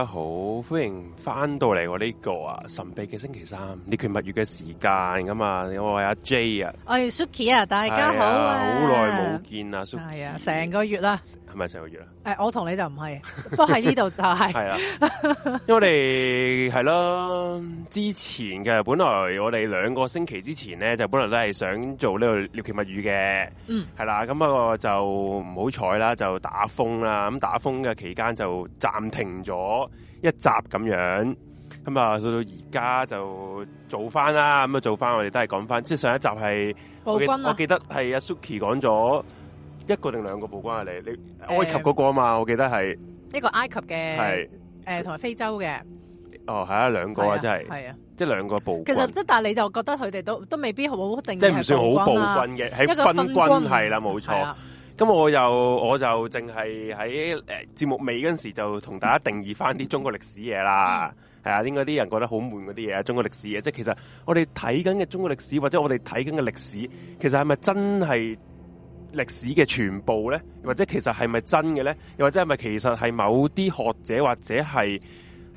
大家好，歡迎翻到嚟我呢個啊神秘嘅星期三，獵奇物語嘅時間㗎嘛，我係阿 J 啊，我係、哎、Suki 啊，大家好啊，好耐冇見啊，Suki 係啊，成、啊、個月啦。係咪成個月啊？誒、哎，我同你就唔係，不過喺呢度就係 了。係啦，因為我哋係咯，之前嘅，本來我哋兩個星期之前咧，就本來都係想做呢個獵奇物語嘅。嗯，係啦，咁不過就唔好彩啦，就打風啦。咁打風嘅期間就暫停咗一集咁樣。咁啊，到到而家就做翻啦。咁啊，做翻我哋都係講翻，即、就、係、是、上一集係暴君、啊。我記得係阿 Suki 講咗。一個定兩個暴君啊！你你埃及嗰個啊嘛，我記得係一個埃及嘅，誒同埋非洲嘅。哦，係啊，兩個啊，真係，係啊，即係兩個暴君。其實即但係你就覺得佢哋都都未必好定，即係唔算好暴君嘅，係分軍係啦，冇錯。咁我又我就淨係喺誒節目尾嗰陣時就同大家定義翻啲中國歷史嘢啦。係啊，應該啲人覺得好悶嗰啲嘢，中國歷史嘢，即係其實我哋睇緊嘅中國歷史或者我哋睇緊嘅歷史，其實係咪真係？歷史嘅全部咧，或者其實係咪真嘅咧？又或者係咪其實係某啲學者或者係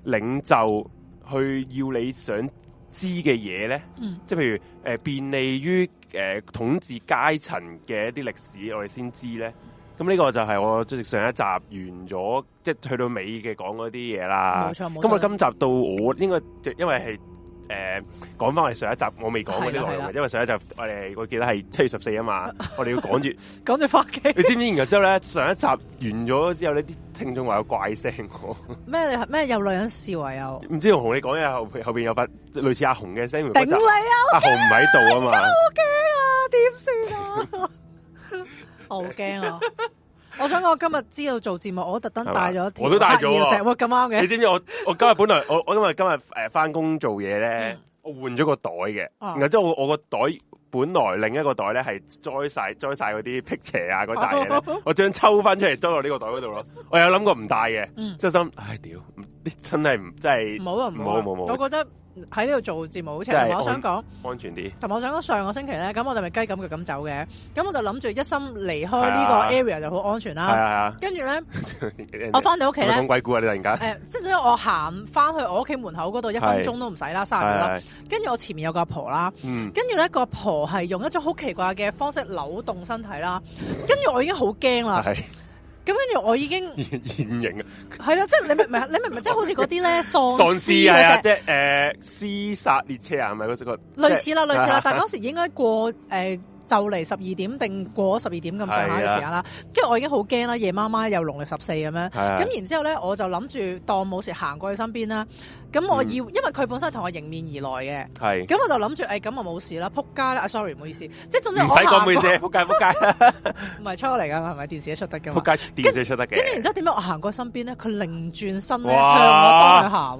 領袖去要你想知嘅嘢咧？嗯，即係譬如誒、呃、便利於誒、呃、統治階層嘅一啲歷史，我哋先知咧。咁、嗯、呢、嗯、個就係我即上一集完咗，即係去到尾嘅講嗰啲嘢啦。冇錯冇錯。咁啊今集到我應該因為係。誒，講翻係上一集我未講嗰啲內容，因為上一集我哋我記得係七月十四啊嘛， 我哋要趕住趕住發驚，你知唔知？然之後咧，上一集完咗之後呢啲聽眾話有怪聲，我咩咩有女人笑話，又唔知我同你講嘢後後邊有把類似阿紅嘅聲，頂你啊？啊阿紅唔喺度啊嘛，好驚啊！點算啊？ 我好驚啊！ 我想我今日知道做節目，我特登帶咗一條，我都帶咗，成，哇咁啱嘅。你知唔知我？我今日本來我我因為今日誒翻工做嘢咧，我換咗 個袋嘅，然後、啊、我個袋本來另一個袋咧係載晒載晒嗰啲辟邪啊嗰扎嘢我將抽翻出嚟，裝落呢個袋嗰度咯。我有諗過唔帶嘅， 真心唉屌，真係唔真係冇好啊唔好冇我覺得。喺呢度做節目好似，同我想講安全啲。同埋我想講上個星期咧，咁我哋咪雞咁腳咁走嘅，咁我就諗住一心離開呢個 area 就好安全啦。啊、跟住咧，家我翻到屋企咧，是是鬼故啊！你突然間誒、呃，即係我行翻去我屋企門口嗰度一分鐘都唔使啦，卅秒啦。是是是跟住我前面有個阿婆啦，嗯、跟住咧個阿婆係用一種好奇怪嘅方式扭動身體啦，跟住我已經好驚啦。是是咁跟住我已經 現形啊！係啊，即、就、係、是、你明唔明？你明唔明即係好似嗰啲咧喪屍喪屍啊！啊種即係誒、呃、屍殺列車啊，係咪嗰隻個？類似啦，類似啦，但係時時應該過、呃就嚟十二點定過咗十二點咁上下嘅時間啦，跟住我已經好驚啦，夜媽媽又農曆十四咁樣，咁然之後咧我就諗住當冇事行過去身邊啦，咁我以為因為佢本身同我迎面而來嘅，咁我就諗住誒咁就冇事啦，扑街啦，sorry 唔好意思，即係總之唔使講唔好意思，扑街扑街，唔係出嚟噶係咪電視出得嘅？扑街電視出得嘅，咁然之後點解我行過去身邊咧，佢擰轉身向我幫佢行，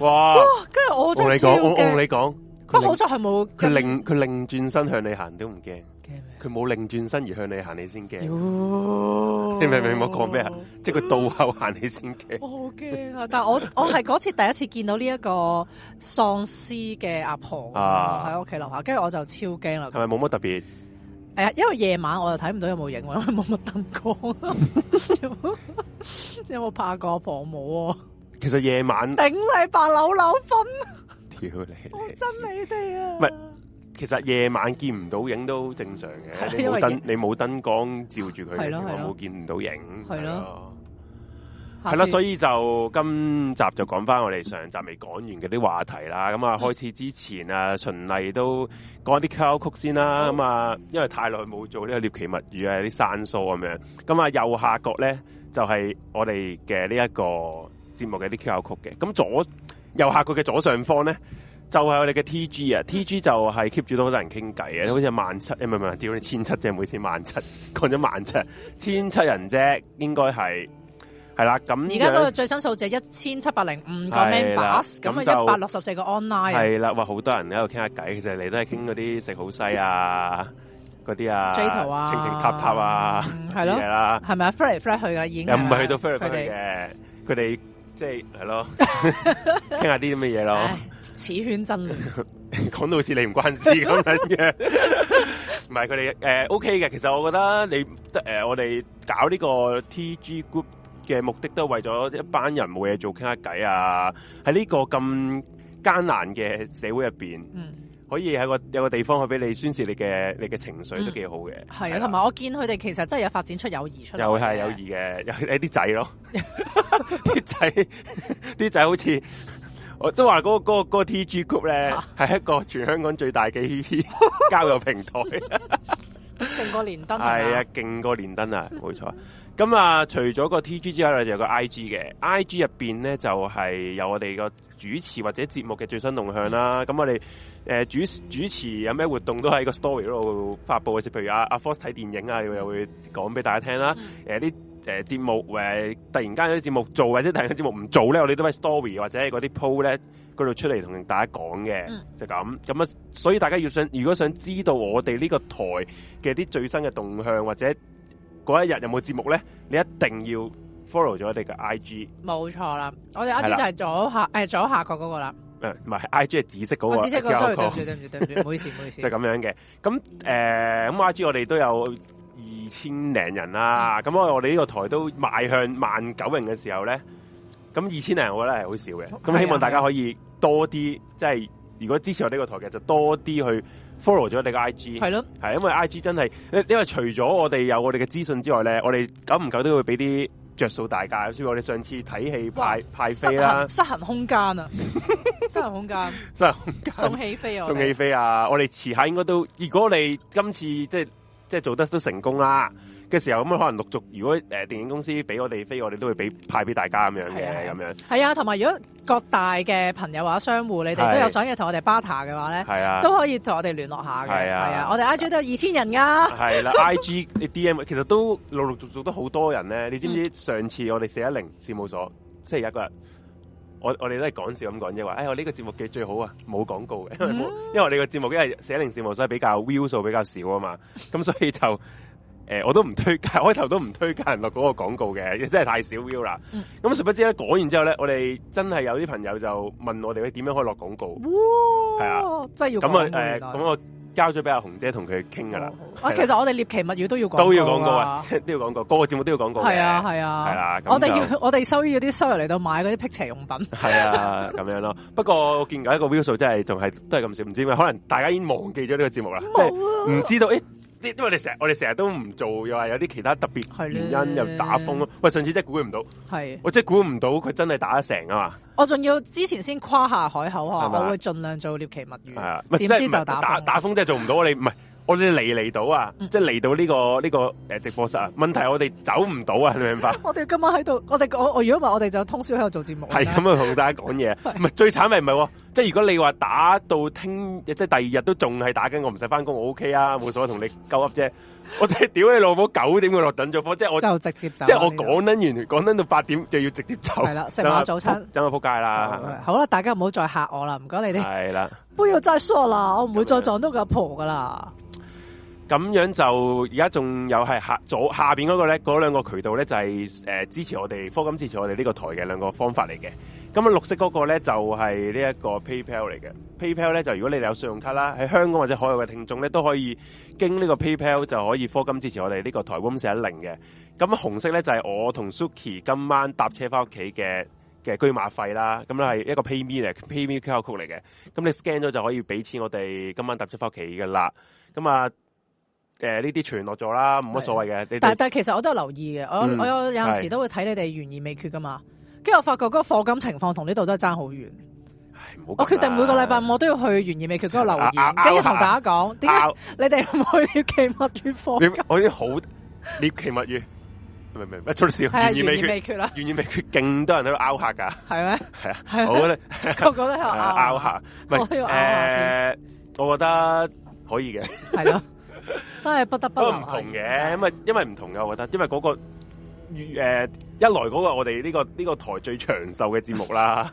哇，跟住我同你講，我我同你講。唔好彩係冇，佢擰，佢擰轉身向你行都唔驚，佢冇擰轉身而向你行，你先驚。你明唔明我講咩啊？即係佢倒後行你先驚。我好驚啊！但係我我係嗰次第一次見到呢一個喪屍嘅阿婆喺屋企樓下，跟住、啊、我就超驚啦。係咪冇乜特別？啊，因為夜晚我就睇唔到有冇影，因為冇乜燈光。 有冇怕過阿婆冇啊？其實夜晚頂你白柳柳分。好真你哋啊！唔係，其實夜晚見唔到影都正常嘅。的你冇燈，為你冇燈光照住佢，自然冇見唔到影。係咯，係啦，所以就今集就講翻我哋上集未講完嗰啲話題啦。咁啊、嗯，開始之前啊，循例都講啲曲先啦。咁啊、嗯，因為太耐冇做呢個《獵奇物語》啊，啲生疏咁樣。咁啊，右下角咧就係、是、我哋嘅呢一個節目嘅啲曲曲嘅。咁左。右下角嘅左上方咧，就係、是、我哋嘅 T G 啊、嗯、，T G 就係 keep 住到好多人傾偈啊，好似萬七，唔係唔係，屌你千七啫，1, 7, 每次似萬七，講咗萬七，千七人啫，應該係係啦，咁而家嗰個最新數字一千七百零五個 members 咁啊一百六十四個 online，係啦，哇，好多人喺度傾下偈，其實你都係傾嗰啲食好西啊，嗰啲、嗯、啊，情情塔塔啊，係咯，係咪啊，飛嚟飛去啊，已經是、啊、又唔係去到飛嚟飛去嘅，佢哋們。即係係咯，傾下啲咁嘅嘢咯。此圈真亂，講到 好似你唔關事咁樣。唔係佢哋誒，OK 嘅。其實我覺得你得誒、呃，我哋搞呢個 TG Group 嘅目的都係為咗一班人冇嘢做傾下偈啊。喺呢個咁艱難嘅社會入邊。嗯可以喺個有個地方去俾你宣泄你嘅你嘅情緒都幾好嘅，係啊，同埋我見佢哋其實真係有發展出友誼出嚟，又係友誼嘅，有啲仔咯，啲仔啲仔好似我都話嗰個個個 T G group 咧，係一個全香港最大嘅交友平台，勁過連登，係啊，勁過連登啊，冇錯。咁啊，除咗個 T G 之外咧，就有個 I G 嘅 I G 入邊咧，就係有我哋個主持或者節目嘅最新動向啦。咁我哋。誒、呃，主主持有咩活動都喺個 story 嗰度發佈嘅，譬如阿阿 Force 睇電影啊，又會講俾大家聽啦、啊。誒、嗯呃，啲誒節目誒、呃，突然間有啲節目做或者突然間節目唔做咧，我哋都喺 story 或者嗰啲 post 咧嗰度出嚟同大家講嘅，嗯、就咁咁啊。所以大家要想如果想知道我哋呢個台嘅啲最新嘅動向或者嗰一日有冇節目咧，你一定要 follow 咗我哋嘅 IG。冇錯啦，我哋 IG 就係左下誒對了、欸、左下角嗰個啦。唔係，I G 係紫色嗰個，我紫色個 sorry，對唔住對唔住對唔住對唔住，唔好意思唔好意思。即係咁樣嘅，咁誒，咁 I G 我哋都有二千零人啦，咁我我哋呢個台都邁向萬九人嘅時候咧，咁二千零人我覺得係好少嘅，咁希望大家可以多啲，即係如果支持我呢個台嘅，就多啲去 follow 咗你個 I G，係咯，係因為 I G 真係，因為除咗我哋有我哋嘅資訊之外咧，我哋久唔久都會俾啲。着數大家，所以我哋上次睇戲派哇派飛票啦，失衡空間啊， 失衡空間，失衡 送起飛啊，送起飛啊，我哋遲下應該都，如果你今次即係即係做得都成功啦。嘅時候咁、嗯、可能陸續如果誒、呃、電影公司俾我哋飛，我哋都會俾派俾大家咁樣嘅咁、啊、樣。係啊，同埋如果各大嘅朋友或者商戶，你哋都有想要同我哋巴塔嘅話咧，係啊，都可以同我哋聯絡下嘅。係啊，啊啊我哋 I G 都有二千人噶、啊。係啦，I G D M 其實都陸陸續續,續都好多人咧。你知唔知上次我哋四一零事務所即係有一個人，我我哋都係講笑咁講啫話，誒、哎、我呢個節目嘅最好啊，冇廣告嘅，因為,、嗯、因為我哋個節目因為四一零事務所比較 view 數比較少啊嘛，咁所以就。誒，我都唔推介，開頭都唔推介人落嗰個廣告嘅，亦真係太少 view 啦。咁，殊不知咧，講完之後咧，我哋真係有啲朋友就問我哋，點樣可以落廣告？哇！係啊，真係要咁啊！誒，咁我交咗俾阿紅姐同佢傾噶啦。其實我哋獵奇物語都要講，都要廣告啊，都要廣告，各個節目都要廣告嘅。係啊，係啊，係啊。我哋要，我哋收啲收入嚟到買嗰啲辟邪用品。係啊，咁樣咯。不過我見而家個 view 數真係仲係都係咁少，唔知點解？可能大家已經忘記咗呢個節目啦，即係唔知道誒。因為你成，我哋成日都唔做，又話有啲其他特別原因，又打風咯。是的 喂，上次真係估唔到，係，我真係估唔到佢真係打得成啊嘛！我仲要之前先誇下海口啊，吧我會盡量做獵奇物語，點的知就打打打風就，真係做唔到你唔係。我哋嚟嚟到啊，即係嚟到呢個呢個誒直播室啊。問題我哋走唔到啊，你明白？我哋今晚喺度，我哋我如果唔係我哋就通宵喺度做節目。係咁樣同大家講嘢。唔係最慘咪唔係？即係如果你話打到聽，即係第二日都仲係打緊，我唔使翻工，我 OK 啊，冇所謂，同你夠噏啫。我哋屌你老母，九點我落等咗波，即係我就直接，走。即係我講緊完，講緊到八點就要直接走。係啦，食下早餐，真係扑街啦。好啦，大家唔好再吓我啦，唔該你哋。係啦，不要再說啦，我唔會再撞到個阿婆噶啦。咁樣就而家仲有係下左下面嗰個咧，嗰兩個渠道咧就係、是呃、支持我哋科金支持我哋呢個台嘅兩個方法嚟嘅。咁、嗯、啊綠色嗰個咧就係、是、呢一個 PayPal 嚟嘅，PayPal 咧就如果你有信用卡啦，喺香港或者海外嘅聽眾咧都可以經呢個 PayPal 就可以科金支持我哋呢個台。Room 410嘅。咁、嗯、紅色咧就係、是、我同 Suki 今晚搭車翻屋企嘅嘅車馬費啦。咁咧係一個 PayMe 嚟，PayMe QR code 嚟嘅。咁、嗯、你 scan 咗就可以俾錢我哋今晚搭車翻屋企嘅啦。咁、嗯、啊～誒，呢啲全落咗啦，冇乜所謂嘅。但但其實我都有留意嘅，我我有有陣時都會睇你哋懸疑未決噶嘛，跟住我發覺嗰個課金情況同呢度都係爭好遠。我決定每個禮拜五我都要去懸疑未決嗰度留言，跟住同大家講，點解你哋唔去獵奇物語課金？我啲好獵奇物語，明唔明？出事，懸疑未決啦，懸疑未決，勁多人喺度拗下噶，係咩？係啊，係啊，好咧，個個都喺度拗下，我覺得可以嘅，係咯。真係不得不，都唔同嘅，因為唔同嘅，我覺得，因為嗰、那個，誒、呃，一來嗰個我哋呢、這個呢、這個台最長壽嘅節目啦，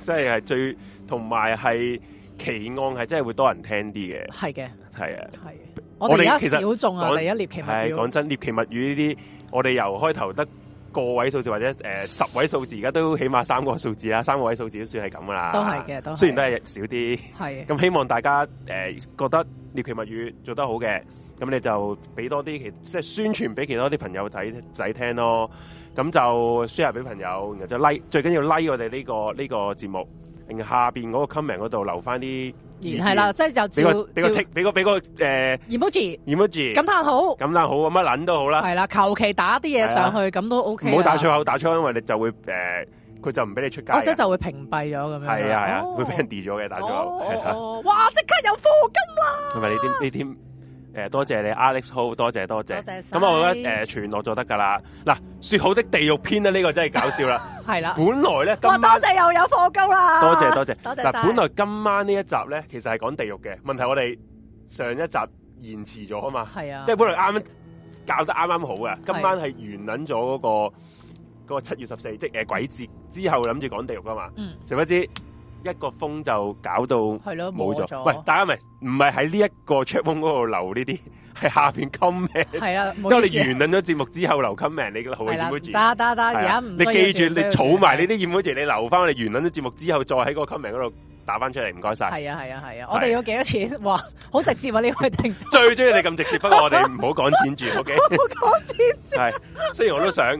即係係最同埋係奇案係真係會多人聽啲嘅，係嘅，係嘅，係。我哋而家少眾啊，嚟說一獵奇係講真，獵奇物語呢啲，我哋由開頭得個位數字或者誒、呃、十位數字，而家都起碼三個數字啦，三個位數字都算係咁噶啦，都係嘅，都係。雖然都係少啲，係咁的，希望大家誒、呃、覺得。獵奇物語做得好嘅，咁你就俾多啲，其即係宣傳俾其他啲朋友仔仔聽咯。咁就 share 俾朋友，然後就 like，最緊要 like 我哋呢、呢個呢、呢個節目，然後下邊嗰個 comment 嗰度留翻啲。係啦，即係又照。俾個俾個，tick，個、呃、e 俾個俾 emoji，emoji。咁都好，咁都好，乜撚都好啦。係啦，求其打啲嘢上去，咁、啊、都 OK。唔好打出口，打錯，因為你就會誒。呃佢就唔俾你出街，或者就會屏蔽咗咁樣，係啊係啊，會俾人 d 咗嘅，大咗，哇！即刻有課金啦，係咪？呢啲呢啲誒，多謝你 Alex，好，多謝多謝，咁啊，我覺得誒，傳落咗得噶啦。嗱，說好的地獄篇咧，呢個真係搞笑啦，係啦。本來咧，哇，多謝又有課金啦，多謝多謝多謝。嗱，本來今晚呢一集咧，其實係講地獄嘅問題，我哋上一集延遲咗啊嘛，係啊，即係本來啱啱教得啱啱好嘅，今晚係完捻咗嗰個。嗰個七月十四，即誒，鬼節之後諗住講地獄噶嘛，誰、嗯、不知一個風就搞到係咯冇咗。喂，大家咪唔係喺呢一個 chatroom 嗰度留呢啲，係下面 comment 係啊。即係你完捻咗節目之後留 comment，你留葉美得得得，而家、啊啊、你記住你儲埋你啲葉美，你留翻我哋完捻咗節目之後再喺個 comment 嗰度。打翻出嚟唔該晒。係啊係啊係啊！我哋有幾多錢？哇！好直接啊！呢位定最中意你咁直接，不過我哋唔好講錢住，OK？唔好講錢住。係，雖然我都想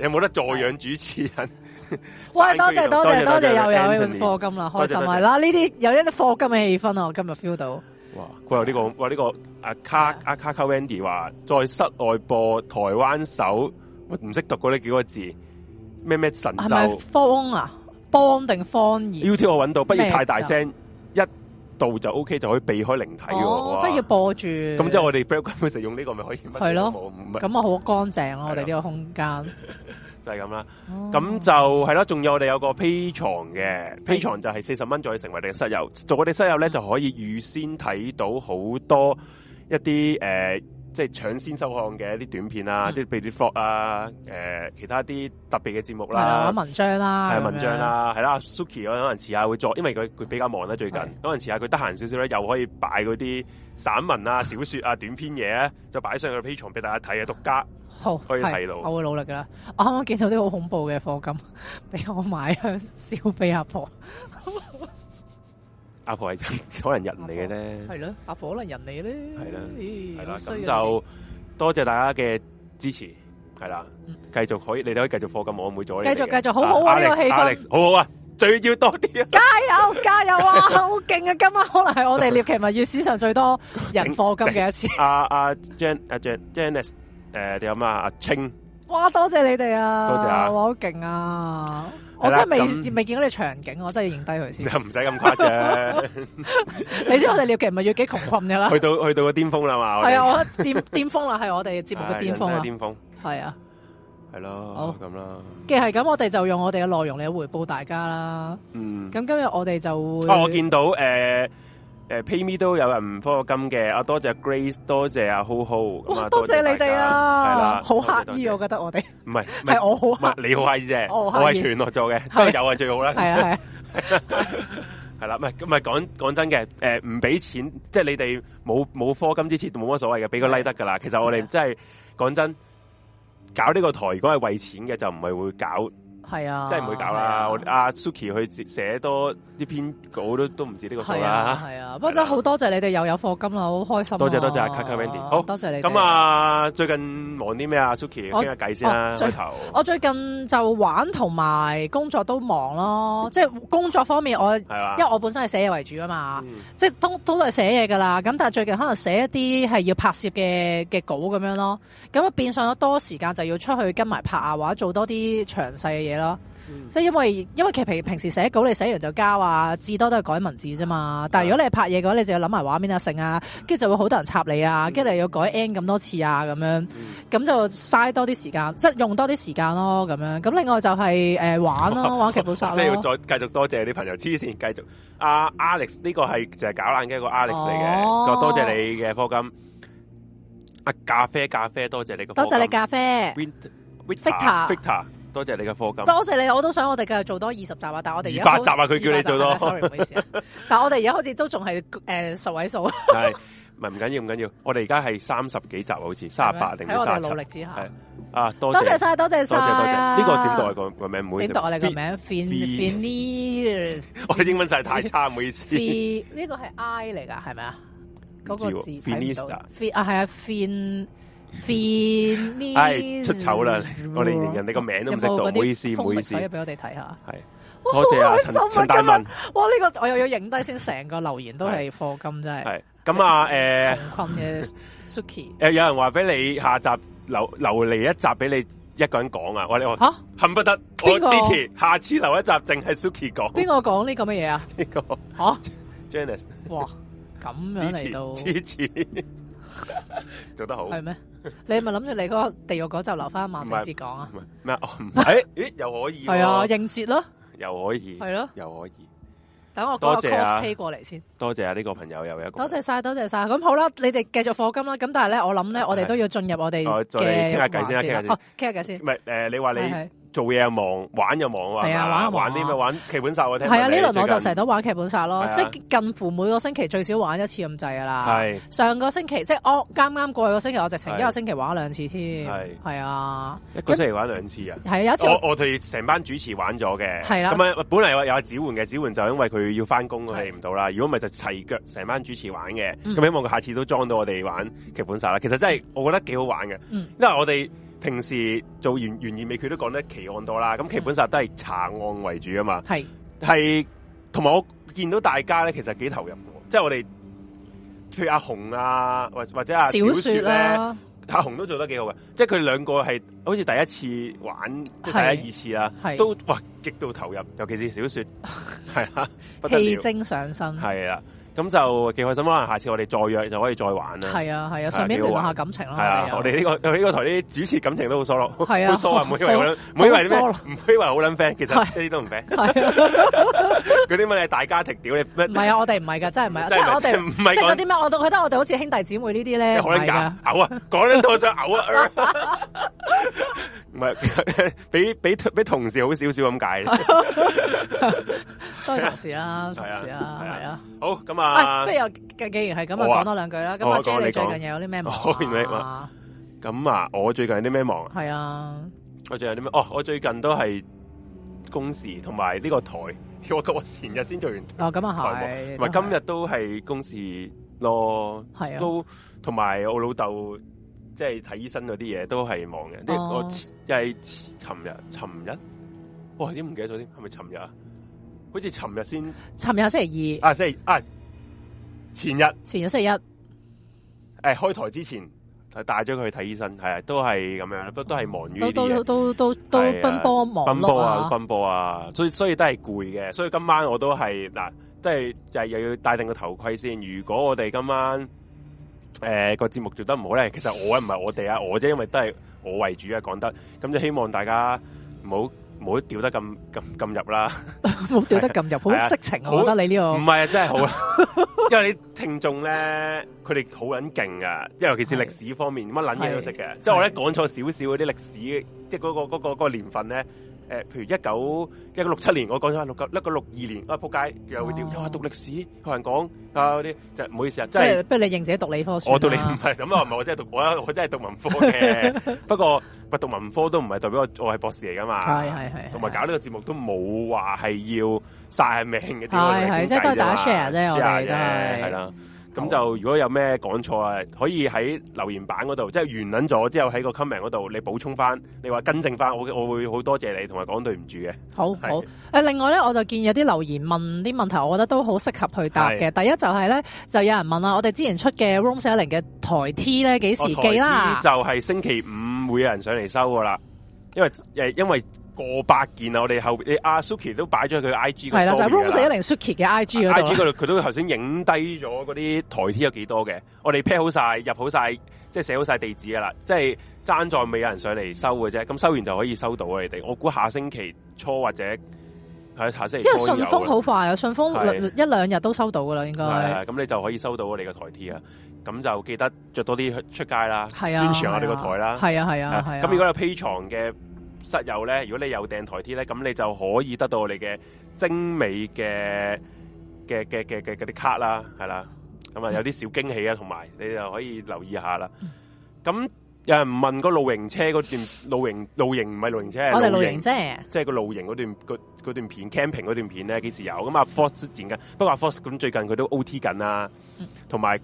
有冇得助養主持人？喂，多謝多謝多謝又有呢個課金啦，開心埋啦！呢啲有一啲課金嘅氣氛啊，我今日 feel 到。哇！佢有呢個話呢個阿卡阿卡卡 Wendy 話，在室外播台灣首唔識讀嗰呢幾個字咩咩神咒風啊！幫定方而 YouTube 我揾到，不要太大聲，一度就 OK，就可以避開靈體嘅，即係要播住。咁即係我哋 background 用呢個咪可以，係咯，咁啊好乾淨咯，我哋呢個空間就係咁啦。咁就係咯，仲有我哋有個 Patreon 嘅，Patreon 就係四十蚊，就可以成為你嘅室友。做我哋室友咧，就可以預先睇到好多一啲誒。即係搶先收看嘅一啲短片啊，即啲秘碟貨啊，誒、呃、其他啲特別嘅節目啦、啊，文章啦、啊，係的文章啦、啊，係啦，Suki 可能遲下會作，因為佢佢比較忙啦、啊、的最近，可能遲下佢得閒少少咧，又可以擺嗰啲散文啊、 小説啊、短篇嘢，就擺上佢 Patreon 俾大家睇嘅獨家。好，可以睇到，我會努力㗎。我啱啱見到啲好恐怖嘅課金， 俾我買啊，燒俾阿婆。 阿婆係可能是人嚟嘅咧，係咯，阿、啊、婆可能人嚟咧，係啦的，係啦、欸，咁就多謝，謝大家嘅支持，係啦，繼、嗯、續可以，你都可以繼續課金，我唔會阻你，繼續繼續好好啊，啊個氣氛 Alex, Alex,、啊、Alex, 好好啊，最要多啲啊， 加油加油啊，油啊啊好勁啊，今晚可能係我哋獵奇物語史上最多人課金嘅一次、嗯，阿阿 Jan 阿 Jan Janice，誒，你咩啊？阿、啊啊啊啊啊、清。哇！多謝你哋啊，多謝哇好勁啊！我真係未未見到你場景，我真係要影低佢先。唔使咁誇張，你知我哋獵奇唔係要幾窮困嘅啦。去到去到個巔峰啦嘛。係啊，我巔巔峰啦，係我哋節目嘅巔峰啊。巔峰係啊，係咯，好咁啦。既係咁，我哋就用我哋嘅內容嚟回報大家啦。嗯，咁今日我哋就會。我見到誒。誒，pay me 都有人唔科金嘅，多謝 Grace，多謝阿 Ho Ho，哇，多謝你哋啊！係啦，好刻意，我覺得我哋唔係，係我好，唔係你好乞啫，我係全落做嘅，都有係最好啦，係啊係，係啦，唔係唔係講講真嘅，誒，唔俾錢，即係你哋冇冇科金之前都冇乜所謂嘅，俾個 like 得噶啦，其實我哋真係講真，搞呢個台如果係為錢嘅，就唔係會搞。係啊，真係唔會搞啦！阿 Suki 去寫多啲篇稿都都唔止呢個數啦。係啊，不過真好多謝你哋又有課金啦，好開心。多謝多謝，Cathy Wendy，好，多謝你。咁啊，最近忙啲咩啊？Suki 傾下偈先啦。開頭我最近就玩同埋工作都忙咯，即係工作方面我，因為我本身係寫嘢為主啊嘛，即係都都係寫嘢噶啦。咁但係最近可能寫一啲係要拍攝嘅嘅稿咁樣咯，咁啊變相咗多時間就要出去跟埋拍啊，或者做多啲詳細嘅嘢。咯，嗯、即係因為因為其實平平時寫稿，你寫完就交啊，至多都係改文字啫嘛。但係如果你係拍嘢嘅話，你就要諗埋畫面啊、成啊，跟住就會好多人插你啊，跟住你要改 n 咁多次啊，咁樣咁、嗯、就嘥多啲時間，即係用多啲時間咯，咁樣。咁另外就係、是、誒、呃、玩，玩咯，玩劇本殺咯。即係要再繼續多謝啲朋友黐線，繼續阿、uh, Alex 呢個係就係搞爛嘅一個 Alex 嚟嘅。哦、多謝你嘅課金。Uh, 咖啡，咖啡多謝你嘅，多謝你咖啡。Victor，Victor Winter, Winter,。Victor. 多謝你嘅課金。多謝你，我都想我哋繼續做多二十集啊！但係我哋而家八集啊，佢叫你做多，sorry，唔好意思。但係我哋而家好似都仲係誒十位數。係，唔係唔緊要，唔緊要。我哋而家係三十幾集啊，好似三十八定三十七。喺我哋努力之下。啊，多謝晒，多謝多謝多謝。呢個點代？啊？個個名唔好點讀啊？你個名我嘅英文實在太差，唔好意思。呢個係 I 嚟噶，係咪啊？嗰個字睇啊，係啊 f 出醜啦！我哋連人哋個名都唔識讀，唔好意思，唔好意思。俾我哋睇下，係。我好開心啊！陳大文，哇！呢個我又要影低先，成個留言都係課金真係。係咁啊，誒，坤嘅 Suki，誒，有人話俾你下集留留嚟，一集俾你一個人講啊！我哋話，吓，恨不得我支持，下次留一集淨係 Suki 講。邊個講呢個乜嘢啊？呢個吓，Janice，哇，咁樣嚟到支持。做得好係咩？你咪諗住你嗰個地獄嗰就留翻萬聖節講啊？咩？哎，咦，又可以係啊？應節咯，又可以係咯，又可以。等我多謝啊，P 過嚟先。多謝啊，呢個朋友又有一個。多謝晒，多謝晒。咁好啦，你哋繼續課金啦。咁但係咧，我諗咧，我哋都要進入我哋嘅傾下偈先啊。哦，傾下偈先。唔係誒，你話你。做嘢又忙，玩又忙啊！係啊，玩玩啲咪玩劇本殺啊！係啊，呢輪我就成日都玩劇本殺咯，即係近乎每個星期最少玩一次咁滯噶啦。係上個星期即係我啱啱過去個星期，我直情一個星期玩兩次添。係係啊，一個星期玩兩次啊！係啊，有一次我我哋成班主持玩咗嘅，係啦。咁啊本嚟話有阿子煥嘅，子煥就因為佢要翻工，嚟唔到啦。如果唔係就齊腳成班主持玩嘅。咁希望佢下次都裝到我哋玩劇本殺啦。其實真係我覺得幾好玩嘅，因為我哋。平時做完完，味美佢都講得奇案多啦。咁基本上都係查案為主啊嘛。係係是，同埋我見到大家咧，其實幾投入。即係我哋，譬如阿紅啊，或或者小呢小、啊、阿小雪咧，阿紅都做得幾好嘅。即係佢兩個係好似第一次玩，即係第二次啦，都哇極度投入。尤其是小雪，係啊 了，戲精上身係啊。咁就幾開心，可能下次我哋再約就可以再玩啦。係啊，係啊，順便聯絡下感情啦。係啊，我哋呢個呢個台啲主持感情都好疏落，好疏啊！唔好以為唔好以為唔好以為我好撚 friend，其實呢啲都唔 friend。啊，嗰啲咩？大家庭屌你咩？唔係啊，我哋唔係㗎，真係唔係，真係我哋唔係，即係嗰啲咩？我覺得我哋好似兄弟姊妹呢啲咧，好撚假，嘔啊！講得多想嘔啊！唔係，比俾同事好少少咁解。多同事持啦，同事啊，係啊。好，咁啊。不如又既然係咁啊，講多兩句啦。咁阿 J 你最近又有啲咩忙啊？咁啊，我最近有啲咩忙？係啊，我最近有啲咩？哦，我最近都係公事同埋呢個台，我我前日先做完，哦咁啊係，同埋今日都係公事咯，係啊，都同埋我老豆即係睇醫生嗰啲嘢都係忙嘅，即係我係尋日，尋日，哇啲唔記得咗添，係咪尋日啊？好似尋日先，尋日星期二啊，星期啊。前日，前日星期一，誒、哎，開台之前，帶咗佢去睇醫生，係啊，都係咁樣，都係都係忙於，都都都都、啊、奔波忙、啊，奔波啊奔波啊，所以所以都係攰嘅，所以今晚我都係嗱，即係又又要戴定個頭盔先。如果我哋今晚誒、呃這個節目做得唔好咧，其實我唔係我哋啊，我啫，因為都係我為主啊，講得，咁就希望大家唔好。冇掉得咁咁咁入啦，冇掉得咁入，好、啊、色情啊！我覺得你呢個唔係啊，真係好， 因為你聽眾咧，佢哋好撚勁啊，即係尤其是歷史方面，乜撚嘢都食嘅。即係是 我咧講錯少少嗰啲歷史，即係嗰個嗰個嗰個年份咧。誒、呃，譬如一九一九六七年，我講咗係六九一九六二年，我仆街又會點？哦、又係讀歷史，學人講啊嗰啲，就唔好意思啊，即係不如你認自己讀理科我讀你唔係咁啊，唔 我，我真係讀我，我真係讀文科嘅。 不過不讀文科都唔係代表我係博士嚟㗎嘛。同埋搞呢個節目都冇話係要曬命嘅。啲係，即係都係打 share 啫，我哋都係啦。是咁好就如果有咩講錯啊，可以喺留言版嗰度，即、就、係、是、完撚咗之後喺個 comment 嗰度，你補充翻，你話更正翻，我我會好多謝你不，同埋講對唔住嘅。好好誒，是另外咧，我就見有啲留言問啲問題，我覺得都好適合去答嘅。是第一就係咧，就有人問啦、啊，我哋之前出嘅 Room 舍零嘅台 T 咧幾時寄啦？哦、就係星期五會有人上嚟收噶啦，因為誒因為。過百件後啊！我哋後阿 Suki 都擺咗佢 IG 嗰係啦，就 Room、是、四一0 Suki 嘅 IG 嗰度、啊。IG 嗰度佢都頭先影低咗嗰啲台 T 有幾多嘅，我哋 pair 好晒，入好晒，即係寫好晒地址啊啦，即係爭在未有人上嚟收嘅啫。咁收完就可以收到啊！你哋，我估下星期初或者係、啊、下星期。因為順豐好快，順豐一兩日的都收到噶啦，應該係。咁你就可以收到我哋嘅台 T 啊！咁就記得着多啲出街啦，宣傳下你個台啦。係啊，係啊，係咁如果有 P 床嘅。室友咧，如果你有訂台 T 咧，咁你就可以得到我哋嘅精美嘅嘅嘅嘅嘅啲卡啦，係啦，咁啊，有啲小驚喜啊，同埋你就可以留意一下啦。咁、嗯、有人唔問個露營車嗰段露營 露營唔係露營車，營我哋露營啫、就是，即係個露營嗰段，段片 Camping 嗰段片咧幾時有？咁啊，Force 剪緊，不過啊，Force 咁最近佢都 OT 緊啦、啊，同埋。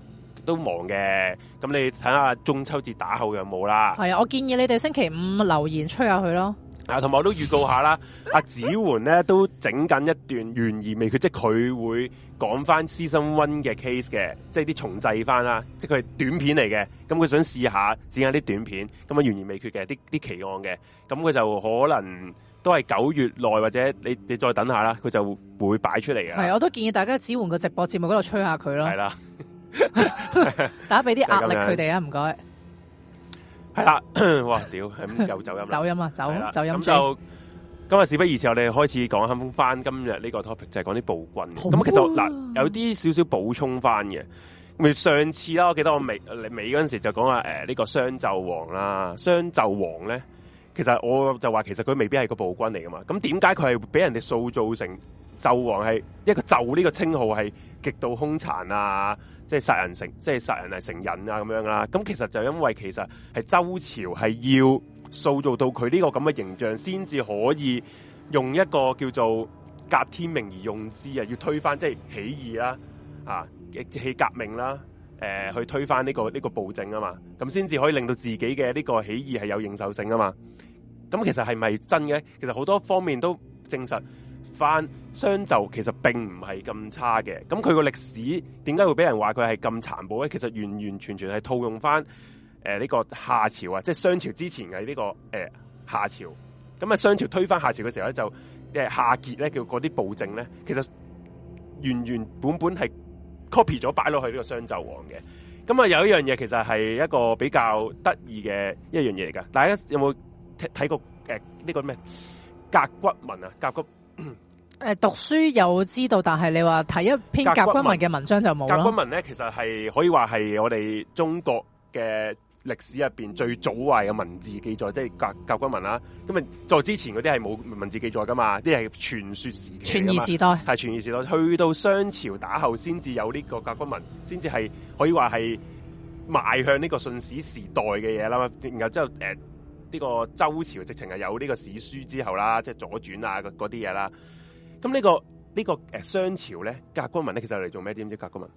都忙嘅，咁你睇下中秋節打後有冇啦？係啊，我建議你哋星期五留言吹下佢咯。啊，同埋我都預告下啦，阿、 啊、子桓咧都整緊一段懸疑未決， 即係佢會講翻《私心 One》嘅 case 嘅，即係啲重製翻啦，即係佢係短片嚟嘅，咁佢想試下剪下啲短片，咁啊懸疑未決嘅，啲啲奇案嘅，咁佢就可能都係九月內或者你你再等一下他啦，佢就會擺出嚟嘅。係，我都建議大家子桓個直播節目嗰度吹下佢咯。係啦。是的 打俾啲壓力佢哋啊，唔該。係啦，哇，屌，係咁又走音。 走音啊，了走就走音。咁就今日 事不宜遲，我哋開始講翻今日呢個 topic，就係講啲暴君。咁 其實嗱、呃，有啲少少補充翻嘅。咪上次啦，我記得我尾尾嗰陣時就講啊，誒、呃，呢、這個商紂王啦，商紂王咧，其實我就話，其實佢未必係個暴君嚟噶嘛。咁點解佢係俾人哋塑造成？紂王係一個，紂呢個稱號係極度兇殘啊，即係殺人成，即係殺人係成癮啊咁樣啦、啊。咁其實就因為其實係周朝係要塑造到佢呢個咁嘅形象，先至可以用一個叫做革天命而用之啊，要推翻即係起義啦、啊，啊，起革命啦、啊，誒、呃，去推翻呢、這個呢、這個暴政啊嘛，咁先至可以令到自己嘅呢個起義係有認受性啊嘛。咁其實係咪真嘅？其實好多方面都證實。翻商紂其實並唔係咁差嘅，咁佢個歷史點解會俾人話佢係咁殘暴咧？其實完完全全係套用翻誒呢個夏朝啊，即係商朝之前嘅呢、這個誒、呃、夏朝。咁、嗯、啊，商朝推翻夏朝嘅時候咧，就即誒、呃、夏桀咧叫嗰啲暴政咧，其實原原本本係 copy 咗擺落去呢個商紂王嘅。咁、嗯、啊、呃，有一樣嘢其實係一個比較得意嘅一樣嘢嚟噶。大家有冇睇過誒呢、呃這個咩甲骨文啊？甲骨誒，讀書有知道，但係你話睇一篇甲骨文嘅文章就冇。甲骨文咧，其實係可以話係我哋中國嘅歷史入邊最早位嘅文字記載，即係甲甲骨文啦。咁啊，在之前嗰啲係冇文字記載噶嘛，啲係傳說時，傳義時，傳說時代係傳說時代。去到商朝打後，先至有呢個甲骨文，先至係可以話係邁向呢個信史時代嘅嘢啦。然後之後誒。呃呢個周朝直情係有呢個史書之後啦，即係左傳啊嗰啲嘢啦。咁呢、呢個呢、呢個誒、呃、商朝咧，甲骨文咧其實係嚟做咩？知唔知甲骨文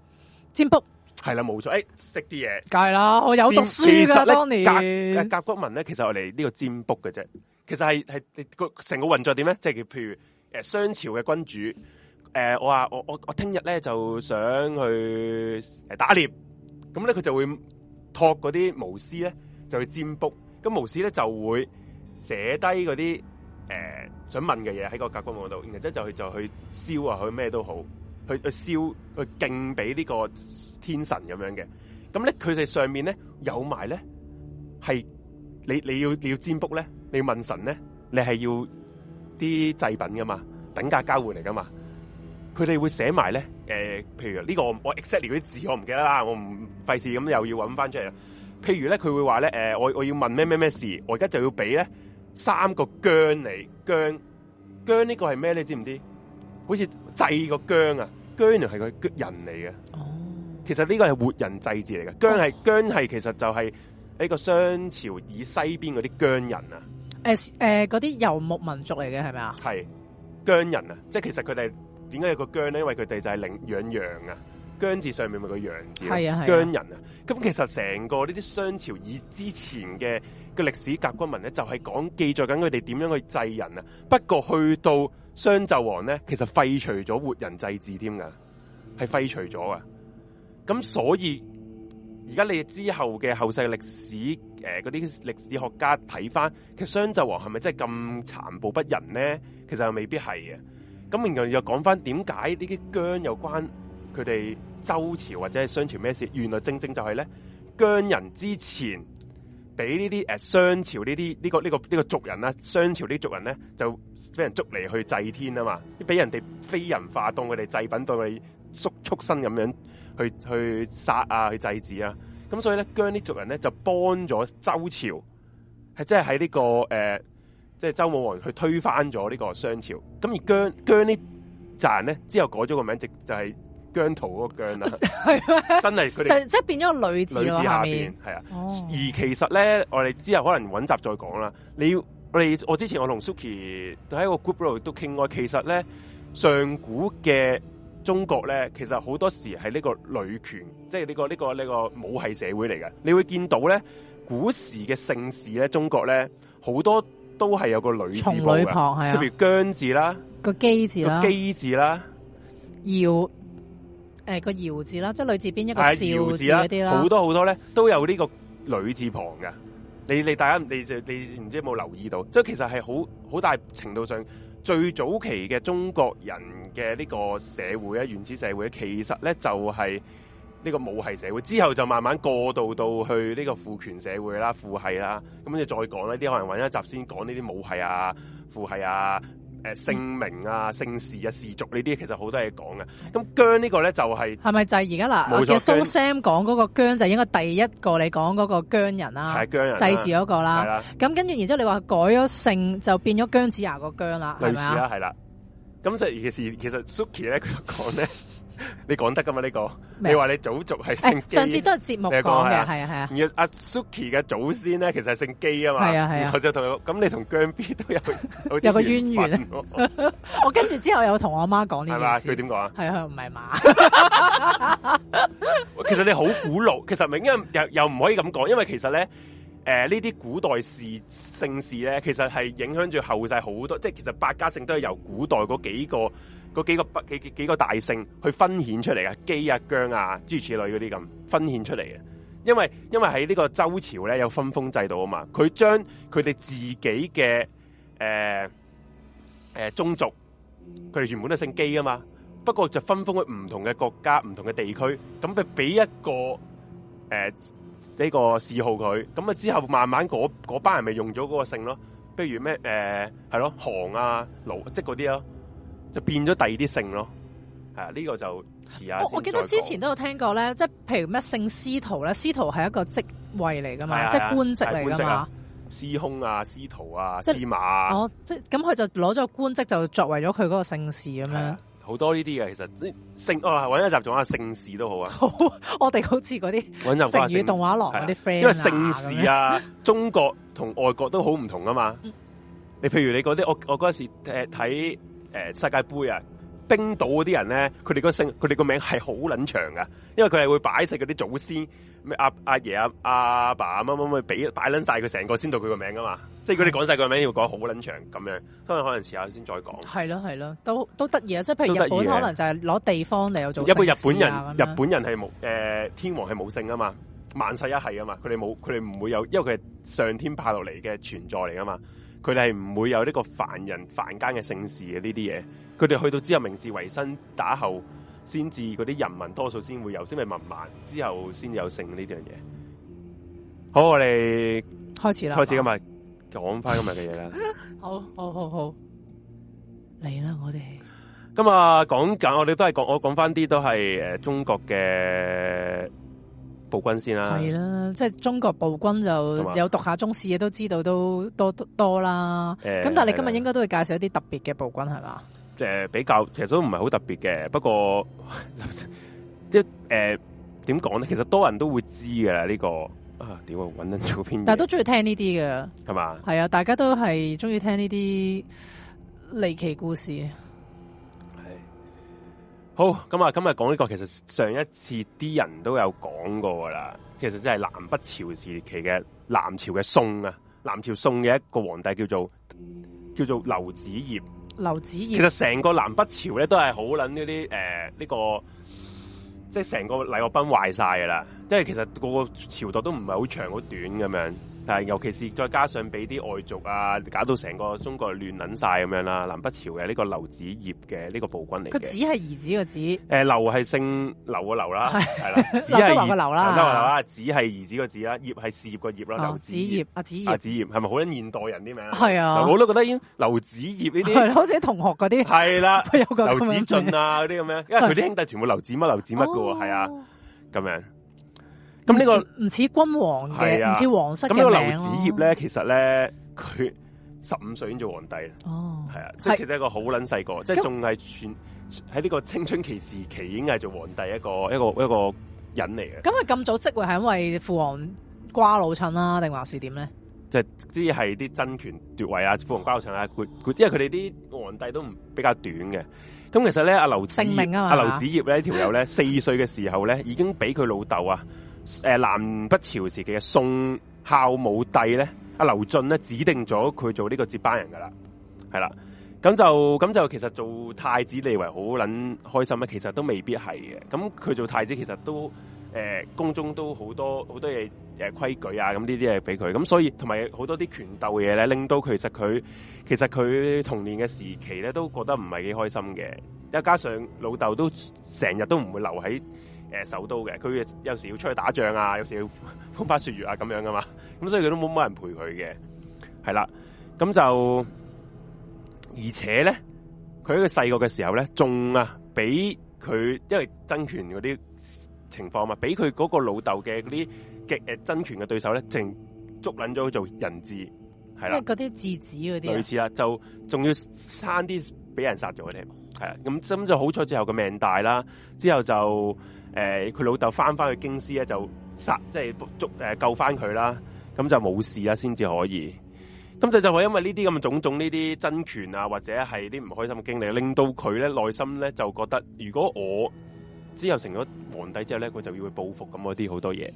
占卜係啦，冇錯。誒識啲嘢，梗係啦，我有讀書㗎當年。甲骨文咧，其實係嚟呢個占卜嘅啫。其實係係個成個運作點咧，即係譬如誒、呃、商朝嘅君主，誒、呃、我話我我我聽日咧就想去誒打獵，咁咧佢就會託嗰啲巫師咧就去占卜。咁巫師咧就會寫低嗰啲誒想問嘅嘢喺個隔間度，然之後就去就去燒啊，去咩都好，去去燒去敬俾呢個天神咁樣嘅。咁咧佢哋上面咧有埋咧係你你要你要占卜咧，你要問神咧，你係要啲祭品噶嘛，等價交換嚟噶嘛。佢哋會寫埋咧，誒、呃，譬如呢、這個我，我 Excel 啲字我唔記得啦，我唔費事咁又要搵翻出嚟。譬如咧，佢會話咧，誒，我我要問咩咩咩事，我而家就要俾咧三個姜嚟。姜姜呢個係咩咧？你知唔知？好似祭個姜啊，姜係個人嚟嘅。哦，oh. 其實呢個係活人祭祀嚟嘅。姜係姜係，其實就係呢個商朝以西邊嗰啲姜人啊。誒誒，嗰啲游牧民族嚟嘅係咪啊？係姜人啊，即係其實佢哋點解有個姜咧？因為佢哋就係領養羊啊。姜字上面咪個羊字，姜人啊。咁、啊、其實成個呢啲商朝以之前嘅個歷史甲骨文咧，就係、是、講記載緊佢哋點樣去祭人啊。不過去到商紂王咧，其實廢除咗活人祭祀添噶，係廢除咗啊。咁所以而家你之後嘅後世歷史誒，嗰啲歷史學家睇翻，其實商紂王係咪真係咁殘暴不仁呢？其實又、呃、未必係嘅。咁然後又講翻點解呢啲姜有關？佢哋周朝或者係商朝咩事？原來正正就係咧，姜人之前俾呢啲誒商朝呢啲呢個呢、呢個呢、呢個族人咧，商朝呢啲族人咧就俾人捉嚟去祭天啊嘛，俾人哋非人化，當佢哋祭品，當佢哋縮畜生咁樣去去殺啊，去祭祀啊。咁所以咧，姜啲族人咧就幫咗周朝，係即係喺呢個誒，即、呃、係、就是、周武王去推翻咗呢個商朝。咁而姜姜人呢贊咧之後改咗個名，即就係、是。姜濤嗰個姜啦、啊， 嗎真係佢哋，即係變咗個女子下面，係 面啊。哦、而其實咧，我哋之後可能搵集再講啦。你我哋我之前我同 Suki 喺個 group 度都傾過，其實咧上古嘅中國咧，其實好多時係呢個女權，即係呢、這個呢、這個呢、這個母系、這個、社會嚟嘅。你會見到咧，古時嘅姓氏咧，中國咧好多都係有個女，從女仆，即係比如姜字啦，個姬字啦，姬字啦，字啦要。誒、哎那個姚字啦，即係女字邊一個笑字嗰啲啦，好多好多咧都有呢個女字旁嘅。你你大家，你就你唔知有冇留意到？即其實係好好大程度上，最早期嘅中國人嘅呢個社會啊，原始社會其實咧就係呢個母系社會，之後就慢慢過渡到去呢個父權社會啦、父系啦。咁你再講呢啲可能揾一集先講呢啲母系啊、父系啊。誒，姓名啊、姓氏啊、氏族呢啲，其實好多嘢講嘅。咁姜這個呢個咧就係係咪就係而家嗱，錯其實 Sam 講嗰個姜就係應該第一個你講嗰個姜人啦、啊，係、啊、姜人、啊，祭祀嗰個啦、啊。咁、啊、跟住，然之後你話改咗姓，就變咗姜子牙個姜啦，係咪吧啊？係啦、啊。咁即係其實其實 Suki 咧佢講咧。他說你講得噶嘛？呢個麼你話你祖族係姓、欸，上次都係節目講嘅，係啊係啊。阿 Suki 嘅祖先咧，其實係姓姬啊嘛。係啊係啊。我、啊、就同咁你同姜 B 都有有，緣有個淵源。 我跟住之後有同我媽講呢件事。佢點講啊？係啊，唔係馬。 其實你好古老，其實永遠又又唔可以咁講，因為其實咧，誒呢啲古代氏姓氏咧，其實係影響住後世好多。即係其實百家姓都係由古代嗰幾個。嗰幾個不幾幾個大姓去分顯出嚟嘅，姬啊、姜啊、諸如此類嗰啲咁分顯出嚟嘅，因為因為喺呢個周朝咧有分封制度啊嘛，佢將佢哋自己嘅誒誒宗族，佢哋原本都姓姬啊嘛，不過就分封去唔同嘅國家、唔同嘅地區，咁咪俾一個誒呢、呃這個嗜好佢，咁啊，之後慢慢嗰班人咪用咗嗰個姓咯，譬如咩誒係咯，韓啊、魯即係嗰啲咯。就變咗第二啲姓咯，係啊，呢、呢個就遲下、哦。我我記得之前都有聽過咧，即係譬如咩姓司徒咧，司徒係一個職位嚟噶嘛，啊、即係官職嚟噶嘛。啊、司空啊，司徒啊，司即馬、啊、哦，即係咁佢就攞咗官職就作為咗佢嗰個姓氏咁樣。好、啊、多呢啲嘅其實姓哦，搵一集仲下姓氏都好啊。好，我哋好似嗰啲成語動畫廊嗰啲 friend，因為姓氏啊， 中國同外國都好唔同噶嘛。你譬如你嗰啲，我我嗰時誒睇。呃誒，世界盃啊，冰島嗰啲人咧，佢哋個姓，佢哋個名係好撚長噶，因為佢哋會擺晒嗰啲祖先咩阿阿爺阿阿爸阿乜乜乜俾擺撚晒佢成個先到佢個名噶嘛，是的 即係佢哋講晒個名要講好撚長咁樣，可能可能遲下先再講。係咯係咯，都都得意啊！即係譬如日本可能就係攞地方嚟，有做。一般日本人的日本人係冇誒天王係冇姓噶嘛，萬世一系噶嘛，佢哋冇佢哋唔會有，因為佢係上天派落嚟嘅存在嚟噶嘛。佢哋係唔會有呢個凡人凡間嘅姓氏嘅呢啲嘢，佢哋去到之後明治維新打後，先至嗰啲人民多數先會有，先係文盲之後先有姓呢樣嘢。好，我哋開始啦，開始今日講翻今日嘅嘢啦。好，好好好，嚟啦，我哋。咁啊，講緊我哋都係講，我講翻啲都係誒，中國嘅。暴君先啦，係啦，即係中國暴君就有讀下中史嘢，都知道都多多多啦。咁、欸、但係你今日應該都會介紹一啲特別嘅暴君係嘛？誒、呃，比較其實都唔係好特別嘅，不過即係誒點講咧？其實多人都會知噶啦呢個啊，點啊搵緊照片，但係都中意聽呢啲嘅係嘛？係啊，大家都係中意聽呢啲離奇故事。好，咁啊，今日講呢個，其實上一次啲人都有講過啦。其實即係南北朝時期嘅南朝嘅宋啊，南朝宋嘅一個皇帝叫做叫做劉子業。劉子業其實成個南北朝咧都係好捻呢啲誒，呢、呃這個即係成個禮樂崩壞晒噶啦，即係其實個個朝代都唔係好長好短咁樣。但係，尤其是再加上俾啲外族啊，搞到成個中國亂撚晒咁樣啦。南北朝嘅呢個劉子業嘅呢個暴君嚟，佢只子係兒子個子。誒，劉係姓劉個劉啦，係啦。劉德華個劉啦。劉德華嚇，子係兒子個子啦，業係事業個業啦。劉子業，阿子業，阿子業係咪好啲現代人啲名啊？係啊，我都覺得應劉子業呢啲係咯，好似同學嗰啲係啦。有個劉子俊啊嗰啲咁樣，因為佢啲兄弟全部劉子乜劉子乜嘅喎，係啊咁樣。咁呢、這個唔似君王嘅，唔似、啊、皇室嘅名。咁個劉子業咧，其實咧佢十五歲已經做皇帝啦。哦，係啊，即係其實一個好捻細個，是即係仲係全喺呢個青春期時期已經係做皇帝一個一個一個人嚟嘅。咁佢咁早即位係因為父王瓜老襯啦、啊，定還是點咧？即係啲係啲爭權奪位啊，父王瓜老襯啊，因為佢哋啲皇帝都唔比較短嘅。咁其實咧，阿劉子阿劉子業咧條友咧四歲嘅時候咧 已經俾佢老豆啊。誒，南北朝時期嘅宋孝武帝咧，阿劉駿咧指定咗佢做呢個接班人噶啦，係啦，咁就咁就其實做太子你以為好捻開心咩？其實都未必係嘅。咁佢做太子其實都誒，呃、宮中都好多好多嘢誒規矩啊，咁呢啲嘢俾佢，咁所以同埋好多啲權鬥嘢咧，令到其實佢其實佢童年嘅時期咧都覺得唔係幾開心嘅。一加上老豆都成日都唔會留喺。誒，首都嘅佢有時要出去打仗啊，有時要風花雪月啊咁樣噶嘛，咁、嗯、所以佢都冇乜人陪佢嘅，係啦，咁就而且咧，佢喺佢細個嘅時候咧，仲啊，俾佢因為爭權嗰啲情況啊，俾佢嗰個老豆嘅嗰啲嘅誒爭權嘅對手咧，淨捉捻咗佢做人質，係啦，即係嗰啲智子嗰啲啊，類似啊，就仲要差啲俾人殺咗佢哋，係啊，咁咁就好彩之後個命大啦，之後就。誒、佢、呃、老豆翻翻去京師咧，就殺即係捉誒救翻佢啦，咁就冇事啦，先至可以。咁就就話因為呢啲咁嘅種種，呢啲爭權啊，或者係啲唔開心嘅經歷，令到佢咧內心咧就覺得，如果我之後成咗皇帝之後咧，佢就要去報復咁嗰啲好多嘢，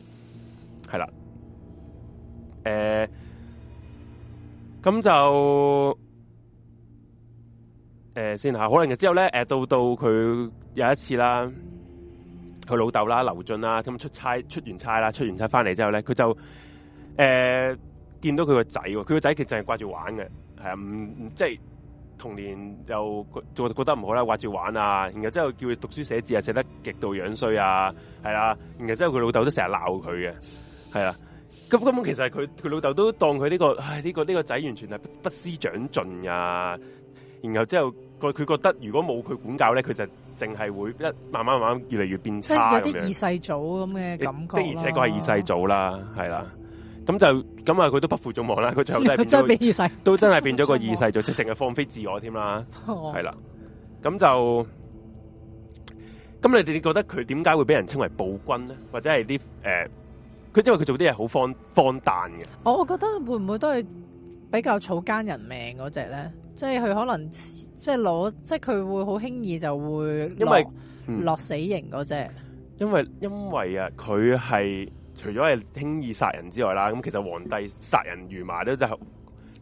係啦。誒、呃，咁就誒、呃、先吓，可能之後咧，誒到到佢有一次啦。佢老豆啦，劉俊啦，咁出差出完差啦，出完差翻嚟之後咧，佢就誒、呃、見到佢個仔，佢個仔其實淨係掛住玩嘅，係啊，唔即係童年又做覺得唔好啦，掛住玩啊，然後之後叫佢讀書寫字寫啊，寫得極度樣衰啊，係啦，然後之後佢老豆都成日鬧佢嘅，係啊，咁根本其實佢佢老豆都當佢呢個，唉呢個呢個仔完全係不不思長進啊，然後之後。佢佢覺得如果冇佢管教咧，佢就淨係會一慢慢慢慢越嚟越變差。即係有啲二世祖咁嘅感覺。的而且確係二世祖啦，係啦。咁就咁啊，佢都不負眾望啦。佢最後係都真係變咗個二世祖，即係淨係放飛自我添啦。係啦、哦。咁就咁，你哋覺得佢點解會俾人稱為暴君咧？或者係啲誒，佢因為佢做啲嘢好荒荒誕嘅。我覺得會唔會都係？比較草菅人命嗰隻咧，即係佢可能即係攞，即係佢會好輕易就會落因為，嗯、落死刑嗰隻。因為因為啊，佢係除咗係輕易殺人之外啦，咁其實皇帝殺人如麻都就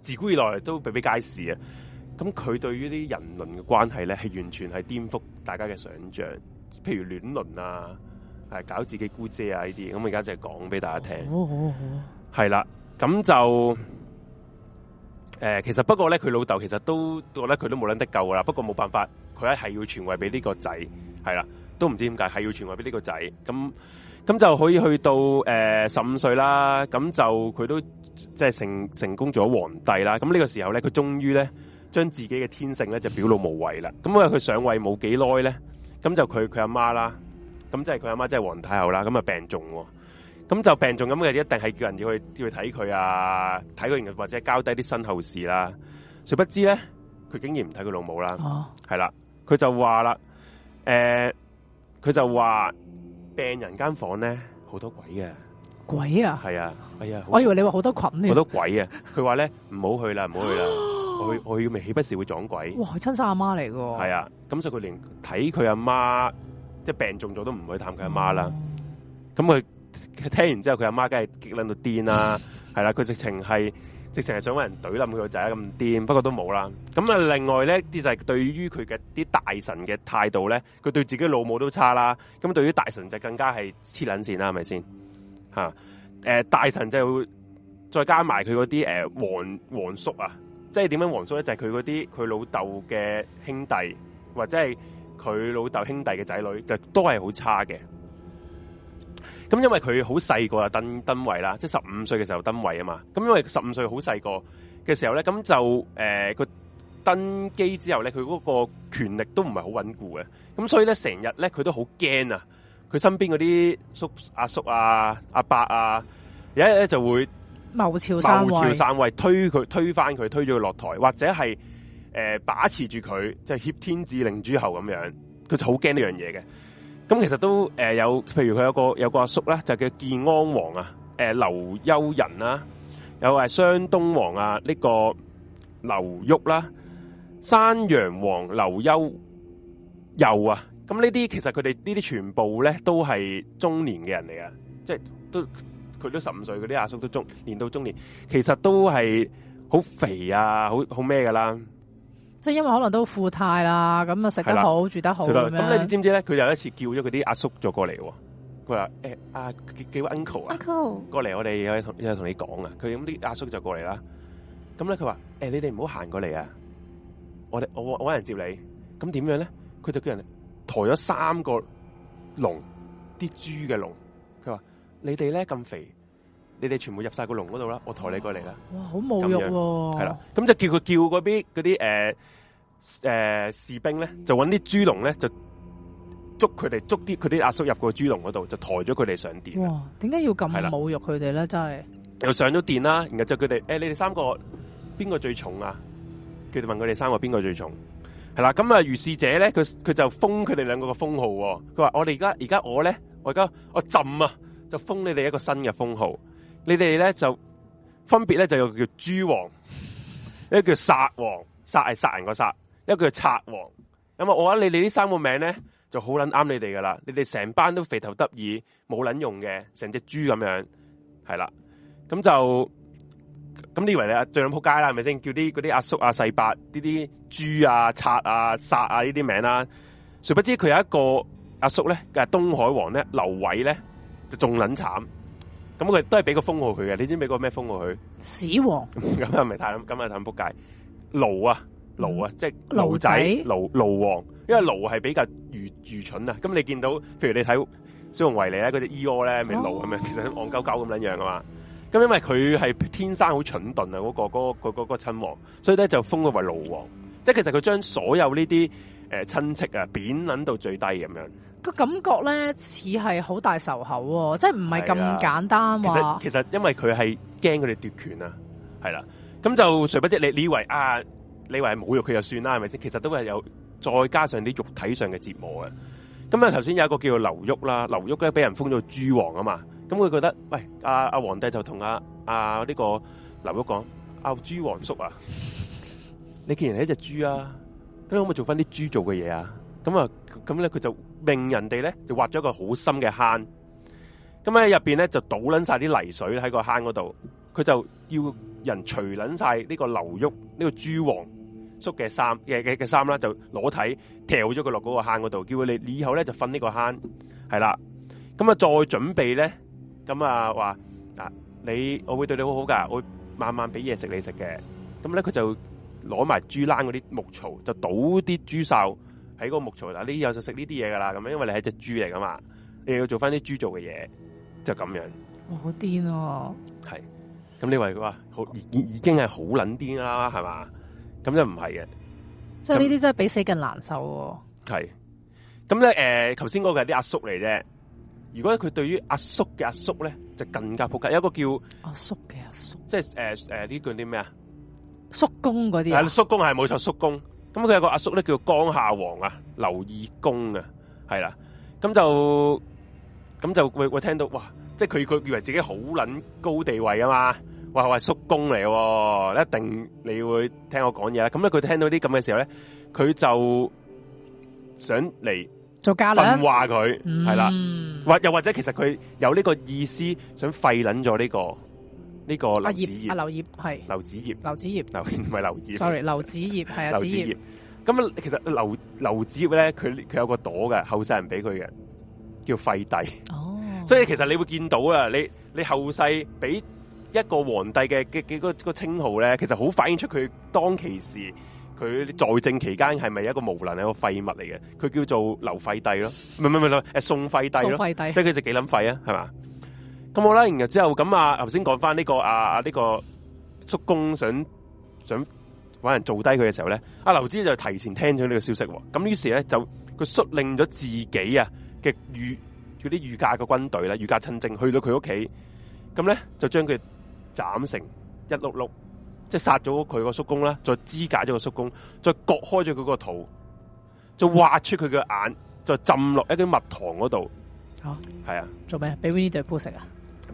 自古以來都比比皆是啊。咁佢對於啲人倫嘅關係咧，係完全係顛覆大家嘅想象。譬如亂倫啊，係搞自己姑姐啊呢啲，咁而家就講俾大家聽。係啦，咁就。誒、呃，其實不過咧，佢老豆其實都，都覺得佢都冇得救噶啦。不過冇辦法，佢係係要傳位俾呢個仔，係啦，都唔知點解係要傳位俾呢個仔。咁咁就可以去到誒十五歲啦。咁、呃、就佢都即係、就是、成成功做咗皇帝啦。咁呢個時候咧，佢終於咧將自己嘅天性咧就表露無遺啦。咁因為佢上位冇幾耐咧，咁就佢佢阿媽啦，咁即係佢阿媽即係皇太后啦，咁啊病重喎。咁就病重咁嘅，一定係叫人去要去去睇佢啊，睇佢或者交低啲身後事啦。殊不知咧，佢竟然唔睇佢老母啦。係、啊、啦，佢就話啦，誒、欸，佢就話病人間房咧好多鬼嘅，鬼啊，係啊，啊，哎呀，我以為你話好多菌呢、啊，好多鬼啊。佢話咧唔好去啦，唔好去啦、啊，我去要豈不時會撞鬼？哇，親生阿媽嚟嘅，係啊，咁所以佢連睇佢阿媽即係病重咗都唔去探佢阿媽啦。咁佢、嗯。聽完之後，佢阿媽梗係激捻到癲啦、啊，係啦、啊，佢直情係直情係想搵人懟冧佢個仔咁癲，不過都冇啦。咁啊，另外咧，啲就係、是、對於佢嘅啲大臣嘅態度咧，佢對自己老母都差啦，咁對於大臣就更加係黐捻線啦，係咪先？吓、啊，誒、呃，大臣就再加埋佢嗰啲誒皇皇叔啊，即係點樣皇叔咧？就係佢嗰啲佢老豆嘅兄弟，或者係佢老豆兄弟嘅仔女，就都係好差嘅。咁因為佢好細個啊，登登位啦，即係十五歲嘅時候登位啊嘛。咁因為十五歲好細個嘅時候咧，咁就誒，佢、呃、登基之後咧，佢嗰個權力都唔係好穩固嘅。咁所以咧，成日咧，佢都好驚啊。佢身邊嗰啲叔阿叔啊、阿伯啊，有一日咧就會謀朝篡位，謀朝篡位推佢推翻佢，推咗佢落台，或者係誒、呃、把持住佢，即係挾天子令諸侯咁樣，佢就好驚呢樣嘢嘅。咁其實都誒有，譬如佢有個有個阿叔咧，就叫建安王、劉人王、這個、劉王劉啊，誒劉休仁啦，有係湘東王啊，呢個劉裕啦，山陽王劉休佑啊，咁呢啲其實佢哋呢啲全部咧都係中年嘅人嚟啊，即、就、係、是、都佢都十五歲，嗰啲阿叔都中年到中年，其實都係好肥啊，好好咩噶啦～即係因為可能都富態啦，咁啊食得好住得好咁你知唔知咧？佢有一次叫咗嗰啲阿叔就過嚟，佢話誒，阿幾幾位 uncle 啊，過嚟我哋有同有同你講啊。佢咁啲阿叔就過嚟啦。咁咧佢話誒，你哋唔好行過嚟啊。我哋我搵人接你。咁點樣咧？佢就叫人抬咗三個籠，啲豬嘅籠。佢話你哋咧咁肥。你哋全部入晒個籠嗰度啦，我抬你過嚟啦。哇，好侮辱喎、啊！係啦，咁就叫佢叫嗰啲啲誒誒士兵咧，就搵啲豬籠咧，就捉佢哋捉啲佢啲阿叔入個豬籠嗰度，就抬咗佢哋上電。哇，點解要咁侮辱佢哋咧？了真係是又上咗電啦，然後就佢哋誒，你哋三個邊個最重啊？佢哋問佢哋三個邊個最重、啊？係啦，咁啊如是者咧，佢佢就封佢哋兩個嘅封號。佢話我哋而家而家我咧，我而家我朕啊，就封你哋一個新嘅封號。你哋咧就分別咧就有一個叫叫豬王，一個叫殺王，殺係殺人個殺，一個叫賊王。咁啊，我話你哋呢三個名咧就好捻啱你哋噶啦，你哋成班都肥頭耷耳，冇捻用嘅，成隻豬咁樣，係啦。咁就咁你以為你最撚仆街啦，係咪先？叫啲嗰啲阿叔阿、啊、細伯呢啲豬啊賊啊殺啊呢啲名啦、啊，殊不知佢有一個阿叔咧，係東海王咧，劉偉咧就仲捻慘。咁佢、嗯、都係俾個封號佢嘅，你知唔知俾個咩封號佢？屎王。咁、嗯、啊，咪太咁啊，太撲街！奴啊奴啊，即係奴仔奴奴、嗯、王，因為奴係比較愚愚蠢啊。咁、嗯、你見到，譬如你睇《小熊維尼》咧，嗰隻伊窩咧，咪奴係咪？其實咁戇鳩鳩咁樣樣噶嘛。咁、嗯、因為佢係天生好蠢鈍啊，嗰、那個嗰、那個嗰、那個親王，所以咧就封佢為奴王。即係其實佢將所有呢啲誒親戚啊貶捻到最低咁樣。個感覺咧似係好大仇口，哦，即係唔係咁簡單，啊。其實其實因為佢係驚佢哋奪權啊，係啦。咁就誰不知你你以為啊，你以為係侮辱佢就算啦，係咪先？其實都係有再加上啲肉體上嘅折磨的啊。咁啊，頭先有一個叫做劉旭啦，劉旭咧俾人封咗豬王啊嘛。咁佢覺得喂，阿、啊、阿、啊、皇帝就同阿阿呢個劉旭講：阿豬王叔啊，你既然係一隻豬啊，咁你可唔可以做翻啲豬做嘅嘢啊？咁啊，咁咧佢就。命人哋咧就挖咗個好深嘅坑，咁喺入邊咧就倒捻晒啲泥水喺個坑嗰度，佢就要人除捻晒呢個流喐、呢、呢個朱王叔嘅衫嘅嘅嘅衫啦，就裸體跳咗佢落嗰個坑嗰度，叫佢你以後咧就瞓呢個坑係啦，咁啊再準備咧，咁啊話嗱你，我會對你好好噶，我會慢慢俾嘢食你食嘅，咁咧佢就攞埋豬欄嗰啲木槽，就倒啲豬潲。睇嗰木槽，啦，你有就食呢啲嘢噶啦，咁樣因為你係隻豬嚟噶嘛，你要做翻啲豬做嘅嘢，就咁樣。我好癲，係、哦、咁、嗯、你話哇，已已已經係好撚癲啦，係嘛？咁又唔係嘅，即係呢啲真係比死更難受，啊。係，咁咧誒，頭先嗰個係啲阿叔嚟啫。如果佢對於阿叔嘅阿叔咧，就更加扑街。有一個叫阿叔嘅阿叔，即係誒誒啲叫啲咩啊？叔公嗰啲，叔公係冇錯，叔公。咁佢有個阿叔咧，叫江夏王啊，劉義恭啊，係啦、啊，咁就咁就會會聽到，哇，即係佢佢以為自己好撚高地位啊嘛，哇，係叔公嚟，一定你會聽我講嘢啦。咁咧佢聽到啲咁嘅時候咧，佢就想嚟做架梁，分化佢係啦，或又或者其實佢有呢個意思，想廢捻咗呢個。呢個葉葉，阿、啊啊、劉業係劉子業，劉子業，唔係劉業。Sorry，劉子業係啊，子業。咁其實劉劉子業咧，佢佢有個朵嘅後世人俾佢嘅叫廢帝。哦，所以其實你會見到啊，你你後世俾一個皇帝嘅嘅嘅個、那個稱、那個、號咧，其實好反映出佢當其時佢在政期間係咪一個無能，係、那、一個廢物嚟嘅。佢叫做劉廢帝咯，唔唔唔，誒宋廢帝咯，即係佢就幾撚廢啊，係嘛？咁好啦，然之後咁、這個、啊，頭先講翻呢個啊呢個叔公想想搵人做低佢嘅時候咧，阿劉知就提前聽咗呢個消息，咁於是咧就佢率領咗自己啊嘅御嗰啲御駕嘅軍隊啦，御駕親征去到佢屋企，咁咧就將佢斬成一碌碌，即係殺咗佢個叔公啦，再肢解咗個叔公，再割開咗佢個肚，再挖出佢嘅眼，再浸落一啲蜜糖嗰度，好，係啊，做咩？俾維尼對鋪食啊？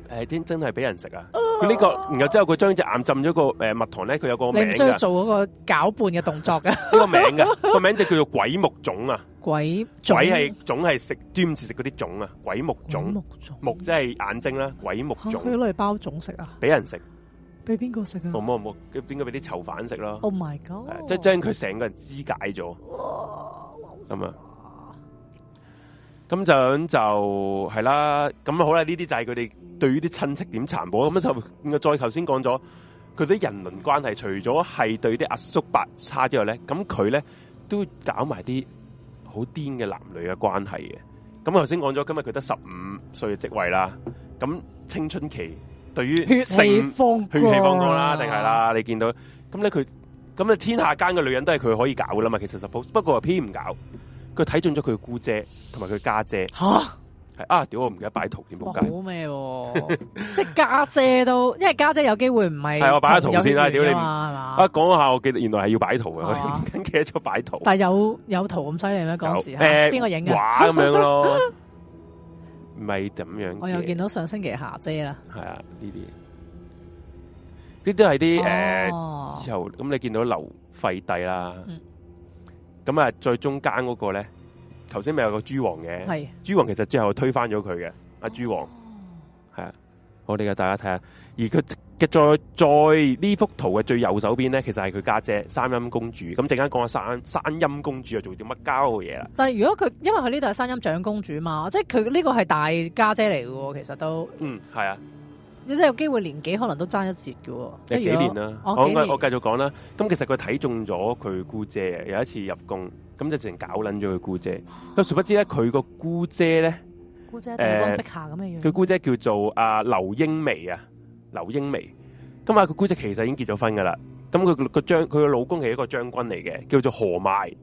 誒，真真係俾人食啊！佢呢個，然後之後佢將隻眼浸咗個誒蜜糖咧，佢有個名噶。你需要做嗰個攪拌嘅動作噶。呢個名噶，個名就叫做鬼目種啊！鬼鬼係種係食，專似食嗰啲種啊！鬼目種，目即係眼睛啦，鬼目種。佢攞嚟包種食啊！俾人食，俾邊個食啊？冇冇，唔好，點解俾啲囚犯食咯？Oh my god！即係將佢成個人肢解咗。咁啊，咁樣就係啦。咁好啦，呢啲就係佢哋。對於啲親戚點殘暴咁就再頭先講咗佢啲人倫關係，除咗係對啲阿叔伯差之外咧，咁佢咧都搞埋啲好癲嘅男女嘅關係嘅。咁頭先講咗，今日佢得十五歲嘅職位啦，咁青春期對於血氣、啊、方血氣方剛啦，定係啦，你見到咁咧佢咁天下間嘅女人都係佢可以搞㗎啦嘛。其實 suppose 不過偏唔搞，佢睇中咗佢姑姐同埋佢家姐。係啊！屌我唔記得擺圖，點扑街，好咩？即係家姐都，因為家姐有機會唔係係我擺圖先啦，屌你！啊，講下我記得，原來係要擺圖嘅，唔記得咗擺圖。但係有有圖咁犀利咩？嗰時邊個影畫咁樣咯？咪咁樣？我又見到上星期霞姐啦，係啊呢啲，呢啲係啲誒之後咁，你見到劉廢帝啦，咁啊最中間嗰個咧。頭先咪有個豬王嘅，是豬王其實最後推翻咗佢嘅。阿、啊、豬王係啊，好呢個大家睇下，而佢嘅再再呢幅圖嘅最右手邊咧，其實係佢家姐山陰公主，咁陣間講下山山陰公主又做啲乜交嘅嘢啦。但係如果佢因為佢呢度係山陰長公主嘛，即係佢呢個係大家姐嚟嘅，其實都嗯係啊。你真係有機會年紀可能都差一截嘅喎，即幾年啦？我我繼續講啦。咁、嗯、其實佢睇中咗佢姑姐，有一次入宮，咁、嗯、就直情搞撚咗佢姑姐。咁殊、啊、不知咧，佢個姑姐咧，姑姐下，誒、呃，温碧霞咁嘅樣。佢姑姐叫做阿劉英媚啊，劉英媚。咁啊，佢、嗯、姑姐其實已經結咗婚嘅啦。咁佢個個將佢個老公係一個將軍嚟嘅，叫做何邁。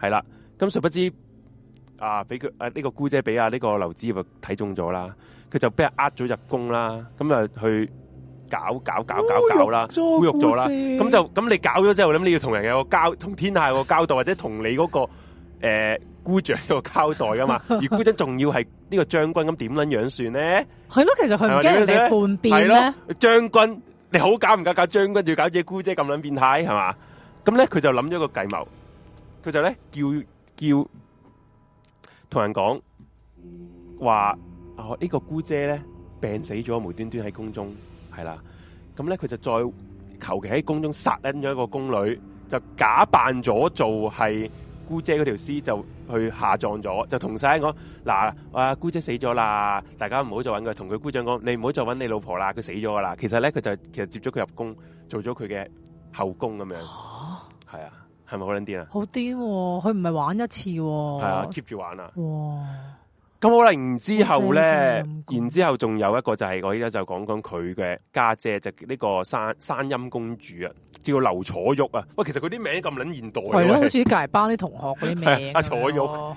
係啦，咁、嗯、殊不知。啊！俾佢呢個姑姐俾啊呢、這個劉子業睇中咗啦，佢就俾人呃咗入宮啦，咁啊去搞搞搞搞搞，搞啦，污辱咗啦，咁、嗯、就咁你搞咗之後，諗你要同人有個交，同天下個交代， 或者同你嗰、那個誒、呃、姑丈有個交代噶嘛？ 而姑姐仲要係呢個將軍咁，點樣樣算呢？係咯、 啊，其實佢驚你叛變呢？將、啊、軍你好搞唔搞搞將軍，仲要搞自己姑姐咁捻變態係嘛？咁咧佢就諗咗個計謀，佢就咧叫叫。叫同人講話，哦呢、呢個姑姐咧病死咗，無端端喺宮中，係啦。咁咧佢就再求其喺宮中殺撚咗一個宮女，就假扮咗做係姑姐嗰條屍，就去下葬咗。就同晒人講嗱，我、啊、姑姐死咗啦，大家唔好再揾佢。同佢姑丈講，你唔好再揾你老婆啦，佢死咗噶啦。其實咧佢就其實接咗佢入宮，做咗佢嘅後宮咁樣。哦，係啊。係咪好捻癲啊？好癲，哦！佢唔係玩一次，哦，係啊，keep 住玩啊！哇！咁好啦，真真然之後咧，然之後仲有一個就係、是、我依家就講講佢嘅家姐，就呢、是、個山山陰公主啊，叫劉楚玉啊。喂，其實佢啲名咁捻現代，係咯對，欸、好似隔籬班啲同學嗰啲名，啊。阿、 啊、楚玉劉、哦，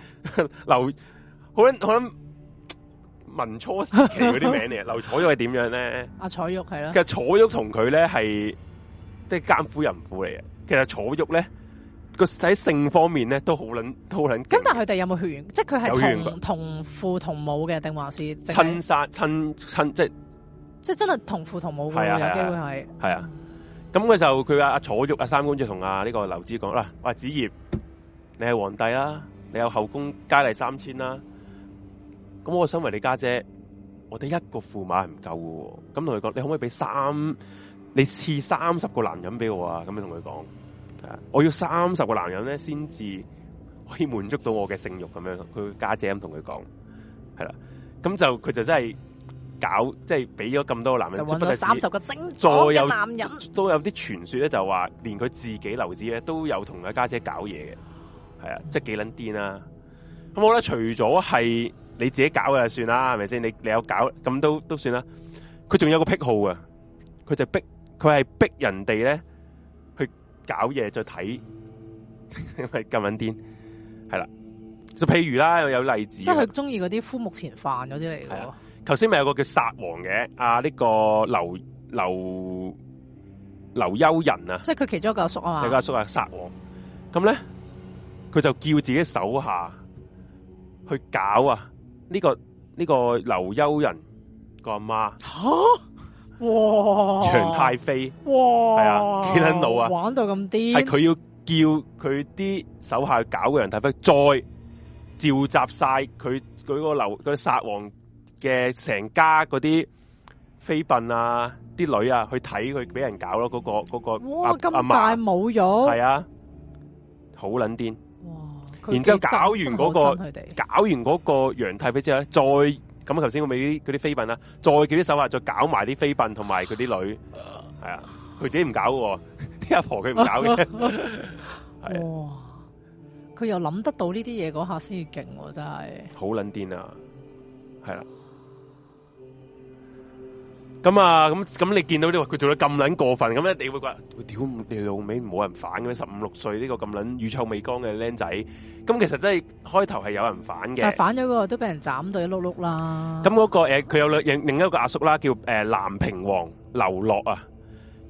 我諗我諗文初時期嗰啲名嚟 啊，劉楚玉係點樣咧？阿楚玉係咯，其實楚玉同佢咧係即係奸夫淫婦嚟嘅。其實楚玉咧。個仔性方面咧都好捻，都好捻。咁但係佢哋有冇血緣？即係佢係同同父同母嘅，定還是親殺親親？即係即係真係同父同母嘅，有機會係。係啊。咁佢就，佢阿阿楚玉、阿三公主同阿呢個劉子講啦，喂，子業，你係皇帝啊，你有後宮佳麗三千啦、啊。咁我身為你家姐，姐，我哋一個駙馬係唔夠喎。咁同佢講，你可唔可以俾三，你賜三十個男人俾我啊？咁樣同佢講。我要三十個男人咧，先至可以滿足到我嘅性欲咁樣。佢家姐咁同佢講，係啦，咁就佢就真係搞，即係俾咗咁多個男人，就揾三十個精，再有男人都有啲傳說咧，就話連佢自己流子咧都有同佢家姐搞嘢嘅，係啊，即係幾撚癲啦！咁我覺得除咗係你自己搞嘅就算啦，係咪先？你你有搞咁都都算啦。佢仲有個癖好啊，佢就逼，佢係逼人哋咧。搞嘢再睇，咪咁搵癲係啦！就譬如啦，有，有例子，即係佢中意嗰啲枯目前犯嗰啲嚟嘅。頭先咪有個叫殺王嘅，啊，呢個劉劉劉休仁啊，即係佢其中一個阿叔啊嘛。個阿叔啊，殺王咁咧，佢就叫自己手下去搞啊！呢個呢個劉休仁個阿媽吓。哇！楊太妃哇，係啊，幾捻路啊，玩到咁癲，係佢要叫佢啲手下去搞個楊太妃，再召集晒佢佢個劉佢殺王嘅成家嗰啲妃嬪啊，啲女啊去睇佢俾人搞咯，嗰、嗰個、嗰個哇咁大冇咗，係啊，好捻癲哇！然之後搞完嗰、嗰個搞完嗰個楊太妃之後咧，再。咁頭先我咪啲嗰啲妃嬪啦，再叫啲手下再搞埋啲妃嬪同埋佢啲女，係、呃、啊，佢自己唔搞喎，啲阿、 啊、婆佢唔搞嘅，係 啊，佢、哦、又諗得到呢啲嘢嗰下先要勁喎，真係好撚癲啊，係啦、啊。咁啊，咁咁你見到你話佢做得咁撚過分，咁咧你會覺得屌到尾冇人反嘅，十五六歲呢個咁撚乳臭未乾嘅僆仔，咁其實真係開頭係有人反嘅，反咗個都俾人斬到一碌碌啦。咁嗰個誒，佢有另另一個阿叔啦，叫誒南平王劉洛啊。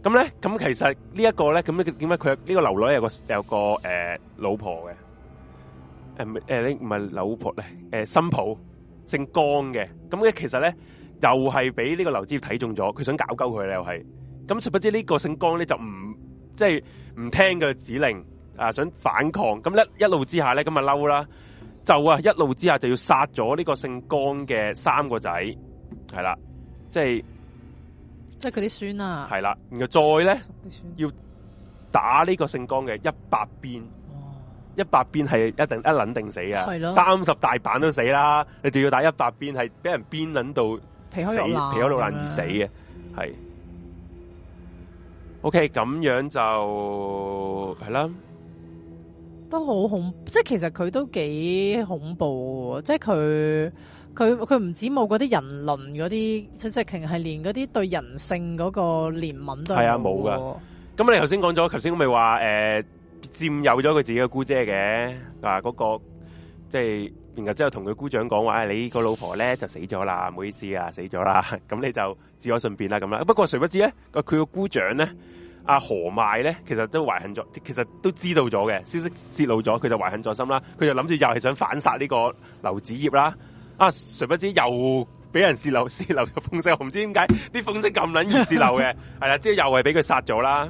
咁咧，咁其實呢一個咧，咁咧點解佢呢個劉洛有個有個誒老婆嘅？誒唔誒，你唔係老婆咧，誒新抱姓江嘅。咁咧其實咧。又係俾呢個劉志睇中咗，佢想搞鳩佢啦，又係。咁殊不知呢個姓江咧就唔即係唔聽佢指令，啊想反抗。咁、啊、一一怒之下咧，咁啊嬲啦，就啊一怒之下就要殺咗呢個姓江嘅三個仔，係啦，即係即係佢啲孫啊。係啦，然後再咧要打呢個姓江嘅一百鞭，哦、一百鞭係一定一捻定死嘅，三十的大板都死啦，你仲要打一百鞭，係俾人鞭捻到。皮懶死，皮可老難而死嘅，係。O K，咁樣就係啦，都好恐，即係其實佢都幾恐怖，即係佢佢佢唔止冇嗰啲人倫嗰啲，即係直情係連嗰啲對人性嗰個憐憫都係啊冇噶。咁你頭先講咗，頭先咪話誒，佔、呃、有咗佢自己嘅姑姐嘅，啊、那、嗰個即係。然後之後同佢姑丈講話，誒，你個老婆咧就死咗啦，唔好意思啊，死咗啦。咁你就自我順變啦咁啦。不過誰不知咧，佢個姑丈咧，阿、啊、何邁咧，其實都懷恨咗，其實都知道咗嘅消息洩露咗，佢就懷恨在心啦。佢就諗住又係想反殺呢個劉子業啦。啊，誰不知又俾人洩漏洩漏咗風聲，我唔知點解啲風聲咁撚易洩漏嘅。係啦， 之後又係俾佢殺咗啦。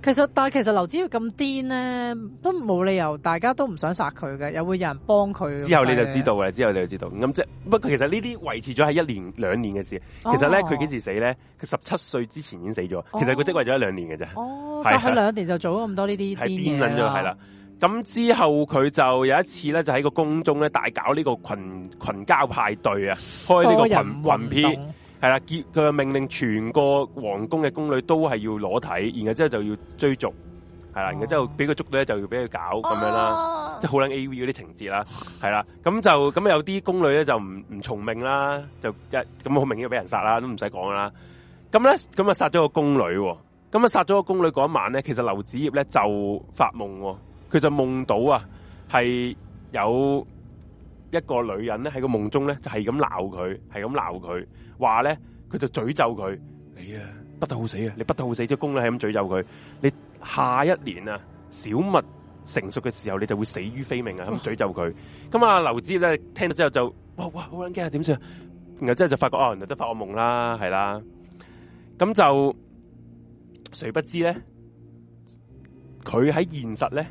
其實但係，其實劉子玉咁癲咧，都冇理由大家都唔想殺佢嘅，又會有人幫佢。之後你就知道嘅，嗯、之後你就知道。咁即係，不過其實呢啲維持咗係一年兩年嘅事。其實咧佢幾時死咧？佢十七歲之前已經死咗。其實佢即位為咗一兩年嘅咋。哦的，但佢兩年就做咗咁多呢啲癲嘢。係癲撚咗，係啦。咁之後佢就有一次咧，就喺個宮中咧大搞呢個群群交派對啊，開呢個群群 P。係啦，結佢命令全個皇宮嘅宮女都係要裸體，然後之後就要追逐，係啦，然後之後俾佢捉到咧就要俾佢搞咁樣啦，即係好捻 A V 嗰啲情節啦，係啦，咁就咁有啲宮女咧就唔唔從命啦，就一咁好明顯俾人殺啦，都唔使講啦。咁咧咁啊殺咗個宮女，咁啊殺咗個宮女嗰一晚咧，其實劉子業咧就發夢，佢就夢到啊係有。一個女人咧喺個夢中咧就係咁鬧佢，係咁鬧佢，話咧佢就詛咒佢，你啊不得好死啊，你不得好死，即公咧係咁詛咒佢，你下一年啊小麥成熟嘅時候，你就會死於非命咒咒啊，咁詛咒佢。咁啊劉志咧聽到之後就哇哇好撚驚啊，點算？然後之後就發覺哦原來都發惡夢啦，係啦。咁就誰不知咧，佢喺現實咧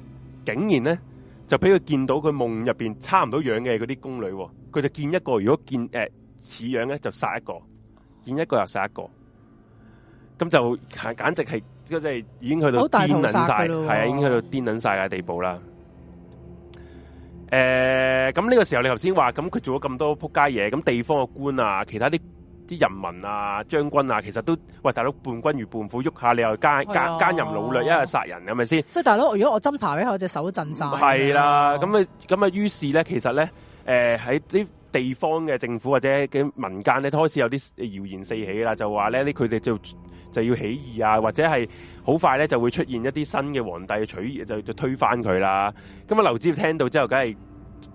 竟然。咧。就俾佢見到佢夢入邊差唔多樣嘅嗰啲宮女，佢就見一個，如果見誒、呃、似樣咧，就殺一個；見一個又殺一個，咁就簡直係即係已經去到癲撚晒，係啊，已經去到癲撚晒嘅地步啦。誒、呃，咁呢個時候你頭先話，咁佢做咗咁多仆街嘢，咁地方嘅官啊，其他啲。啲人民啊，將軍啊，其實都喂，大佬伴君如伴虎，喐下你又奸奸奸淫擄掠，一日、哎、呦殺人，係咪先？吧即，大佬，如果我斟爬俾，我隻手都震晒。係啦，咁啊、哎呦，咁啊，於是咧，其實咧，誒喺啲地方嘅政府或者嘅民間咧，都開始有啲謠言四起啦，就話咧，佢哋就就要起義啊，或者係好快咧就會出現一啲新嘅皇帝取就就推翻佢啦。咁、嗯、啊，劉志聽到之後，梗係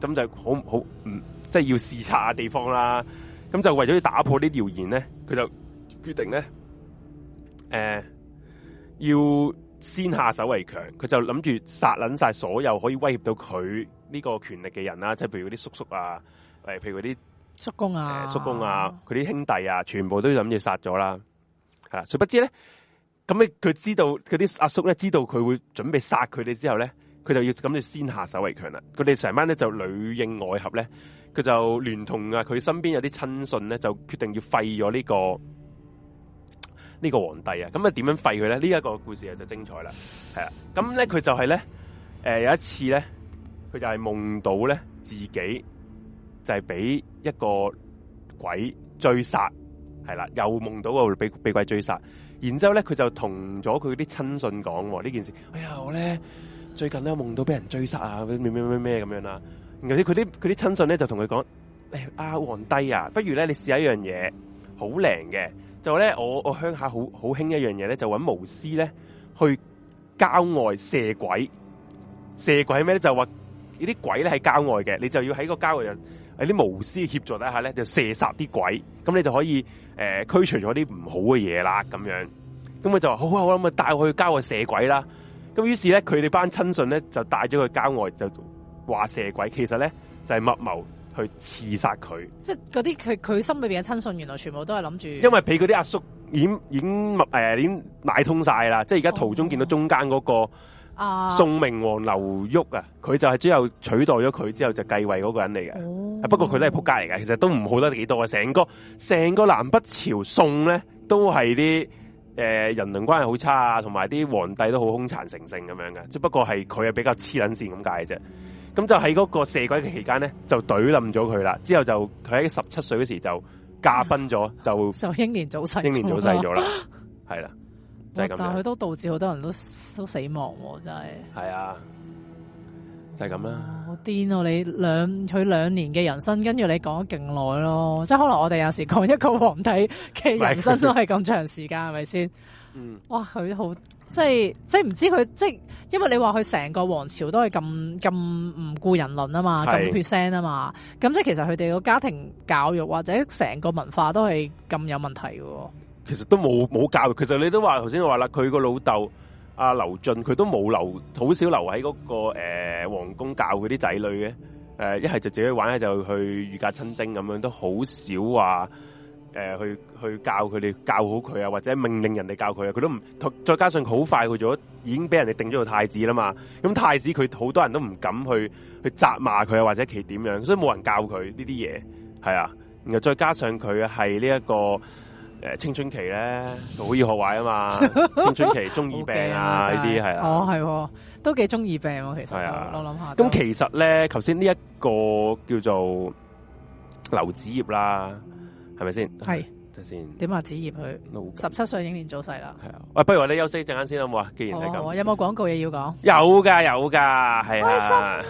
咁就好好唔即係要視察下地方啦。咁就為咗要打破啲謠言咧，佢就決定咧，誒、呃，要先下手為強。佢就諗住殺捻晒所有可以威脅到佢呢個權力嘅人啦，即係譬如嗰啲叔叔啊，誒，譬如嗰啲叔公啊，呃，叔公啊，佢啲兄弟啊，全部都諗住殺咗啦。係啦，誰不知咧，咁佢佢知道佢啲阿叔咧知道佢會準備殺佢哋之後咧，佢就要咁住先下手為強啦。佢哋成班咧就裏應外合咧。佢就聯同啊，佢身邊有啲親信咧，就決定要廢咗呢個呢個皇帝啊！咁啊，點樣廢佢咧？呢一個故事就精彩啦，係啦。咁咧，佢就係咧，誒、呃，有一次咧，佢就係夢到咧自己就係俾一個鬼追殺，係啦，又夢到個被被鬼追殺。然之後咧，佢就同咗佢啲親信講呢件事。哎呀，我咧最近咧夢到俾人追殺啊，咩咩咩咩咁樣啦。然後佢啲佢啲親信咧就同佢講：誒、哎，阿、啊、皇帝啊，不如咧你試下一樣嘢，好靈嘅，就咧我我鄉下好好興一樣嘢咧，就搵巫師咧去郊外射鬼，射鬼係咩咧？就話呢啲鬼咧喺郊外嘅，你就要喺個郊外有啲巫師協助底下咧，就射殺啲鬼，咁你就可以誒驅、呃、除咗啲唔好嘅嘢啦。咁樣，咁佢就話：好啊，好啊，咁啊帶我去郊外射鬼啦。咁於是咧，佢哋班親信咧就帶咗去郊外就。話射鬼，其實咧就係密謀去刺殺佢。即係嗰啲佢佢心裏邊嘅親信，原來全部都係諗住。因為俾嗰啲阿叔已經已經誒已經買通晒啦。即係而家途中見到中間嗰個宋明王劉彧啊，佢、啊、就係最後取代咗佢之後就繼位嗰個人嚟嘅。哦、不過佢都係撲街嚟嘅，其實都唔好得幾多啊。成個成個南北朝宋咧，都係啲誒人倫關係好差啊，同埋啲皇帝都好凶殘成性咁樣嘅。只不過係佢係比較黐撚線咁解嘅啫。咁就喺嗰個射鬼嘅期間咧，就懟冧咗佢啦。之後就佢喺十七歲嗰時就駕崩咗，就英年早逝，英年早逝咗啦。係啦， 就係咁樣。但係佢都導致好多人都都死亡喎，真係。係啊，就係咁啦。好癲啊！你兩佢兩年嘅人生，跟住你講咗勁耐咯。即係可能我哋有時講一個皇帝嘅人生都係咁長時間，係咪先？嗯。哇！佢好。即係即係唔知佢即係，因為你話佢成個王朝都係咁咁唔顧人倫啊嘛，咁血腥啊嘛，咁即係其實佢哋個家庭教育或者成個文化都係咁有問題嘅、哦。其實都冇冇教育，其實你都話頭先我話啦，佢個老豆阿、啊、劉俊佢都冇留，好少留喺嗰、那個誒、呃、皇宮教佢啲仔女嘅。誒、呃，一係就自己玩，一就去御駕親征咁樣，都好少話。誒、呃，去去教佢哋教好佢啊，或者命令人哋教佢啊，佢都唔，再加上佢好快去咗，已經俾人哋定咗個太子啦嘛。咁太子佢好多人都唔敢去去責罵佢啊，或者其點樣，所以冇人教佢呢啲嘢，係啊。然後再加上佢係呢一個誒青春期咧，好易學壞啊嘛。青春期， 青春期中二病啊，呢啲係啊。啊哦，係、啊，都幾中二病、啊、其實。係啊，我諗下。咁其實咧，頭先呢一個叫做劉子業啦。係咪先？係，睇先。點阿子怡佢十七歲英年早逝啦。係啊，喂，不如話你休息一陣間先好唔好啊？既然係咁，有冇廣告嘢要講？有噶，有噶，係啊。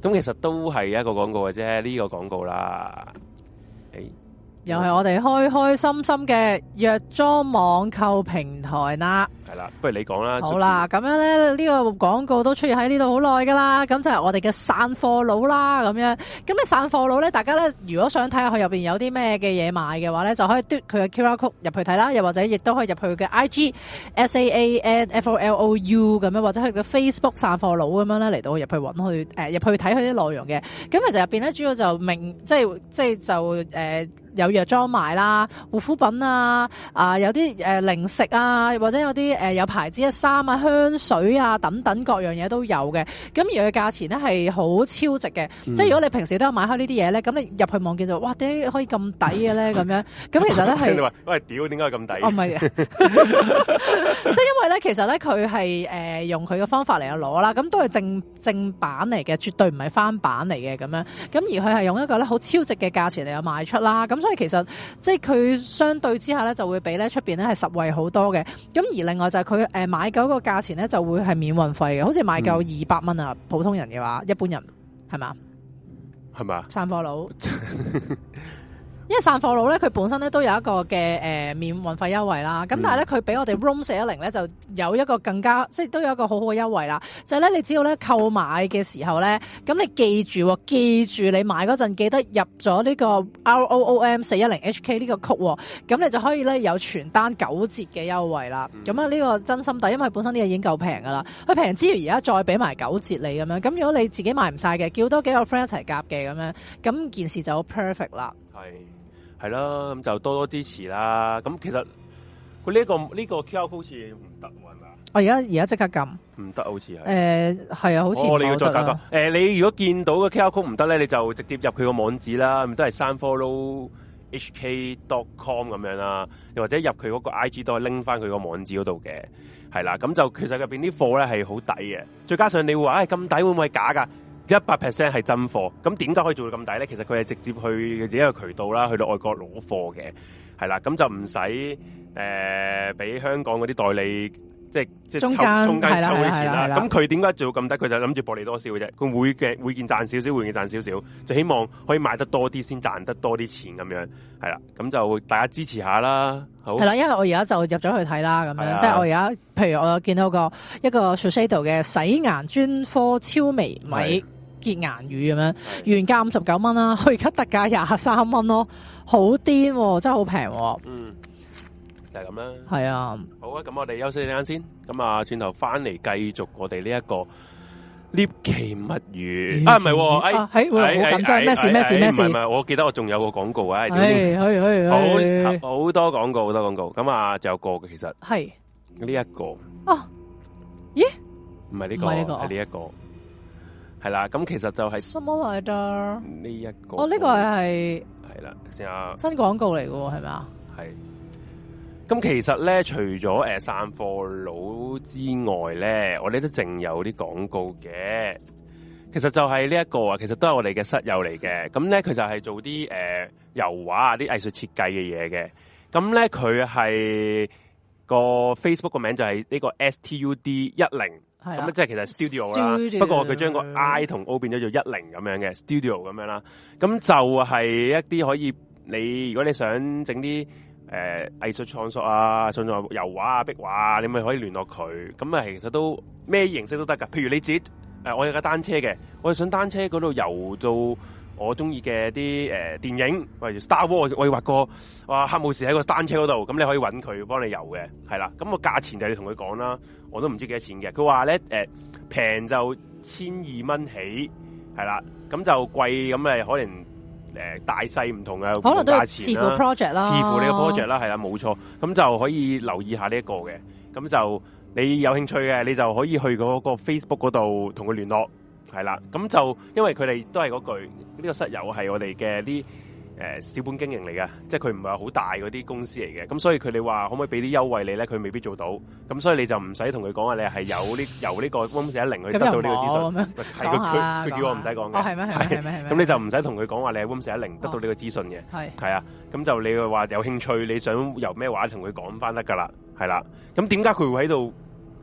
咁 其實都係一個廣告嘅啫，呢、這個廣告啦。誒，又係我哋開開心心嘅藥妝網購平台啦。係啦，不如你講啦。好啦，咁樣咧，呢、這個廣告都出現喺呢度好耐噶啦。咁就係我哋嘅散貨佬啦，咁樣。咁呢散貨佬咧，大家咧如果想睇下佢入邊有啲咩嘅嘢賣嘅話咧，就可以嘟佢嘅 Q R code 入去睇啦，又或者亦都可以入去佢嘅 I G S A A N F O L O U 咁樣，或者佢嘅 Facebook 散貨佬咁樣咧嚟到入去搵佢，誒、呃、入去睇佢啲內容嘅。咁其實入邊咧主要就明，即係即係就誒、呃、有藥妝賣啦，護膚品啊，啊、呃、有啲誒、呃、零食啊，或者有啲。誒、呃，有牌子嘅衫啊、香水啊等等各樣嘢都有嘅，咁而佢價錢咧係好超值嘅，嗯、即係如果你平時都有買開呢啲嘢咧，咁你入去望見就哇，點解可以咁抵嘅咧？咁 樣，咁其實呢係，喂，屌、呃，點解咁抵？唔係，即係因為咧，其實咧佢係誒用佢嘅方法嚟啊攞啦，咁都係正正版嚟嘅，絕對唔係翻版嚟嘅，咁樣，咁而佢係用一個呢好超值嘅價錢嚟啊賣出啦，咁、嗯、所以其實即係佢相對之下就會比出邊係實惠好多嘅，咁而另外。就係佢誒買夠個價錢咧就會係免運費嘅，好似買夠二百蚊啊！嗯、普通人嘅話，一般人係咪？係咪？吧散貨播佬。 因為散貨佬咧，佢本身咧都有一個嘅誒、呃、免運費優惠啦。咁但係咧，佢俾我哋 room 四一零咧，就有一個更加即係都有一個好好嘅優惠啦。就係、是、咧，你只要咧購買嘅時候咧，咁你記住、哦、記住你買嗰陣記得入咗呢個 room 四一零 HK 呢個 code、哦，咁你就可以咧有全單九折嘅優惠啦。咁啊呢個真心抵，因為本身呢個已經夠平噶啦。佢平之餘而家再俾埋九折你咁樣。咁如果你自己買唔晒嘅，叫多幾個 friend 一齊夾嘅咁樣，咁件事就好 perfect 啦。係。係啦，咁就多多支持啦。咁其實佢、這、呢個呢、這個 Q R code 好似唔得喎，係咪我而家而家即刻撳，唔得好似係？誒、呃，係啊，好似、哦、我哋要再加個。誒、呃，你如果見到個 Q R Code 唔得咧，你就直接入佢個網址啦，都係三 followhk.com 咁樣啦，又或者入佢嗰個 I G 都拎翻佢個網址嗰度嘅。係啦，咁就其實入邊啲貨咧係好抵嘅，再加上你會話誒咁抵會唔會係假噶？一百 percent 係真貨，咁點解可以做到咁抵呢？其實佢係直接去自己嘅渠道啦，去到外國攞貨嘅，係啦，咁就唔使誒俾香港嗰啲代理。即係即係抽中間，中間抽啲錢啦，咁佢點解做到咁低？佢就諗住薄利多銷嘅啫。佢會嘅會見賺少少，會見賺少少，就希望可以買得多啲先賺得多啲錢咁樣，係啦。咁就大家支持下啦。好，係啦，因為我而家就入咗去睇啦，咁樣的即係我而家，譬如我有見到一個一個 Shiseido 嘅洗顏專科超微米潔顏乳咁樣，的原價五十九蚊啦，佢而家特價廿三蚊咯，好癲，啊，真係好平。嗯。就係咁啦，係啊，好啊，咁我哋休息一陣先，咁啊，轉頭翻嚟繼續我哋呢一個《獵奇物語》啊，唔係，喎，係，係，係，唔緊張，咩事咩事咩事，唔係唔係，我記得我仲有個廣告啊，係，去去，好好多廣告，好多廣告，咁啊，就有個嘅其實係呢一個，哦，咦，唔係呢個，唔係呢個，係呢一個，係啦，咁其實就係呢一個，哦，呢個係係係啦，先啊，新廣告嚟嘅，係咪啊？係。咁、嗯、其實咧，除咗誒、呃、散貨佬之外咧，我哋都淨有啲廣告嘅。其實就係呢一個啊，其實都係我哋嘅室友嚟嘅。咁、嗯、咧，佢就係做啲誒、呃、油畫啊、啲藝術設計嘅嘢嘅。咁、嗯、咧，佢係個 Facebook 個名就係呢個 S T U D 一零，咁、嗯、即係其實 studio 啦。Studio 不過佢將個 I 同 O 變咗做一零咁樣嘅 studio 咁樣啦。咁、嗯、就係一啲可以你如果你想整啲。誒、啊、藝術創作啊，創作油畫啊、壁畫啊，你咪可以聯絡佢。咁啊，其實都咩形式都得噶。譬如你自己、呃、我有架單車嘅，我要上單車嗰度遊做我中意嘅啲誒電影，例如 Star Wars，我要畫個哇、呃、黑武士喺個單車嗰度。咁你可以揾佢幫你遊嘅，係啦。咁個價錢就係你同佢講啦。我都唔知幾多錢嘅。佢話咧誒平就千二蚊起，係啦。咁就貴咁咪可能。誒、呃，大細唔同嘅價錢啦，視好乎 project 啦，視乎你嘅 project 啦，係啦，冇錯，咁就可以留意下呢一個嘅，咁就你有興趣嘅，你就可以去嗰、那個、那個、Facebook 嗰度同佢聯絡，係啦，咁就因為佢哋都係嗰句，呢、這個室友係我哋嘅啲。誒、呃、小本經營嚟嘅，即係佢唔係話好大嗰啲公司嚟嘅，咁所以佢哋話可唔可以俾啲優惠你咧？佢未必做到，咁所以你就唔使同佢講話你係有呢， 由呢個 Woon 一零去得到呢個資訊。佢叫我唔使講嘅。係咩？係咩、哦？咁你就唔使同佢講話你係 w o o 一零得到呢個資訊嘅。係、哦。啊，咁就你話有興趣，你想由咩話同佢講翻得㗎啦，係啦。咁點解佢會喺度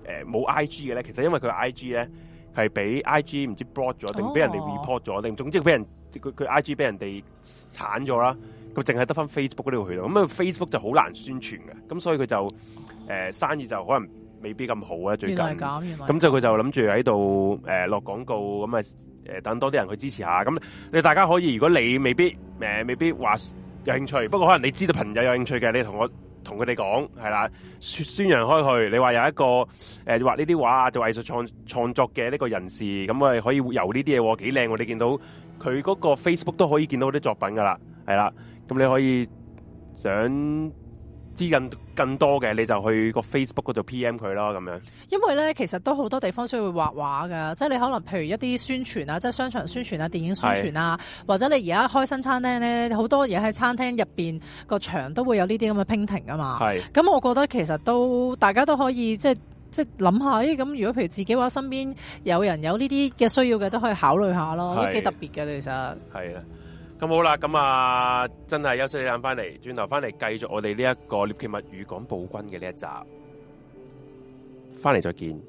誒冇 I G 嘅咧？其實因為佢 I G 咧係俾 I G 唔知道 b r o c k 咗，定俾人哋 report 咗，定、哦、總之俾人佢佢 I G 俾人哋。鏟咗啦，佢淨係得翻 Facebook 呢個渠道，咁啊 Facebook 就好難宣傳嘅，咁所以佢就誒、oh. 呃、生意就可能未必咁好啊。最近，咁就佢就諗住喺度誒落廣告，咁啊誒等多啲人去支持一下。咁你大家可以，如果你未必誒、呃、未必話有興趣，不過可能你知道朋友有興趣嘅，你同我同佢哋講係啦，宣宣揚開去。你話有一個誒畫呢啲畫做藝術創創作嘅呢個人士，咁啊可以由呢啲嘢喎，幾靚喎，你見到。佢嗰個 Facebook 都可以見到啲作品噶啦，係啦，咁你可以想知更更多嘅，你就去個 Facebook 嗰度 PM 佢咯，咁樣。因為咧，其實都好多地方需要畫畫噶，即係你可能譬如一啲宣傳啊，即係商場宣傳啊、電影宣傳啊，是或者你而家開新餐廳咧，好多嘢喺餐廳入面個場都會有呢啲咁嘅 painting 啊嘛。係是，咁我覺得其實都大家都可以即係。即係諗下，咁如果譬如自己話身邊有人有呢啲嘅需要嘅，都可以考慮下咯，都幾特別嘅其實的。係啦，咁好啦，咁啊，真係休息一陣翻嚟，轉頭翻嚟繼續我哋呢一個《獵奇物語》講暴君嘅呢一集，翻嚟再見。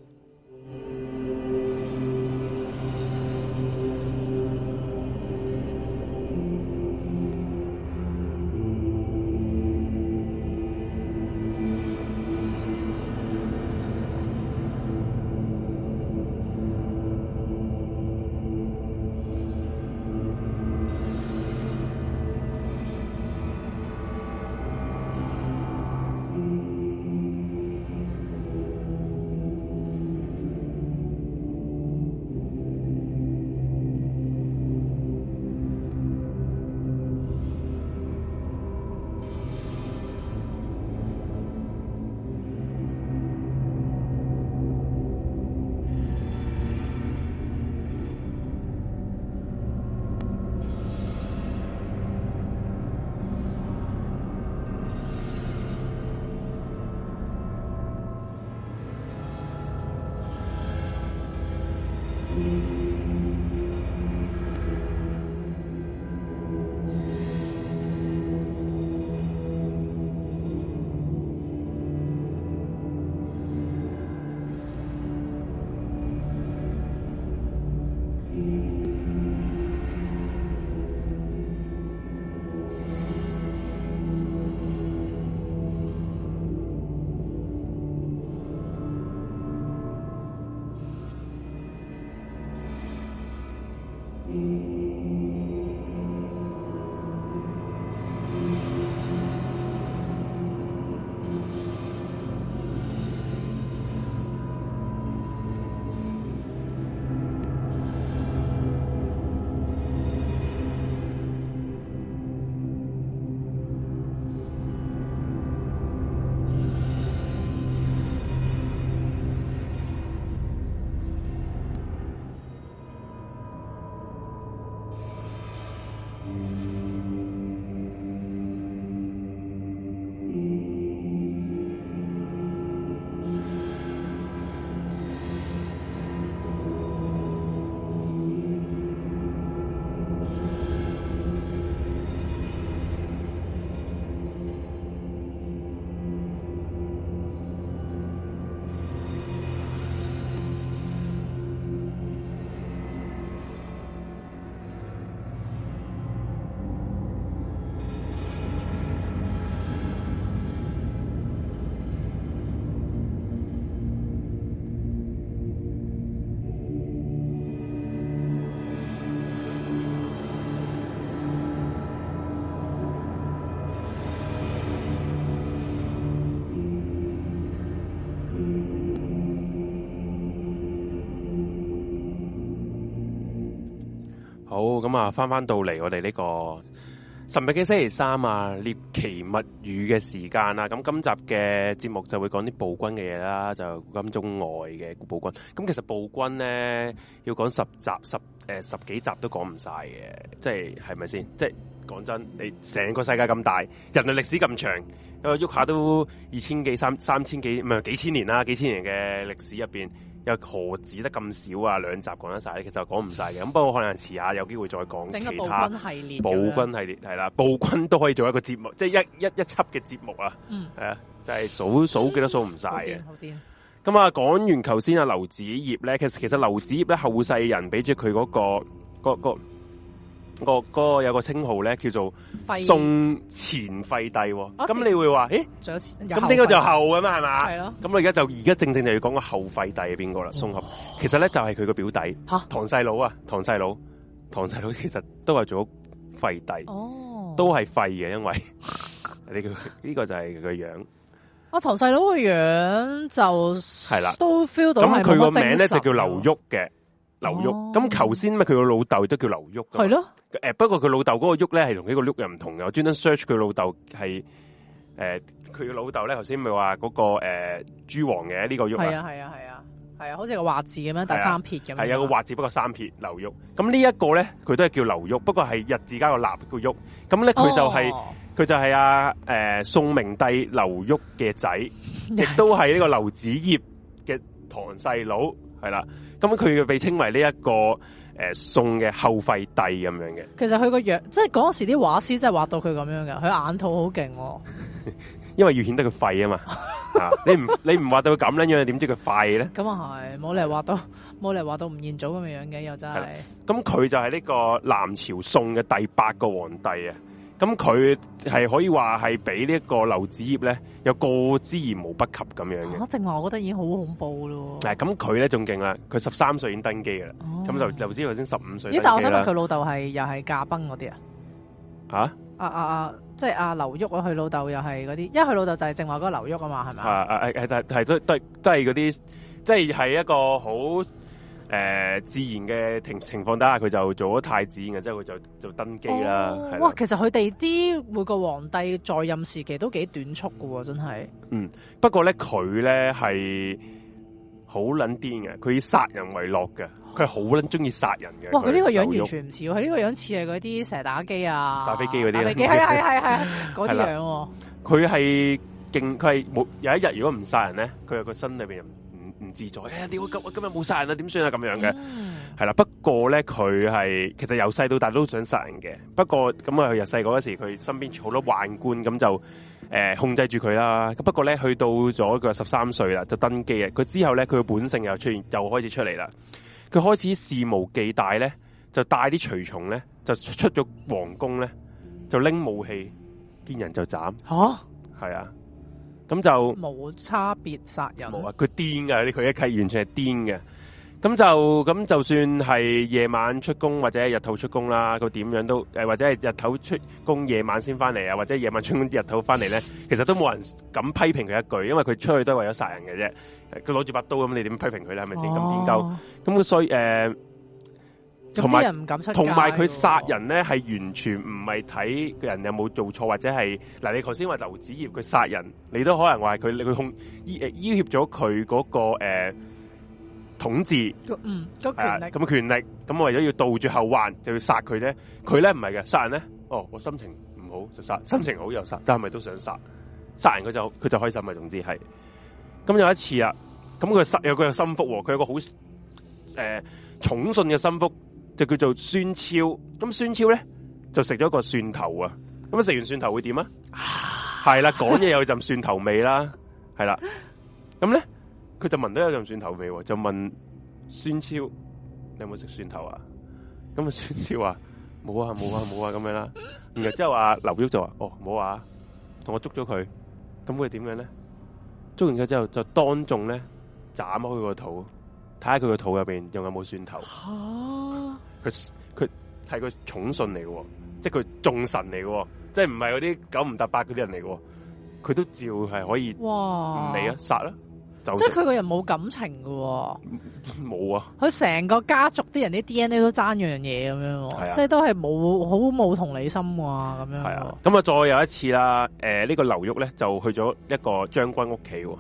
咁啊，翻翻到嚟我哋呢個神秘嘅星期三啊，獵奇物語嘅時間啦，啊。咁今集嘅節目就會講啲暴君嘅嘢啦，就古今中外嘅暴君。咁其實暴君咧要講十集十誒十幾集都講唔晒嘅，即係係咪先？即係講真，你成個世界咁大，人類歷史咁長，啊喐下都二千幾三三千幾唔係幾千年啦，幾千年嘅歷史入邊。又何止得咁少啊？兩集講得曬咧，其實講唔曬嘅。咁不過可能遲下有機會再講其他。暴君系列，暴君系列係啦，暴君都可以做一個節目，即係一一一輯嘅節目啊。嗯。係啊，就係數數幾多數唔曬嘅。好啲。咁啊，講完頭先啊，劉子業咧，其實其實劉子業咧，後世人俾咗佢嗰個嗰個。個個有個稱號咧，叫做宋前廢帝、哦。咁、啊、你會話，誒，咁點解就後嘅嘛，係咪？係咯了。咁我而家就而家正正就要講個後廢帝係邊個啦？宋後。哦、其實咧就係佢個表弟，哦、堂細佬、哦、 啊，堂細佬，堂細佬其實都係做咗廢帝，都係廢嘅，因為呢個呢個就係佢個樣。啊堂細佬個樣就係啦，都 feel 到、啊。咁佢個名咧就叫劉煜嘅。劉昱。咁，頭先咪佢個老豆都叫劉彧？係咯。誒的、欸，不過佢老豆嗰個彧咧，係同呢個昱又唔同嘅。我專登 search 佢老豆係，誒、呃、佢，那個老豆咧頭先咪話嗰個誒豬王嘅呢個彧呢，係啊係啊係啊，係啊，啊，好似個或字咁樣，第三撇咁樣。係啊，個或字，不過三撇。劉彧，咁呢一個咧，佢都係叫劉昱，不過係日字加個立個昱」呢。咁咧佢就係、是，佢、哦、就係啊，誒、呃、宋明帝劉彧嘅仔，亦都係呢個劉子業嘅堂細佬。係啦，咁佢被稱為呢、這、一個誒宋嘅後廢帝咁樣嘅。其實佢個樣，即係嗰時啲畫師真係畫到佢咁樣嘅，佢眼肚好勁。因為要顯得佢廢啊嘛，你唔你唔畫到佢咁樣樣，點知佢廢咧？咁啊係，冇理由畫到，冇理由畫到吳彥祖咁樣樣嘅又真係。咁佢就係呢個南朝宋嘅第八個皇帝啊。咁佢係可以話係俾呢一個劉子業咧，有過之而無不及咁樣嘅。啊，正話我覺得已經好恐怖咯。咁佢咧仲勁啦，佢十三歲已經登基嘅啦，咁就就知道先十五歲。咦？但我想問佢老豆係又係駕崩嗰啲啊？啊啊啊！即係阿劉旭啊，佢老豆又係嗰啲，因為佢老豆就係正話嗰個劉旭啊嘛，係咪？啊啊係係都都都係嗰啲，即係係一個好。誒，自然嘅情情況底下，佢就做咗太子嘅，之後佢就就登基啦。哦、的哇，其實佢哋啲每個皇帝在任時期都幾短促噶，真係。嗯，不過咧佢咧係好捻癲嘅，佢以殺人為樂嘅，佢係好捻中意殺人嘅。哇，佢呢個樣完全唔似，佢呢個樣似係嗰啲成日打機啊、打飛機嗰啲。係係係係係嗰啲樣、哦。佢係勁，佢係冇有一日如果唔殺人咧，佢個身裏邊唔自在，誒、哎，點解今今日冇殺人啊？點算啊？咁樣嘅，係、hmm. 啦。不過咧，佢係其實由細到大都想殺人嘅。不過咁啊，佢由細個嗰時，佢身邊好多宦官咁就誒、呃、控制住佢啦。不過咧，去到咗佢十三歲啦，就登基啊。佢之後咧，佢嘅本性又出現，又開始出嚟啦。佢開始肆無忌憚咧，就帶啲隨從咧，就出咗皇宮咧，就拎武器見人就斬。嚇 Huh?，係啊。咁就冇差別殺人，冇啊！佢癲㗎，佢一契完全係癲嘅。咁就咁就算係夜，夜晚出工或者日頭出工啦，佢點樣都誒，或者係日頭出工夜晚先翻嚟啊，或者夜晚出工日頭翻嚟咧，其實都冇人敢批評佢一句，因為佢出去都係為咗殺人嘅啫。佢攞住把刀咁，你點批評佢咧？係咪先？咁點夠？咁所以誒。呃同埋，同埋佢殺人咧，係、哦、完全唔係睇個人有冇做錯，或者係嗱，你頭先話劉子業佢殺人，你都可能話佢，佢控要誒要挾咗佢嗰個誒、呃、統治，嗯，咁嘅權力、啊、權力，咁為咗要杜絕後患，就要殺佢呢。佢咧唔係嘅殺人咧，哦，我心情唔好就殺，心情好又殺，但係咪都想殺？殺人佢就佢就開心啊，總之係。咁有一次啊，咁佢殺有佢嘅心腹，佢有個好誒寵信嘅心腹。就叫做孫超，咁孫超咧就食咗個蒜頭啊！咁食完蒜頭會點啊？係 啦，講嘢有陣蒜頭味啦，係啦。咁咧佢就聞到有陣蒜頭味，啊，就問孫超：你有冇食蒜頭啊？咁啊孫超話冇啊，冇 啊，冇啊，咁、啊、 樣啦。然後之後話，啊、劉玉就話：哦，冇啊，同我捉咗佢。咁會點樣咧？捉完咗之後就當眾咧斬開佢個肚，睇下佢個肚入邊仲有冇蒜頭。 佢佢係佢寵信嚟嘅，即係佢眾神嚟嘅，即係唔係嗰啲九唔搭八嗰啲人嚟嘅，佢都照係可以唔理、啊。哇！嚟啊，殺啦！即係佢個人冇感情嘅，冇啊！佢成、啊、個家族啲人啲 DNA 都爭樣嘢咁樣，是啊、即係都係冇好冇同理心啊！咁樣。係啊！咁啊，再有一次啦，誒、呃，呢、這個劉玉咧就去咗一個將軍屋企，誒、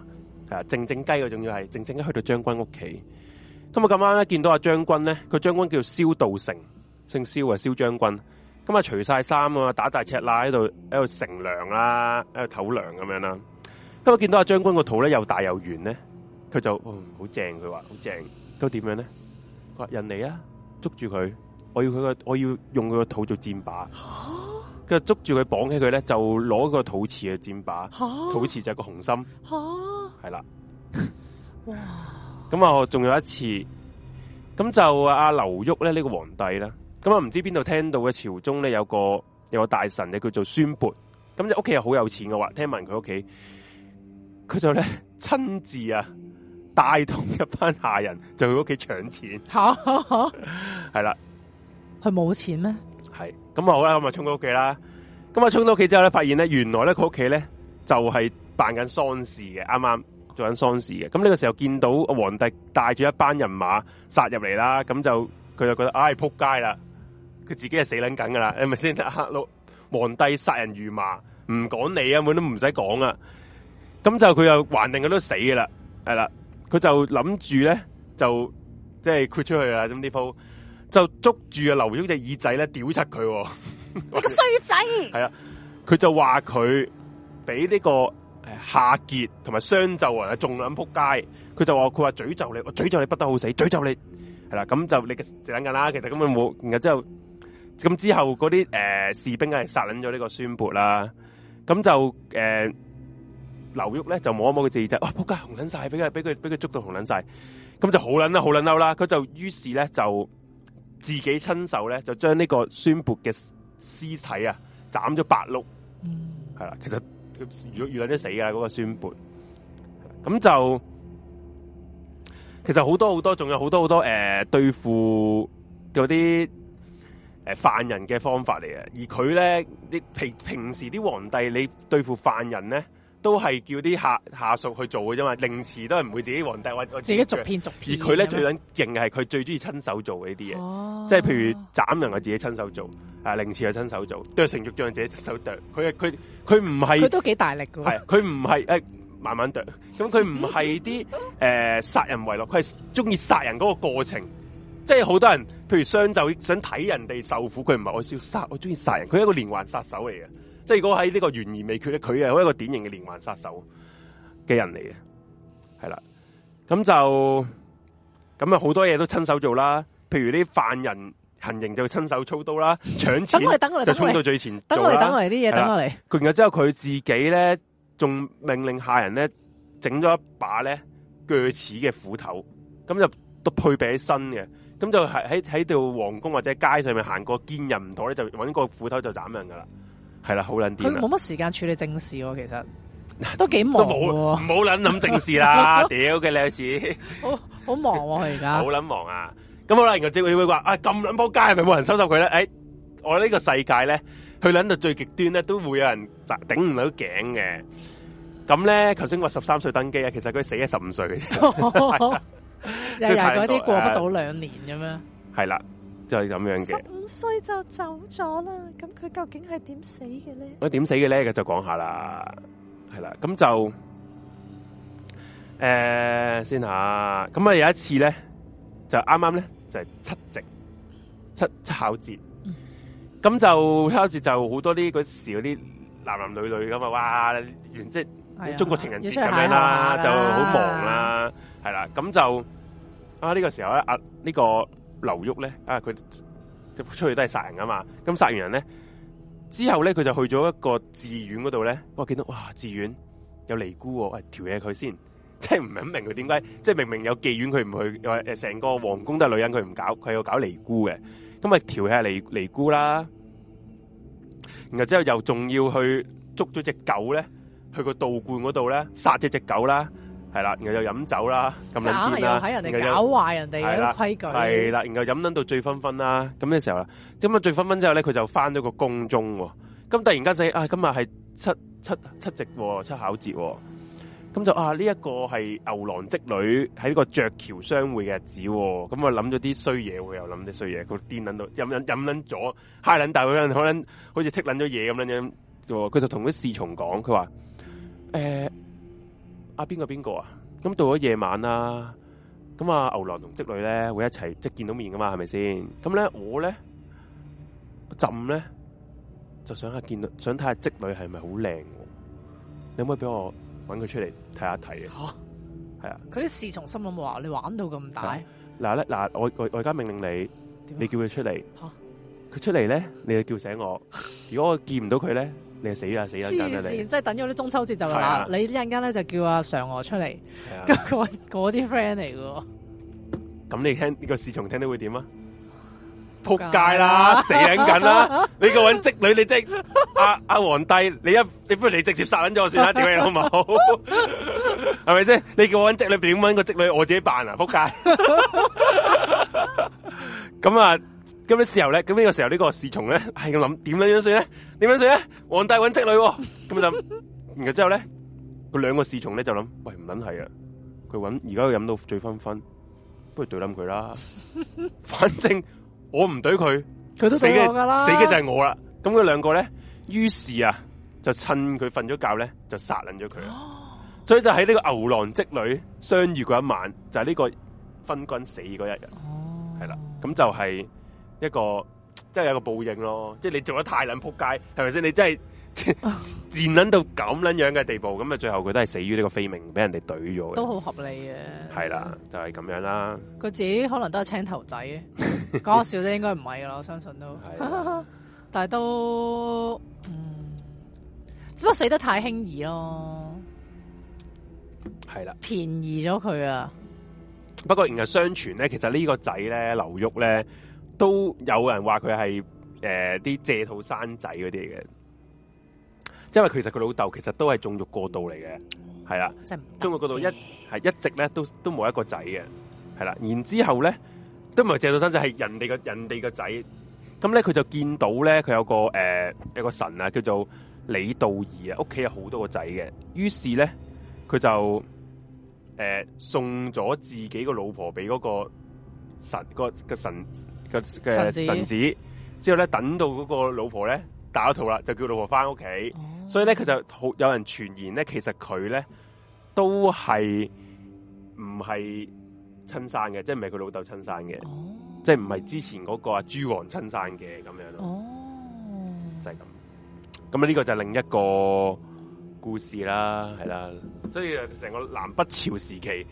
啊，靜靜雞嘅，仲要係靜靜一去到將軍屋企。咁我今晚咧見到阿將軍咧，佢將軍叫蕭道成，姓蕭啊，蕭將軍。咁啊，除晒衫啊，打大赤啦喺度，喺度乘涼啦，喺度唞涼咁樣啦。咁日見到阿將軍個肚咧又大又圓咧，佢就嗯好、哦、正，佢話好正，都點樣咧？佢話人嚟啊，捉住佢，我要佢個，我要用佢蛤個肚做箭靶。佢蛤就捉住佢綁起佢咧，就攞個肚臍嘅箭靶。土肚臍就係個紅心。吓蛤！係啦了。哇！ 咁啊，仲有一次，咁就阿劉旭咧，呢個皇帝啦，咁啊，唔知邊度聽到嘅朝中咧有個有個大臣咧，叫做宣撥，咁就屋企係好有錢嘅話，聽聞佢屋企，佢就咧親自啊，帶同一班下人就去屋企搶錢，吓 的，係啦，佢冇錢咩？係，咁啊好啦，咁啊衝到屋企啦，咁啊衝到屋企之後咧，發現咧原來咧佢屋企咧就係辦緊喪事嘅，啱啱？做緊喪事嘅，咁呢、這個時候見到皇帝帶住一班人馬殺入嚟啦，咁就佢就覺得唉扑、哎、街啦，佢自己係死捻緊噶啦，係咪先啊？大佬！皇帝殺人如麻，唔講你啊，滿都唔使講啊。咁就佢又還定佢都死噶啦，係啦，佢就諗住咧，就即係豁出去啦，咁呢鋪就捉住啊劉墉隻耳仔咧屌柒佢，你個衰仔，係啊、嗯，佢就話佢俾呢個。夏桀同埋商紂啊，仲撚撲街，佢就話佢話詛咒你，我詛咒你不得好死，詛咒你係啦，咁就你嘅就諗緊啦。其實根本冇，然後之後咁之後嗰啲誒士兵係殺捻咗呢個宣播啦，咁就誒劉、呃、玉咧就摸一摸佢自迹，哇撲街紅捻晒，俾佢俾佢俾佢捉到紅捻晒，咁就好捻嬲啦，好捻嬲啦，佢就於是咧就自己親手咧就將呢個宣播嘅屍體啊斬咗八碌，係啦，其實。輿論都死噶啦。嗰、嗰個宣判，咁就其實好多好多，仲有好多好多誒、呃，對付嗰啲誒犯人嘅方法嚟嘅。而佢咧，你平平時啲皇帝你對付犯人咧？都係叫啲下下屬去做嘅啫嘛，凌遲都係唔會自己皇帝，或者自己逐片逐片而呢。而佢咧最想認係係佢最中意親手做嘅呢啲嘢，哦、即係譬如斬人佢自己親手做，啊凌遲又親手做，剁成肉醬自己親手剁。佢佢佢唔係佢都幾大力嘅，係佢唔係誒慢慢剁，咁佢唔係啲誒殺人為樂，佢係中意殺人嗰個過程，即係好多人，譬如雙就，想睇人哋受苦，佢唔係我笑殺，殺，我中意殺人，佢係一個連環殺手嚟嘅。即係如果喺呢個懸疑未決咧，佢係一個典型嘅連環殺手嘅人嚟嘅，係啦，咁就咁啊好多嘢都親手做啦，譬如啲犯人，行刑就親手操刀啦，搶錢，就衝到最前做啦，等我嚟，等我嚟啲嘢，等我嚟。佢然後之後佢自己咧，仲命令下人咧，整咗一把咧鋸齒嘅斧頭，咁就都配備喺身嘅，咁就喺喺喺度皇宮或者街上面行過見人唔妥咧，就揾個斧頭就斬人噶啦。係啦，好撚掂！佢冇乜時間處理正事喎、啊，其實都幾忙嘅，唔好捻諗正事啦，屌嘅 你有事，好好忙佢而家，好捻忙啊！咁、 啊、好啦，然後議會會話：，哎，咁撚仆街係咪冇人收拾佢咧？哎，我呢個世界咧，去捻到最極端咧，都會有人頂唔到頸嘅。咁咧，頭先我十三歲登基啊，其實佢死咗十五歲，又係嗰啲過不到兩年咁樣、啊？係啦。就係咁樣嘅，十五歲就走咗啦。咁佢究竟係點死嘅咧？我點死嘅咧？就講下啦，係啦。咁就誒先吓。咁啊有一次咧，就啱啱咧就係、是、七夕，七七巧節。咁、嗯、就七巧節就好多啲嗰時嗰啲男男女女咁啊，哇！原即，中國情人節咁、哎、呀樣啦，海海就好忙啦、啊，係啦、哎呀。咁就啊呢、這個時候咧，阿、啊、呢、這個。劉旭咧，啊佢出出去都係殺人噶嘛。咁、嗯、殺完人咧之後咧，佢就去咗一個寺院嗰度咧，我見到哇寺院有尼姑、哦，喂調戲佢先，即係唔係明佢點解，即係明明有妓院佢唔去，誒成個皇宮都係女人佢唔搞，佢要搞尼姑嘅，咁啊調戲阿尼尼姑啦，然後之後又仲要去捉咗隻狗咧，去個道觀嗰度咧殺隻只狗啦。係啦，然後又飲酒啦，咁樣癲啦，搞壞人哋嘅規矩。係啦，然後飲捻到醉醺醺啦，咁嘅時候啦，咁啊醉醺醺之後咧，佢就翻咗個宮中喎。咁突然間醒，啊，今日係七七七夕，哦、七巧節，咁就啊呢一個係牛郎織女喺呢個鵲橋相會嘅日子。咁啊諗咗啲衰嘢，又諗啲衰嘢，佢癲捻到，飲飲捻咗，嗨捻大，可能可能好似剔捻咗嘢咁捻樣。佢就同啲侍從講，佢話誒。啊邊個邊個啊！咁、啊、到咗夜晚啦、啊，咁啊牛郎同織女咧會一齊，即係見到面噶嘛，係咪先？咁咧我咧朕咧就想下見到，想睇下織女係咪好靚？你可唔可以俾我揾佢出嚟睇一睇啊？吓，係啊！佢啲、啊、事從心諗話你玩到咁大嗱咧嗱，我我而家命令你，樣你叫佢出嚟。佢、啊、出嚟咧，你要叫醒我。如果我見唔到佢咧？你死啦死啦，黐線！即係等於啲中秋節就嗱，你一陣間咧就叫阿嫦娥出嚟，咁嗰嗰啲 friend 嚟嘅。咁你聽呢個侍從聽到會點啊？扑街啦，死緊緊啦！你個搵織女，你即係阿阿皇帝，你一你不如你直接殺緊咗我算啦，點樣好唔好？係咪先？你叫我搵織女點搵個織女？我自己扮啊！扑街！咁啊～咁呢時候咧，咁呢個時候呢個侍從咧，係咁諗，點樣呢樣算咧？點、啊、 樣算咧？皇帝搵織女，咁就，然後之後咧，佢兩個侍從咧就諗，喂唔撚係啊，佢搵而家飲到醉醺醺，不如懟冧佢啦，反正我唔懟佢，佢都死嘅，死嘅就係我啦。咁佢兩個咧，於是啊，就趁佢瞓咗覺咧，就殺撚咗佢。 所以就喺呢個牛郎織女相遇嗰一晚，就係、是、呢個昏君死嗰一日，係啦，咁 就係、是。一個即係一個報應咯，即係你做咗太撚扑街，係咪先？你真係賤撚到咁撚樣嘅地步，咁啊最後佢都係死於呢個非命，俾人哋懟咗都好合理嘅。係啦，就係、是、咁樣啦。佢自己可能都係青頭仔，講笑啫，應該唔係噶啦，我相信都。對了 但係都，嗯，只不過死得太輕易咯。係啦，便宜咗佢啊！不過，然後相傳咧，其實呢個仔咧，劉玉咧。都有人話佢係誒啲借肚生仔嗰啲嘅，因為其實佢老豆其實都係縱慾過度嚟嘅，係啦、嗯，的中國嗰度一係、嗯、一直咧都都冇一個仔嘅，係啦，然之後咧都唔係借肚生仔，係人哋嘅人哋嘅仔，咁咧佢就見到咧佢有個誒、呃、有個神啊，叫做李道義啊，屋企有好多個仔嘅，於是咧佢就誒、呃、送咗自己個老婆俾嗰個神個個神。嗰個神嘅神子，之後咧等到嗰個老婆咧打咗肚啦，就叫老婆翻屋企，哦、所以咧佢就好有人傳言咧，其實佢咧都係唔係親生嘅，即係唔係佢老豆親生嘅，哦、即係唔係之前嗰、嗰個阿豬王親生嘅咁樣咯，哦、就係咁，咁啊呢個就係另一個故事啦，係啦，所以成個南北朝時期。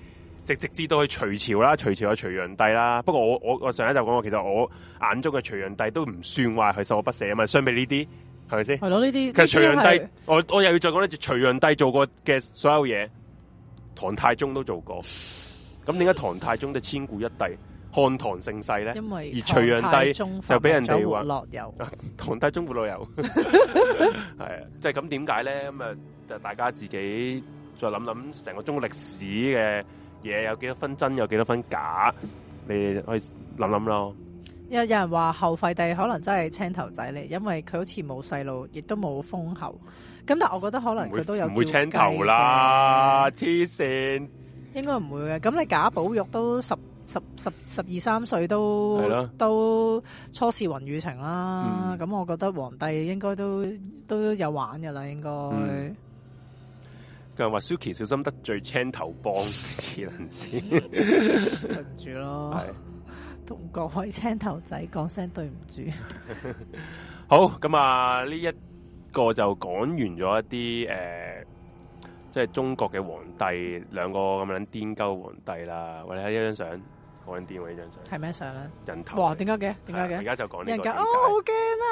直直至到去隋朝啦，隋朝有隋煬帝啦。不過我我我上一集講過，其實我眼中嘅隋煬帝都唔算話係十惡不赦啊嘛。相比呢啲，係咪先？係咯呢啲。其實隋煬帝，我我又要再講呢，隋煬帝做過嘅所有嘢，唐太宗都做過。咁點解唐太宗就千古一帝，漢唐盛世咧？因為而隋煬帝就俾人哋話落油。唐太宗會落油，係啊， 即係咁點解咧？咁啊，就大家自己再諗諗成個中國歷史嘅。嘢、yeah，有幾多分真，有幾多分假，你可以諗諗咯。有有人話後廢帝可能真係青頭仔嚟，因為佢好似冇細路，亦都冇封喉。咁但係我覺得可能佢都有。唔會，會青頭啦，黐線。應該唔會嘅。咁你賈寶玉都十十十十二三歲都的都初試雲雨情啦。咁、嗯、我覺得皇帝應該都都有玩嘅啦，應該。嗯就係話 Suki 小心得罪青頭幫黐撚線， 對唔住咯，同各位青頭仔講聲對唔住。 好，咁啊，呢、這、一個就講完咗一啲誒，即、呃、係、就是、中國嘅皇帝兩個咁樣顛鳩皇帝啦。我哋睇呢張相講緊顛喎，呢張相係咩相咧？人頭哇！點解嘅？點解嘅？而、這個、家就講呢個點解？哦，好驚啊！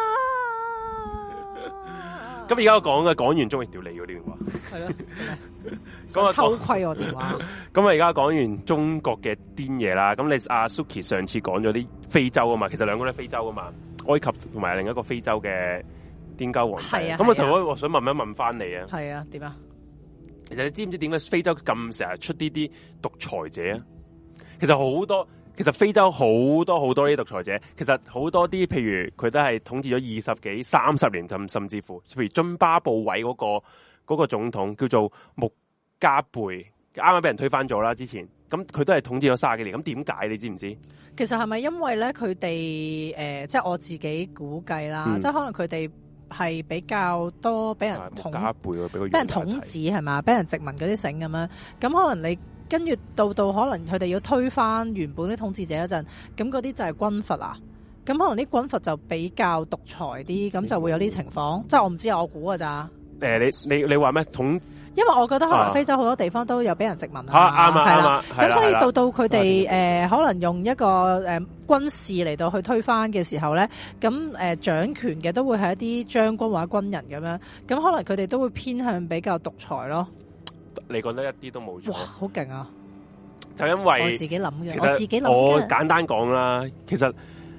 咁而家我講嘅講完中國條理嗰段、 啊、話，係咯，講偷窺我電話。咁啊，而家講完中國嘅癲嘢啦，咁你阿、啊、Suki 上次講咗啲非洲啊嘛，其實兩個都係非洲啊嘛，埃及同埋另一個非洲嘅癲鳩皇帝。咁、啊啊、我實我想問一問翻你啊，係啊，點啊？其實你知唔知點解非洲咁成日出啲啲獨裁者啊？其實好多。其實非洲好多好多啲獨裁者，其實好多啲，譬如佢都係統治咗二十幾、三十年，甚至乎，譬如津巴布韋嗰個嗰個總統叫做穆加貝，啱啱俾人推翻咗啦。之前咁佢都係統治咗卅幾年，咁點解你知唔知？其實係咪因為咧佢哋誒，即係我自己估計啦，嗯、即係可能佢哋係比較多俾人統，穆加貝俾人統治係咪？俾人殖民嗰啲醒咁樣，咁可能你。跟住到到可能佢哋要推翻原本啲統治者嗰陣，咁嗰啲就係軍閥啦、啊。咁可能啲軍閥就比較獨裁啲，咁就會有啲情況。即係我唔知，我估噶咋？誒、呃、你你你話咩統，因為我覺得可能非洲好多地方都有俾人殖民啊，係啦。咁所以到到佢哋誒可能用一個誒軍事嚟到去推翻嘅時候咧，咁、呃、誒掌權嘅都會係一啲將軍或者軍人咁樣，咁可能佢哋都會偏向比較獨裁咯。你覺得一啲都冇錯。哇，好勁啊！就因為我自己諗嘅，其實我簡單講啦，其實誒、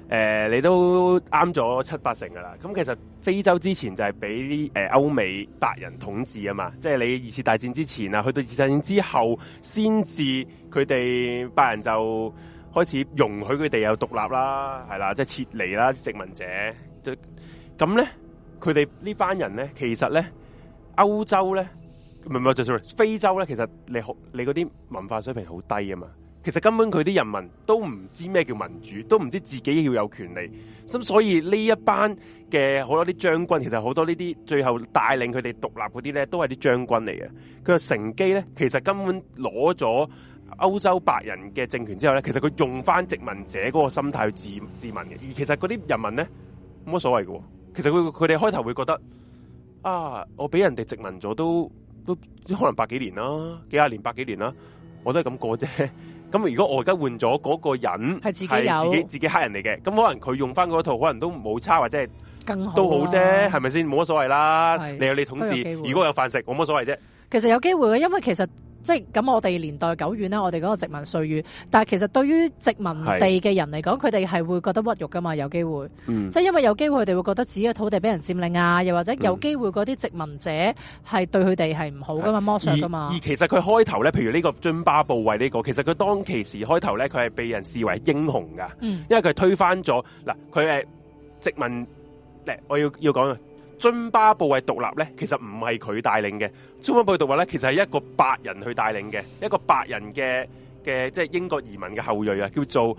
呃，你都啱咗七八成噶啦。咁其實非洲之前就係俾誒歐美白人統治啊嘛，即係你二次大戰之前啊，去到二次大戰之後，先至佢哋白人就開始容許佢哋有獨立啦，係啦，即係撤離啦殖民者。咁咧，佢哋呢班人咧，其實咧，歐洲咧。唔係，就 sorry、是。非洲咧，其實你好你嗰啲文化水平好低啊嘛。其實根本佢啲人民都唔知咩叫民主，都唔知自己要有權利。咁所以呢一班嘅好多啲將軍，其實好多呢啲最後帶領佢哋獨立嗰啲咧，都係啲將軍嚟嘅。佢嘅乘機咧，其實根本攞咗歐洲白人嘅政權之後咧，其實佢用翻殖民者嗰個心態去自自民嘅。而其實嗰啲人民咧，冇乜所謂嘅。其實佢佢哋開頭會覺得啊，我俾人哋殖民咗都。都可能百幾年啦，幾廿年、百幾年啦，我都係咁過啫。咁如果我而家換咗嗰個人，係自己、自己、自己黑人嚟嘅，咁可能佢用翻嗰套，可能都唔好差，或者係更好、啊，都好啫，係咪先？冇乜所謂啦，你有是你統治，如果我有飯食，冇乜所謂啫。其實有機會嘅，因為其實。即係咁，我哋年代久遠啦，我哋嗰個殖民歲月。但係其實對於殖民地嘅人嚟講，佢哋係會覺得屈辱噶嘛，有機會。嗯、即係因為有機會，佢哋會覺得自己嘅土地俾人佔領啊，又或者有機會嗰啲殖民者係對佢哋係唔好噶嘛，剝削噶嘛而。而其實佢開頭咧，譬如呢個津巴布韋呢、呢個，其實佢當其時開頭咧，佢係被人視為英雄噶。嗯、因為佢推翻咗嗱，佢係殖民，我要要講津巴布韋獨立咧，其實唔係佢帶領嘅。津巴布韋獨立咧，其實係一個白人去帶領嘅，一個白人嘅嘅即係英國移民嘅後裔啊，叫做。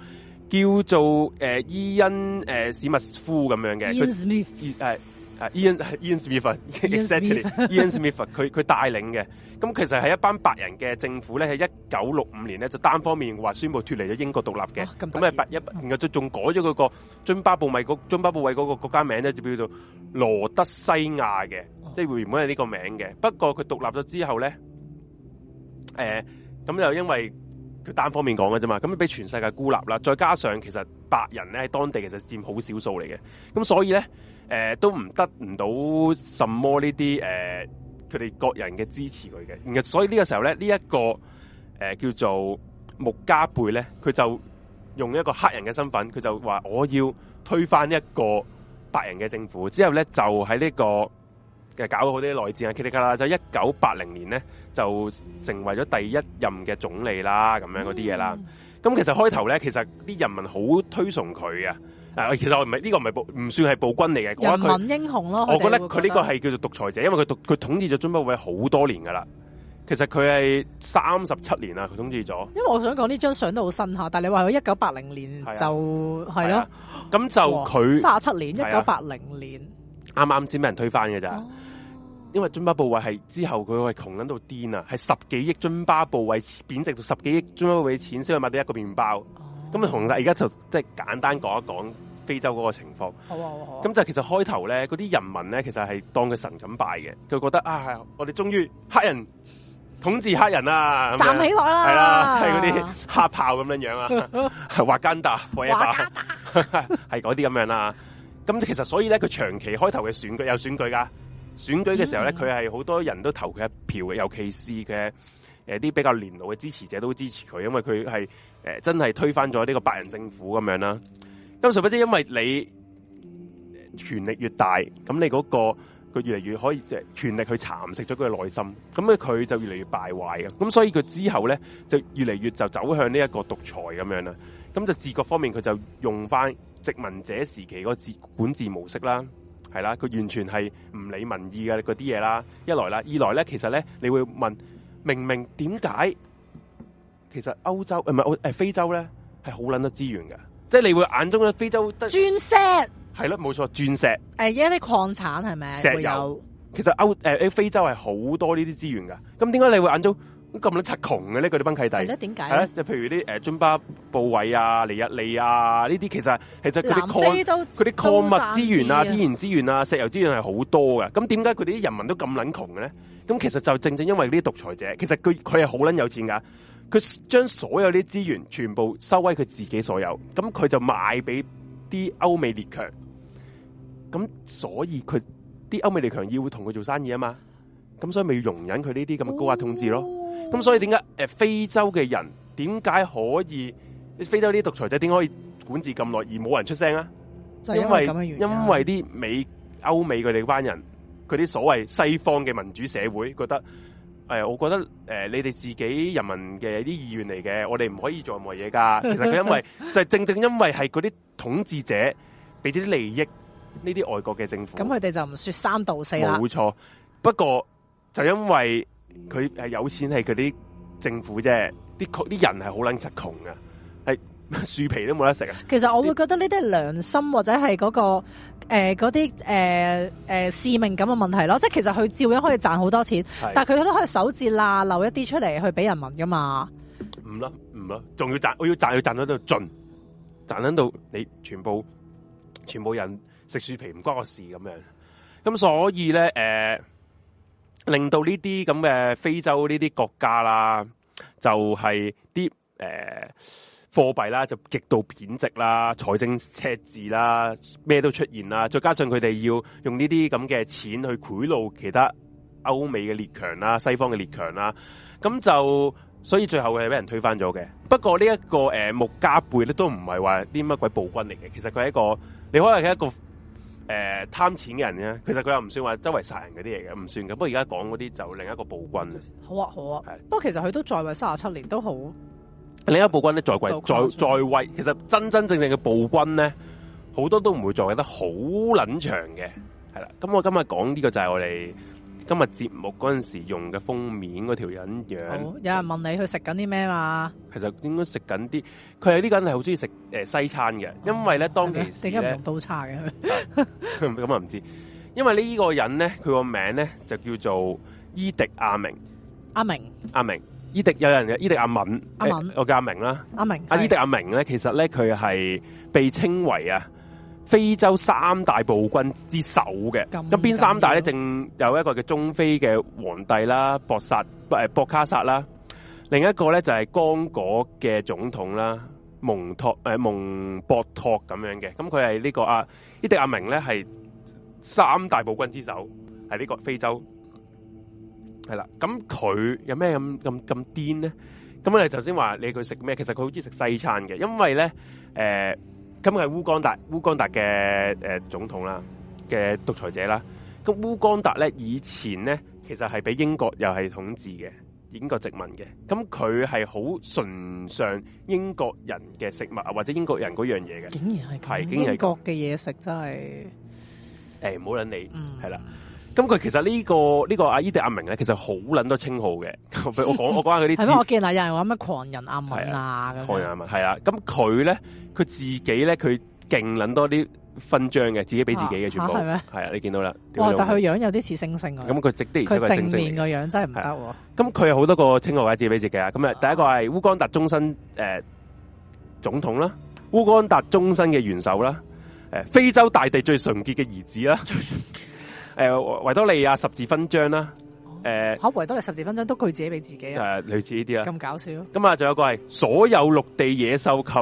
叫做誒伊恩誒史密夫咁樣嘅，佢係伊恩伊恩史密夫 e t l e 佢佢帶領嘅。咁、嗯、其實係一班白人嘅政府咧，喺一九六五年咧就單方面話宣布脫離咗英國獨立嘅。咁啊白一，然後就仲改咗佢個津巴布韋津巴布韋嗰個國家名咧，就叫做羅德西亞嘅，哦、即係原本係呢個名嘅。不過佢獨立咗之後咧，誒、呃、咁就因為。佢單方面講嘅啫嘛，咁俾全世界孤立啦，再加上其實白人咧喺當地其實佔好少數嚟嘅，咁所以咧誒、呃、都唔得唔到什麼呢啲誒佢哋個人嘅支持佢嘅，所以呢個時候咧呢一、這個誒、呃、叫做穆加貝咧，佢就用一個黑人嘅身份，佢就話我要推翻一個白人嘅政府，之後咧就喺呢、這個。搞到好啲內戰啊，基利卡啦，就一九八零年咧，就成為咗第一任嘅總理啦，咁樣嗰啲嘢啦。咁其實開頭咧，其實啲人民好推崇佢啊。其實我唔係呢個唔係唔算係暴君嚟嘅，人民英雄咯。我覺得佢呢個係叫做獨裁者，因為佢佢統治咗津巴布韋好多年噶啦。其實佢係三十七年啦，佢統治咗。因為我想講呢張相都好新下，但你話佢一九八零年就係咯，咁就佢三十七年，一九八零年啱啱先俾人推翻嘅咋。因為津巴布韋係之後佢係窮撚到癲啊，係十幾億津巴布韋貶值到十幾億津巴布韋錢先可以買到一個麵包。咁啊，同大而家就即係簡單講一講非洲嗰個情況。好好好。咁就其實開頭咧，嗰啲人民咧其實係當佢神咁拜嘅，佢覺得啊，我哋終於黑人統治黑人啦，站起來啦，係啦，即係嗰啲黑豹咁樣樣啊，華間達，華間達，係嗰啲咁樣啦。咁其實所以咧，佢長期開頭嘅選舉有選舉噶，選舉嘅時候咧，佢係好多人都投佢一票嘅，尤其是嘅誒啲比較年老嘅支持者都支持佢，因為佢係誒真係推翻咗呢個白人政府咁樣啦。咁殊不知，因為你權力越大，咁你嗰、嗰個佢越嚟越可以即係權力去蠶食咗佢嘅內心，咁咧佢就越嚟越敗壞嘅。咁所以佢之後咧就越嚟越就走向呢一個獨裁咁樣啦。咁就治國方面，佢就用翻殖民者時期個治管治模式啦。係啦，佢完全係唔理民意嘅嗰啲嘢啦，一來啦，二來咧，其實咧，你會問，明明點解？其實歐洲誒唔係誒非洲咧係好捻多資源嘅，即係你會眼中咧非洲得鑽石係啦，冇錯鑽石誒而家啲礦產係咪石油？有其實歐誒、呃、非洲係好多呢啲資源噶，咁點解你會眼中？咁咁撚柒窮嘅咧，嗰啲班契弟，係咧點解咧？就譬如啲誒、呃、津巴布韋啊、尼日利亞呢啲，其實其實嗰啲礦、嗰啲礦物資源啊、天然資源啊、石油資源係好多嘅。咁點解佢哋啲人民都咁撚窮嘅咧？咁其實就正正因為呢啲獨裁者，其實佢佢係好撚有錢㗎。佢將所有啲資源全部收歸佢自己所有，咁佢就賣俾啲歐美列強。咁所以佢啲歐美列強要會同佢做生意啊嘛。咁所以咪要容忍佢呢啲咁嘅高壓統治咯。哦。咁所以點解非洲嘅人點解可以非洲啲獨裁者點可以管治咁耐而冇人出聲啊？就因為因，因為因為啲美歐美佢哋嗰班人佢啲所謂西方嘅民主社會覺得、哎、我覺得、呃、你哋自己人民嘅啲意願嚟嘅，我哋唔可以做任何嘢噶。其實佢因為 就正正因為係嗰啲統治者俾啲利益呢啲外國嘅政府，咁佢哋就唔說三道四啦。冇錯，不過就因為。佢係有錢係佢啲政府啫，的確啲人係好捻窮噶，係樹皮都冇得食啊！其實我會覺得呢啲係良心或者係嗰個誒嗰啲誒誒使命感嘅問題咯，即係其實佢照樣可以賺好多錢，是 但係佢都可以守節啦，留一啲出嚟去俾人民噶嘛。唔咯唔咯，仲要賺，我要賺，要賺到度盡，賺到度你全部全部人食樹皮唔關我事咁樣，咁所以咧誒。呃令到呢啲咁嘅非洲呢啲國家啦，就係啲誒貨幣啦，就極度貶值啦，財政赤字啦，咩都出現啦。再加上佢哋要用呢啲咁嘅錢去賄賂其他歐美嘅列強啦、西方嘅列強啦，咁就所以最後係俾人推翻咗嘅。不過呢、這、一個誒穆加貝咧，都唔係話啲乜鬼暴君嚟嘅，其實佢係一個，你可能係一個。誒，貪、呃、錢嘅人咧，其實佢又唔算話周圍殺人嗰啲嘢嘅，唔算嘅。不過而家講嗰啲就另一個暴君啊。好啊，好啊。係，不過的其實佢都在位三十七年都好。另一個暴君咧，在位在在位，其實真真正正嘅暴君咧，好多都唔會在位得好捻長嘅。係啦，咁我今日講呢個就係我哋。今日節目嗰時用嘅封面嗰條人樣，有人問你佢食緊啲咩嘛？其實應該食緊啲，佢係呢個人係好中意食西餐嘅，因為咧當其時咧刀叉嘅，咁啊唔知，因為呢個個人咧佢個名咧就叫做伊迪亞明，阿明阿明伊迪，有，有人嘅伊迪阿敏阿敏，欸，我叫阿明啦，阿明阿伊迪阿明咧，是其實咧佢係被稱為啊。非洲三大暴君之首嘅，咁邊三大咧？正有一個叫中非嘅皇帝啦，博薩誒、呃、博卡薩啦，另一個咧就係剛果嘅總統啦，蒙托誒、呃、蒙博托咁樣嘅，咁佢係呢個啊，伊迪阿明咧係三大暴君之首，係呢個非洲係啦。咁佢有咩咁咁咁癲咧？咁我哋頭先話你佢食咩？其實佢好中意食西餐嘅，因為咧誒。呃今日係烏干達，烏干達嘅誒、呃、總統啦，嘅獨裁者啦。咁烏干達咧以前咧，其實係俾英國又係統治嘅，英國殖民嘅。咁佢係好崇尚英國人嘅食物啊，或者英國人嗰樣嘢嘅。竟然係英國嘅嘢食真係誒，冇論你，係啦。嗯咁佢其實呢、這個呢、這個阿伊迪阿明咧，其實好捻多稱號嘅。我講我講下嗰啲， 係我見啊有人話咩狂人阿文啊？狂、啊、這樣 人阿文，係啊，咁佢咧佢自己咧佢勁捻多啲勳章嘅，自己俾自己嘅全部係咩？係啊，啊，你見到啦。但佢樣有啲似猩猩啊。咁佢值啲，佢正面個樣真係唔得。咁佢有好多個稱號嘅，自己俾自己啊。咁啊，第一個係烏干達終身誒、呃、總統啦，烏干達終身嘅元首啦，誒、呃、非洲大地最純潔嘅兒子啦。啊 誒，維、呃、多利亞十字勳章啦，誒、哦，好維、呃、多利十字勳章都佢自己俾自己啊。誒、呃，類似呢啲啊，咁搞笑。咁啊，仲有個係所有陸地野獸及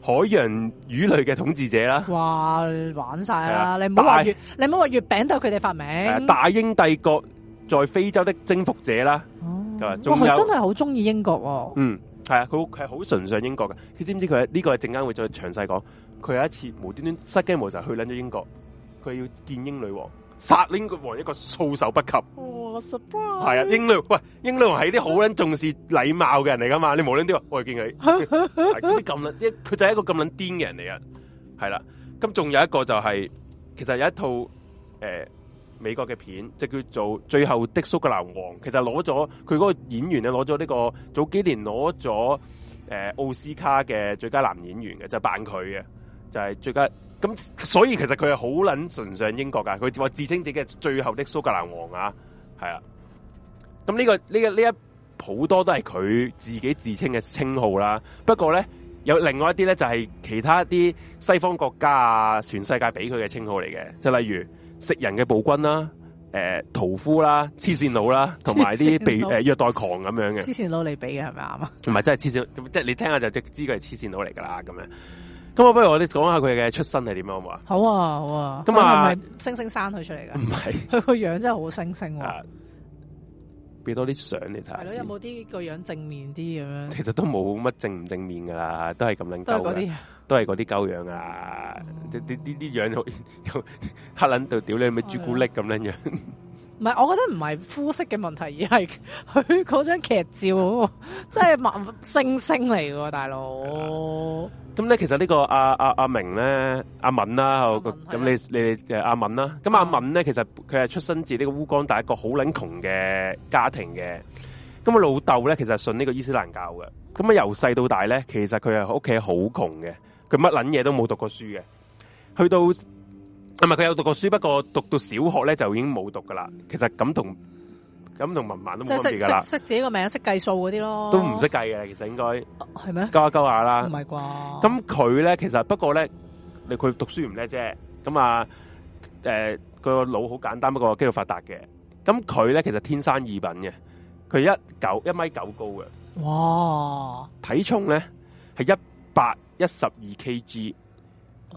海洋魚類嘅統治者啦。哇，玩晒啦！呃、你唔好話月，大你唔好話月餅都係佢哋發明、呃。大英帝國在非洲的征服者啦，佢、哦、有真係好中意英國、哦。嗯，係、呃、啊，佢係好崇尚英國嘅。你知唔知佢呢、呢個係陣間會再詳細講？佢有一次無端端失驚無神去捻咗英國，佢要見英女王。殺英女王一個措手不及，哦，係啊，英女喂，英女王係啲好捻重視禮貌嘅人嚟噶嘛？你無論點，我係見佢，啲咁捻，一佢就係一個咁捻癲嘅人嚟啊！係啦，咁仲有一個就係，是，其實有一套誒、呃、美國嘅片，就叫做《最後的蘇格蘭王》，其實攞咗佢嗰個演員咧、這個，攞咗呢個早幾年攞咗誒奧斯卡嘅最佳男演員嘅，就是，扮佢嘅，就係、是、最佳。咁、嗯、所以其實佢係好捻崇尚英國噶，佢話自稱自己係最後的蘇格蘭王啊，係啊。咁、嗯、呢、這個呢、這個呢一好多都係佢自己自稱嘅稱號啦。不過咧，有另外一啲咧就係、是、其他一啲西方國家啊，全世界俾佢嘅稱號嚟嘅，即係例如食人嘅暴君啦，誒、呃、屠夫啦，黐綫佬啦，同埋啲被誒、呃、虐待狂咁樣嘅。黐綫佬你俾嘅係咪啊？唔係，真係黐綫，即係 你聽下就即知佢係黐綫佬嚟噶啦，咁樣。咁啊，不如我哋講下佢嘅出身係點樣好嘛？好啊，好啊。咁啊麼，係咪星星生佢出嚟？噶唔係是，佢個 樣真係好星星。啊，俾、啊、多啲相你睇下。係咯，有冇啲個樣正面啲咁樣？其實都冇乜正唔正面噶啦，都係咁捻。都係啲，都係嗰啲狗樣啊！啲啲啲樣、啊，嗯、好黑捻到屌你咪朱古力咁樣樣。Okay. 唔係，我覺得唔係膚色嘅問題，而係佢嗰張劇照， 真係萬星星嚟嘅喎，大佬、啊。咁咧，其實呢個、啊啊、明呢個阿阿阿明咧，阿、啊、敏啦，咁、啊敏啊、你你阿、啊、敏啦，咁、啊、阿、啊啊、敏咧，其實佢係出身自呢個烏江大一個好撚窮嘅家庭嘅。咁啊，老豆咧，其實係信呢個伊斯蘭教嘅。咁啊，由細到大咧，其實佢係屋企好窮嘅，佢乜撚嘢都冇讀過書嘅。去到。係咪佢有讀過書，不過讀到小學咧就已經冇讀噶啦。其實咁同咁同文盲都冇同噶啦。識識自己個名，識計數嗰啲咯，都唔識計嘅。其實應該係咩？勾、啊、下勾下啦，唔係啩？咁佢咧其實不過咧，你佢讀書唔叻啫。咁、嗯、啊，誒個腦好簡單，不過肌肉發達嘅。咁佢咧其實天生異禀嘅，佢一九一米九高嘅。哇！體重咧係一百一十二 K G，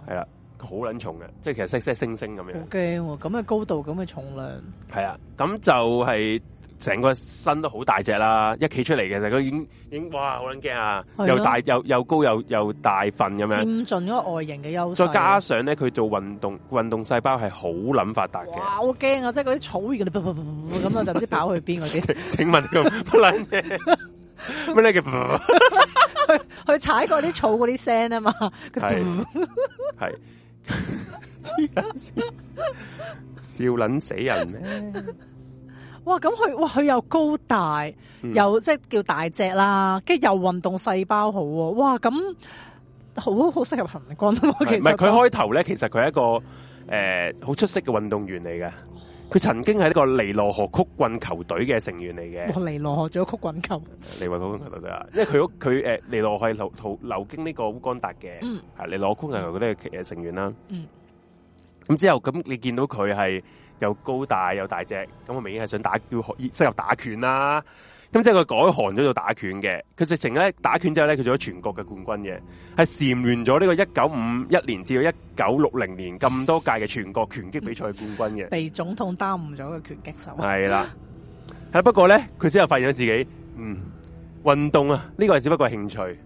係啦。好撚重嘅，即係其實即係星星咁樣。好驚、啊，咁嘅高度，咁嘅重量。係啊，咁就係成個身都好大隻啦，一企出嚟嘅，佢已經已經哇好撚驚啊，啊又又又又！又大又又高又又大份咁樣，佔盡咗外形嘅優勢。再加上咧，佢做運動運動細胞係好撚發達嘅。嘩，好驚啊！即係嗰啲草嘅，咁啊 就唔知跑去邊個 請問咁不撚嘅咩咧？佢去 踩過啲草嗰啲聲啊嘛，係。 笑撚死人咩？哇，咁佢哇佢又高大，又即係叫大隻啦，跟住又運動細胞好喎、哦！哇，咁好好適合行軍、啊不其。其實，唔係佢開頭咧，其實佢係一個誒好、呃、出色嘅運動員嚟嘅。佢曾經係呢個尼羅河曲棍球隊嘅成員嚟嘅，尼羅河仲有曲棍球，尼羅曲棍球隊啊，因為佢佢誒尼羅係途途流經呢個烏干達嘅，係尼羅曲棍球嗰啲嘅成員啦。咁之後咁你見到佢係又高大又大隻，咁我明顯係想打要學適合打拳啦。咁即係佢改行咗做打拳嘅，佢直情咧打拳之後咧，佢做咗全國嘅冠軍嘅，係蟬聯咗呢個一九五一年至到一九六零年咁多屆嘅全國拳擊比賽冠軍嘅。被總統耽誤咗個拳擊手係啦，係不過咧佢之後發現咗自己，嗯，運動啊呢個係只不過係興趣，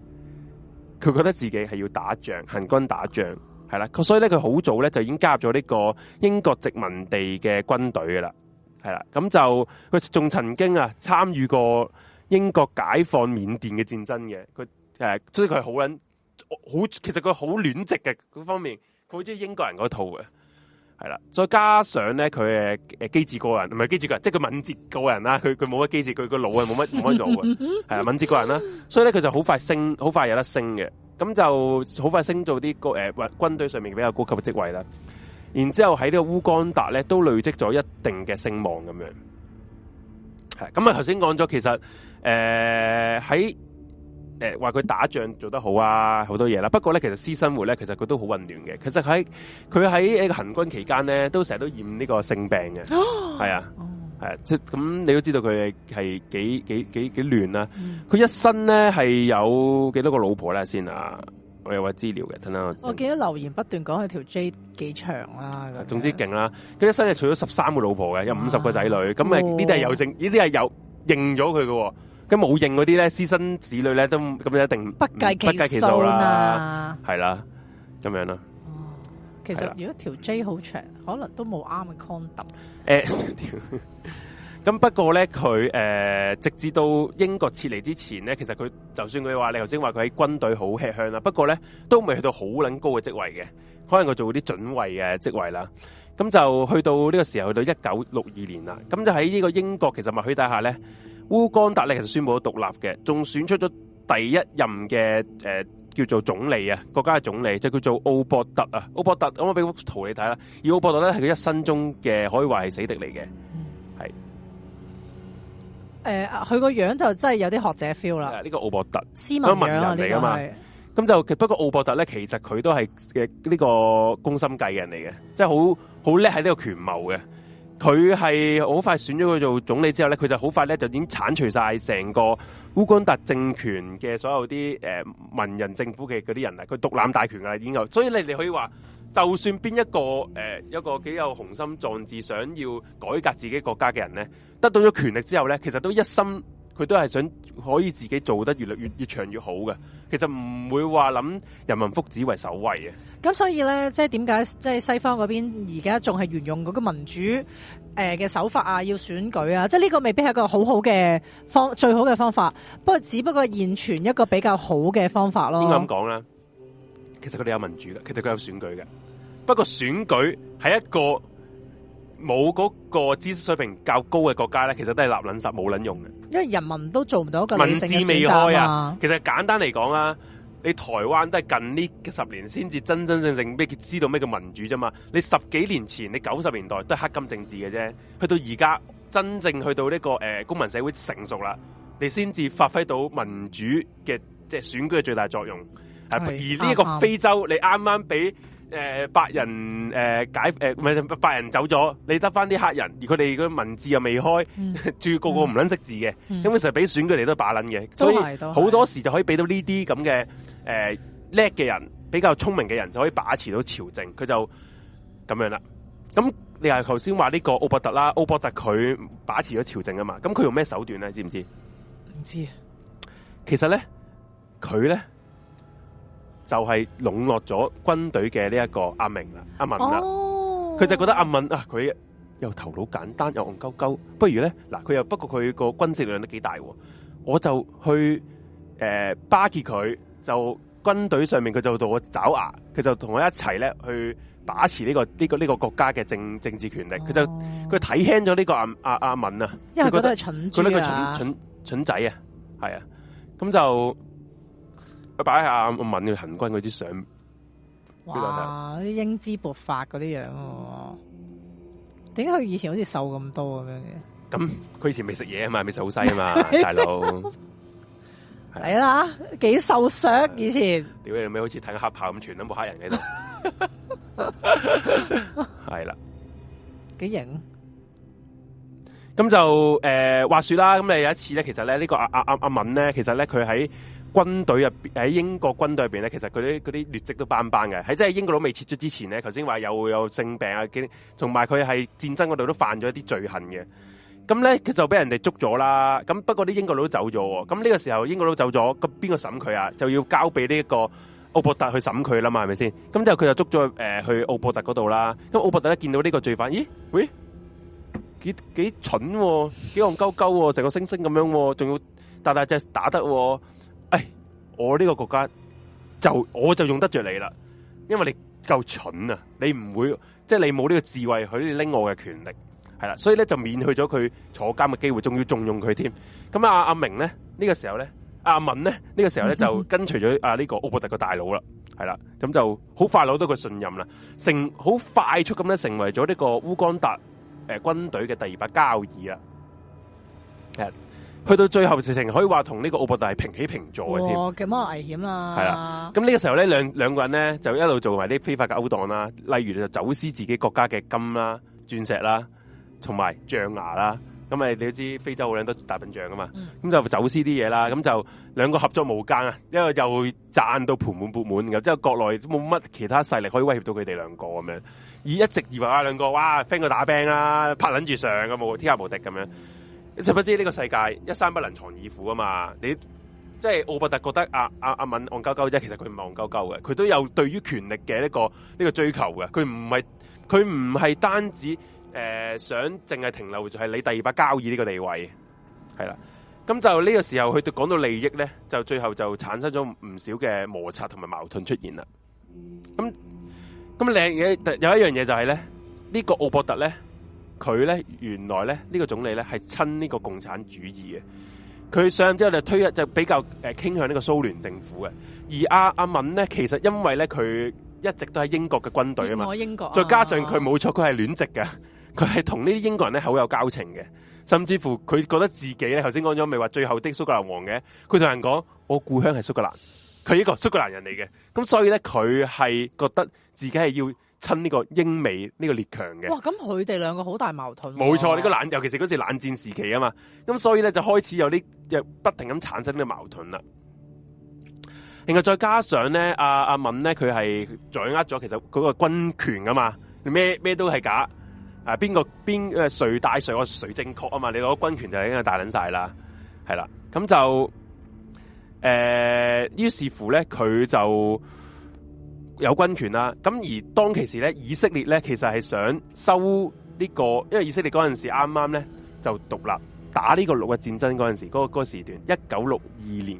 佢覺得自己係要打仗，行軍打仗係啦，所以咧佢好早咧就已經加入咗呢個英國殖民地嘅軍隊噶啦。係啦，咁就佢仲曾經啊參與過英國解放緬甸嘅戰爭嘅，佢誒、啊，所以佢係好撚好，其實佢好戀殖嘅嗰方面，佢好中意英國人嗰套嘅。係啦，再加上咧佢誒誒機智過人，唔係機智過人，即係佢敏捷過人啦。佢佢冇乜機智，佢個腦係冇乜冇乜腦嘅，係啊 敏捷過人啦。所以咧佢就好快升，好快有得升嘅。咁就好快升到啲高誒軍隊上面比較高級嘅職位啦。然之後喺呢個烏干達咧，都累積咗一定嘅聲望咁樣，係咁啊。頭先講咗，其實誒喺誒話佢打仗做得好啊，好多嘢啦。不過咧，其實私生活咧，其實佢都好混亂嘅。其實喺佢喺個行軍期間咧，都成日都染呢個性病嘅，係 啊，係即咁你都知道佢係幾幾幾幾亂啦，啊。佢，嗯、一生咧係有幾多個老婆咧先啊？我又揾資料嘅，等等。我記得留言不斷講佢條 J 幾長啊，總之勁啦。佢一生係娶咗十三個老婆嘅，有五十個仔女。咁咪呢啲係有證，呢啲係有認咗佢嘅。咁冇認嗰啲咧，私生子女咧都咁一定不計其數啦。係啦，咁樣啦。其實如果條 J 好長，可能都冇啱嘅 condom。誒。咁不過咧，佢誒、呃、直至到英國撤離之前咧，其實佢就算佢話你頭先話佢喺軍隊好吃香啦，不過咧都未去到好撚高嘅職位嘅，可能佢做啲準位嘅職位啦。咁就去到呢個時候，去到一九六二年啦。咁就喺呢個英國，其實默許底下，咧，烏干達咧其實宣布咗獨立嘅，仲選出咗第一任嘅、呃、叫做總理啊，國家嘅總理就叫做奧博特啊。奧博特，我俾幅圖你睇啦。而奧博特咧係佢一生中嘅可以話係死敵嚟嘅。誒，佢個、呃、樣就真係有啲學者 feel 啦。呢個奧博特斯文樣、啊、文人嚟噶嘛是？咁就不過奧博特咧，其實佢都係嘅呢個攻心計嘅人嚟嘅，即係好好叻喺呢個權謀嘅。佢係好快選咗佢做總理之後咧，佢就好快咧就已經鏟除晒成個烏干達政權嘅所有啲誒文人政府嘅嗰啲人嚟，佢獨攬大權㗎，已經有，所以你你可以話。就算邊一個誒、呃，一個幾有雄心壯志，想要改革自己國家嘅人呢，得到咗權力之後呢，其實都一心佢都係想可以自己做得越嚟越越長越好嘅，其實唔會話諗人民福祉為首位嘅、嗯。咁所以呢，即係點解？即係西方嗰邊而家仲係沿用嗰個民主誒嘅手法啊，要選舉啊，即係呢個未必係一個好好嘅方最好嘅方法，不過只不過現存一個比較好嘅方法咯。點解咁講呢？其實佢哋有民主嘅，其實佢有選舉嘅。不過選舉係一個冇嗰個知識水平較高嘅國家咧，其實都係立撚實冇撚用嘅。因為人民都做唔到一個理性嘅選擇啊。民智未開啊。其實簡單嚟講啊，你台灣都係近呢十年先至真真正正咩知道咩叫民主啫嘛。你十幾年前，你九十年代都係黑金政治嘅啫。去到而家，真正去到呢、這個誒、呃、公民社會成熟啦，你先至發揮到民主嘅即係選舉嘅最大作用。對而呢個非洲，你啱啱俾誒白人誒、呃、解誒唔係白人走咗，你得翻啲黑人，而佢哋個文字又未開，住、嗯、 個個唔撚識字嘅，咁其實俾選佢哋都把撚嘅，所以好多時就可以俾到呢啲咁嘅誒叻嘅人，比較聰明嘅人就可以把持到朝政，佢就咁樣啦。咁你係頭先話呢個奧博特啦，奧博特佢把持咗朝政啊嘛，咁佢用咩手段咧、啊？知唔知？唔知。其實咧，佢咧。就係籠絡咗軍隊嘅呢一個阿明啦，阿敏啦，佢、哦、就覺得阿敏啊，佢又頭腦簡單又戇鳩鳩，不如咧，嗱佢又不過佢個軍事力量都幾大，我就去誒、呃、巴結佢，就軍隊上面佢就到我爪牙，佢就同我一齊咧去把持呢、呢個呢、呢個呢、呢個國家嘅政政治權力，佢、哦、就佢睇輕咗呢個阿阿阿敏啊，因為佢覺得蠢，覺得佢蠢蠢蠢仔啊，係啊，咁就。佢擺下，我問佢行軍嗰啲相，哇，啲英姿勃發嗰啲樣、啊，點解佢以前好似瘦咁多咁樣嘅？咁佢、嗯、以前未食嘢啊嘛，未瘦西啊嘛，大佬係啦，幾瘦削以前。屌你咪好似睇個黑豹咁全都冇黑人喺度，係、呃、啦，幾型。咁就誒話說啦，咁你有一次咧，其實咧呢、這個阿阿阿敏咧，其實咧佢喺。軍隊入邊，喺英國軍隊入邊咧，其實佢啲啲劣跡都斑斑嘅。喺即係英國佬未撤出之前咧，頭先話有有性病啊，同埋佢係戰爭嗰度都犯咗一啲罪行嘅。咁咧，佢就俾人哋捉咗啦。咁不過啲英國佬都走咗。咁呢個時候英國佬走咗，咁邊個審佢啊？就要交俾呢一個奧伯特去審佢啦嘛，係咪先？咁之後佢就捉咗誒去奧伯特嗰度啦。咁奧伯特一見到呢個罪犯，咦？喂、哎，幾幾蠢，哦，幾戇鳩鳩，成、哦、個猩猩咁樣、哦，仲要大大隻打得，哦。哎，我呢個國家就我就用得着你啦，因為你夠蠢啊，你唔會即係、就是、你冇呢個智慧去拎我嘅權力，係啦，所以咧就免去咗佢坐監嘅機會，仲要重用佢添。咁啊阿明咧呢、這個時候咧，阿、啊、文咧呢、這個時候咧就跟隨咗啊呢、這個奧伯特個大佬啦，係啦，咁就好快攞到佢信任啦，成好快速咁咧成為咗呢個烏干達誒、呃、軍隊嘅第二把交椅啊。呃去到最後事情可以話同呢個奧博特係平起平坐嘅添，咁危險啦、啊！係啦，咁呢個時候咧，兩兩個人咧就一路做埋啲非法嘅勾當啦，例如就走私自己國家嘅金啦、鑽石啦，同埋象牙啦。咁誒，你都知非洲好撚多大笨象噶嘛？咁、嗯、就走私啲嘢啦，咁就兩個合作無間啊，因為又賺到盆滿缽滿，然後之後國內都冇乜其他勢力可以威脅到佢哋兩個咁樣，而一直以為啊兩個哇 friend 過打兵啦、啊，拍撚住上嘅冇天下無敵咁樣。嗯你知不知呢個世界一山不能藏二虎啊嘛你？你即係奧伯特覺得阿阿阿敏戇鳩鳩啫，其實佢唔係戇鳩鳩嘅，佢都有對於權力嘅一、這個呢、這個追求嘅。佢唔係佢唔係單止誒、呃、想淨係停留住係、就是、你第二把交椅呢個地位，係啦。咁就呢個時候佢哋講到利益咧，就最後就產生咗唔少嘅摩擦同埋矛盾出現啦。咁咁嘢，有一樣嘢就係、是、咧，呢、這個奧伯特咧。佢咧原來咧呢、這個總理咧係親呢個共產主義嘅，佢上之後就推一就比較誒、呃、傾向呢個蘇聯政府嘅。而阿、啊、阿、啊、敏呢，其實因為咧佢一直都係英國嘅軍隊啊嘛，英，我英國、啊。再加上佢冇錯佢係戀籍嘅，佢係同呢啲英國人咧好有交情嘅，甚至乎佢覺得自己咧頭先講咗未話最後的蘇格蘭王嘅，佢同人講，我故鄉係蘇格蘭，佢一個蘇格蘭人嚟嘅，咁所以咧佢係覺得自己係要。親呢個英美呢、這個列強嘅，哇！咁佢哋兩個好大矛盾、哦。冇錯，呢、這個冷，尤其是嗰時冷戰時期啊嘛，咁所以咧就開始有啲，又不停咁產生啲矛盾啦。另外，再加上咧，阿阿敏咧佢係掌握咗其實嗰個軍權噶嘛，咩咩都係假，啊邊個邊誒誰帶誰個誰正確啊嘛，你攞個軍權就已經係大捻晒啦，係啦，咁就誒於是乎咧佢就。有軍權啦，咁而當其時咧，以色列咧其實係想收呢、呢個，因為以色列嗰陣時啱啱咧就獨立打呢個六日戰爭嗰陣時，嗰、嗰個時段1962 16, Sorry, 一九六二年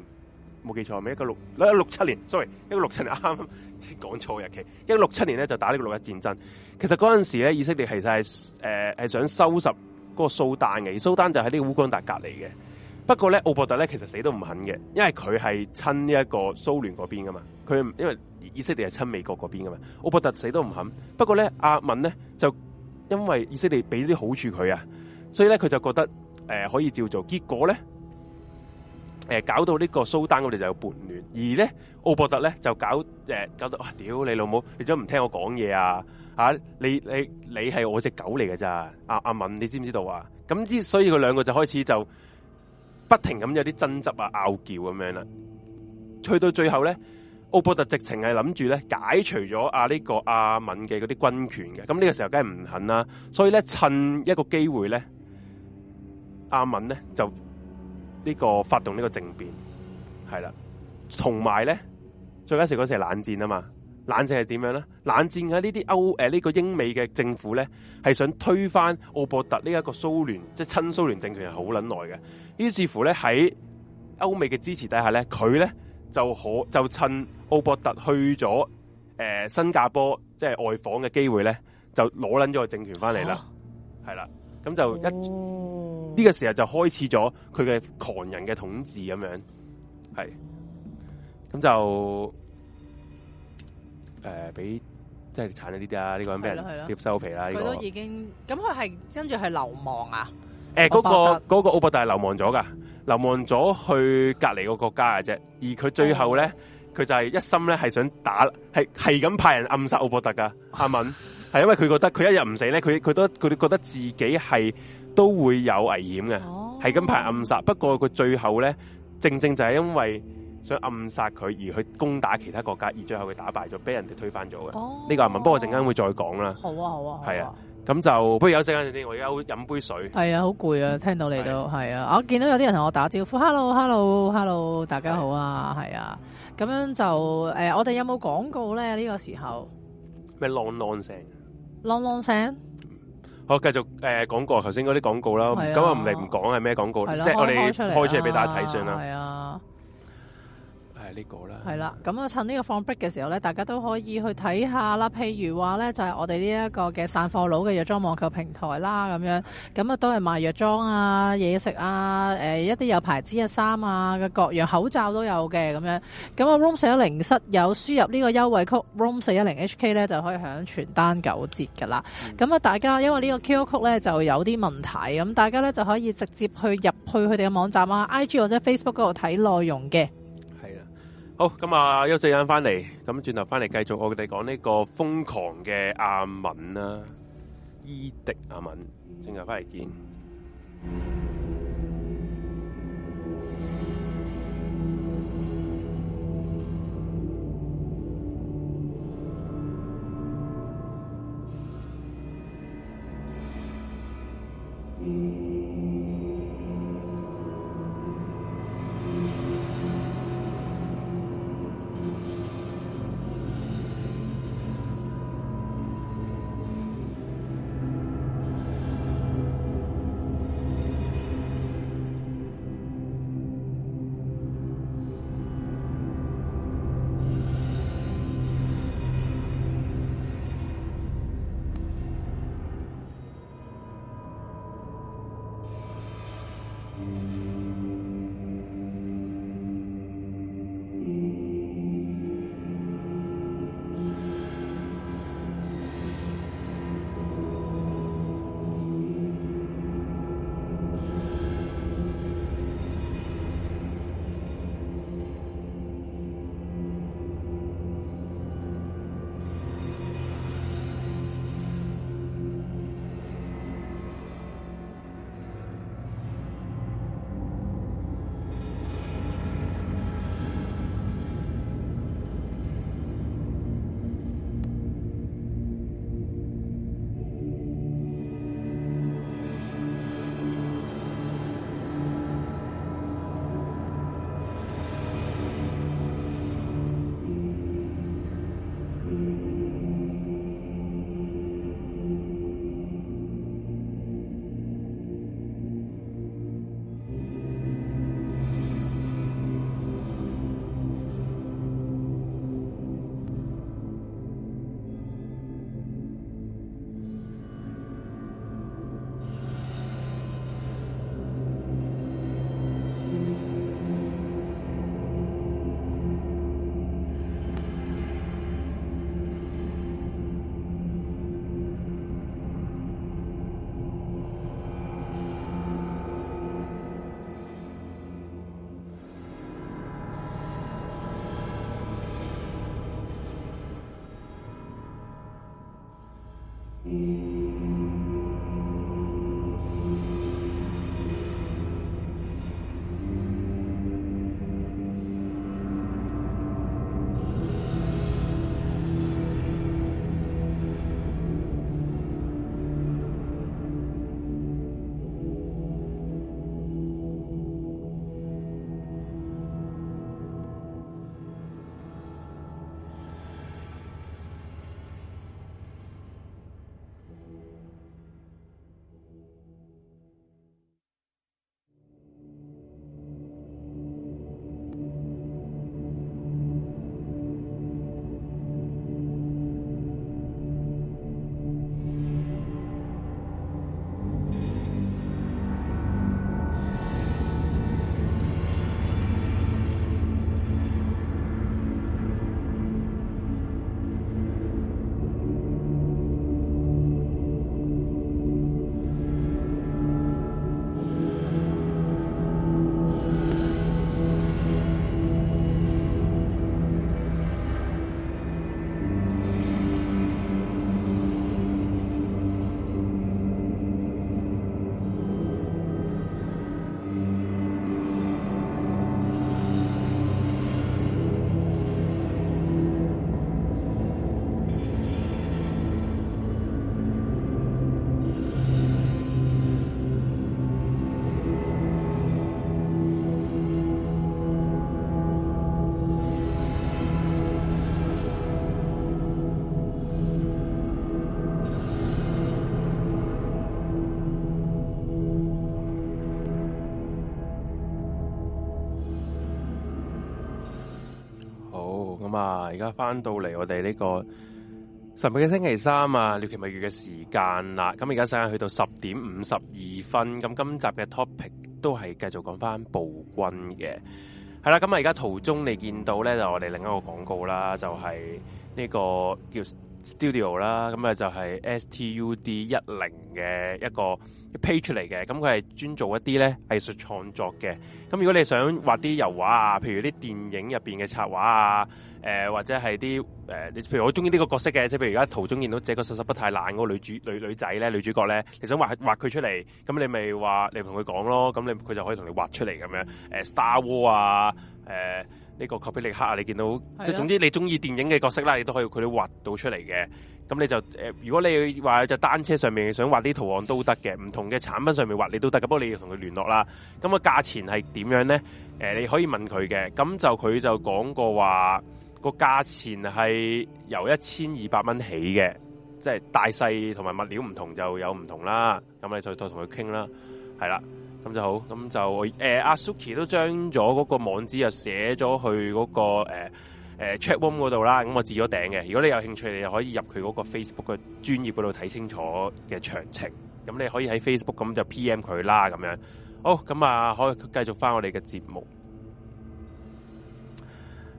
冇記錯咪一九六，一九六七年，sorry，一九六七年啱啱先講錯日期，一九六七年咧就打呢個六日戰爭。其實嗰陣時咧，以色列其實係誒、呃、想收拾嗰個蘇丹嘅，而蘇丹就喺呢個烏干達隔籬嘅。不過咧，奧博特咧其實死都唔肯嘅，因為佢係親呢一個蘇聯嗰邊噶嘛，佢因為。以色列係親美國嗰邊噶嘛？奧博特死都唔肯。不過咧，阿文咧就因為以色列俾啲好處佢啊，所以咧佢就覺得誒、呃、可以照做。結果咧誒、呃、搞到呢個蘇丹嗰度就有叛亂，而咧奧博特咧就搞誒、呃、搞到啊屌你老母，你都唔聽我講嘢啊！吓、啊、你你你係我隻狗嚟噶咋？阿阿文你知唔知道啊？咁之所以佢兩個就開始就不停咁有啲爭執啊、拗叫咁樣啦。去到最後咧。奧博特直情係諗住咧解除咗阿，呢個阿敏嘅，嗰啲軍權嘅。咁、這、呢個時候梗係唔肯啦，所以咧趁一個機會咧，阿敏咧就呢、這個發動呢個政變，係啦，同埋咧，最緊要係嗰時係冷戰啊嘛，冷戰係點樣咧？冷戰喺呢啲歐誒呢、呃這個英美嘅政府咧，係想推翻奧博特呢一個蘇聯即係親蘇聯政權係好捻耐嘅，於是乎咧喺歐美嘅支持底下咧，佢咧。就可就趁奧博特去咗誒、呃、新加坡即係外訪嘅機會咧，就攞捻咗個政權翻嚟啦，係啦蛤，咁就一呢、哦、個時候就開始咗佢嘅狂人嘅統治咁樣，係咁就誒俾、呃、即係鏟咗啲啲啊，呢、這個咩接收皮啦，佢都已經咁佢係跟住係流亡啊。誒，嗰、欸嗰個嗰、嗰個奧伯特係流亡咗，噶，流亡咗去隔籬個國家嘅啫。而佢最後咧，佢就係一心咧係想打，係係咁派人暗殺奧伯特噶。 阿敏係因為佢覺得佢一日唔死咧，佢佢都佢哋覺得自己係都會有危險嘅，係咁派人暗殺。不過佢最後咧，正正就係因為想暗殺佢而去攻打其他國家，而最後佢打敗咗，俾人哋推翻咗嘅。呢 個阿敏，不過陣間會再講啦、啊。好啊，好啊，係啊。咁就不如休息間先，我而家飲杯水。係啊，好攰啊，聽到你都係啊。我見到有啲人同我打招呼 hello，hello hello hello，大家好啊，係啊。咁、啊、樣就誒、呃，我哋有冇廣告咧？呢、這個時候咩浪浪聲，浪浪聲。好，繼續誒，廣、呃告，啊、告，頭先嗰啲廣告啦。咁啊，唔嚟唔講係咩廣告，即係我哋開出嚟俾大家睇先啦。啊。係啦，咁啊，趁呢個放 break 嘅時候咧，大家都可以去睇下啦。譬如話咧，就係我哋呢一個嘅散貨佬嘅藥妝網購平台啦，咁樣咁啊，都係賣藥妝啊、嘢食啊、誒、呃、一啲有牌子嘅衫啊嘅各樣口罩都有嘅，咁樣。咁啊，Room 四一零室有輸入呢個優惠曲 Room 四一零 HK 咧，就可以享全單九折噶啦。咁啊、嗯，大家因為個呢個 QR 曲咧就有啲問題，咁大家咧就可以直接去入去佢哋嘅網站啊、I G 或者 Facebook 嗰度睇內容嘅。好，咁啊，休息陣間翻嚟，咁轉頭翻嚟繼續我哋講呢個瘋狂嘅阿敏啦，伊迪阿敏，陣間返嚟見。嗯而家翻到嚟我哋呢個神秘嘅星期三啊，獵奇物語嘅時間啦，咁而家時間去到十點五十二分，咁今集嘅 topic 都係繼續講翻暴君嘅。係啦，咁啊而家途中你見到咧就我哋另一個廣告啦，就係、是、呢個叫。Studio 啦，咁啊就係 S T U D 一零嘅一個 page 嚟嘅。咁佢係專做一啲咧藝術創作嘅。咁如果你想畫啲油畫啊，譬如啲電影入邊嘅插畫啊，誒、呃、或者係啲誒，你、呃、譬如我中意呢個角色嘅，即係譬如而家圖中見到這個實實不太冷嗰個女主女女仔咧，女主角咧，你想畫畫佢出嚟，咁你咪話你同佢講咯，咁你佢就可以同你畫出嚟咁樣。誒、呃、Star War 啊，誒、呃。呢個卡比力克啊，你見到是的 即係總之你中意電影嘅角色啦，你都可以佢畫到出嚟嘅。咁你就誒、呃，如果你話喺隻單車上面想畫啲圖案都得嘅，唔同嘅產品上面畫你都得嘅。不過你要同佢聯絡啦。咁、那個價錢係點樣咧？誒、呃，你可以問佢嘅。咁就佢就講過話個價錢係由一千二百蚊起嘅，即、就、係、是、大細同埋物料唔同就有唔同啦。咁你就再再同佢傾啦。係啦。咁就好，咁就誒阿、欸啊、Suki 都將咗嗰個網址又寫咗去嗰、嗰個 Chatroom 嗰度啦，咁我置咗頂嘅。如果你有興趣，你就可以入佢嗰個 Facebook 嘅專業嗰度睇清楚嘅詳情。咁你可以喺 Facebook 咁就 PM 佢啦，咁樣。好，咁啊，可以繼續翻我哋嘅節目。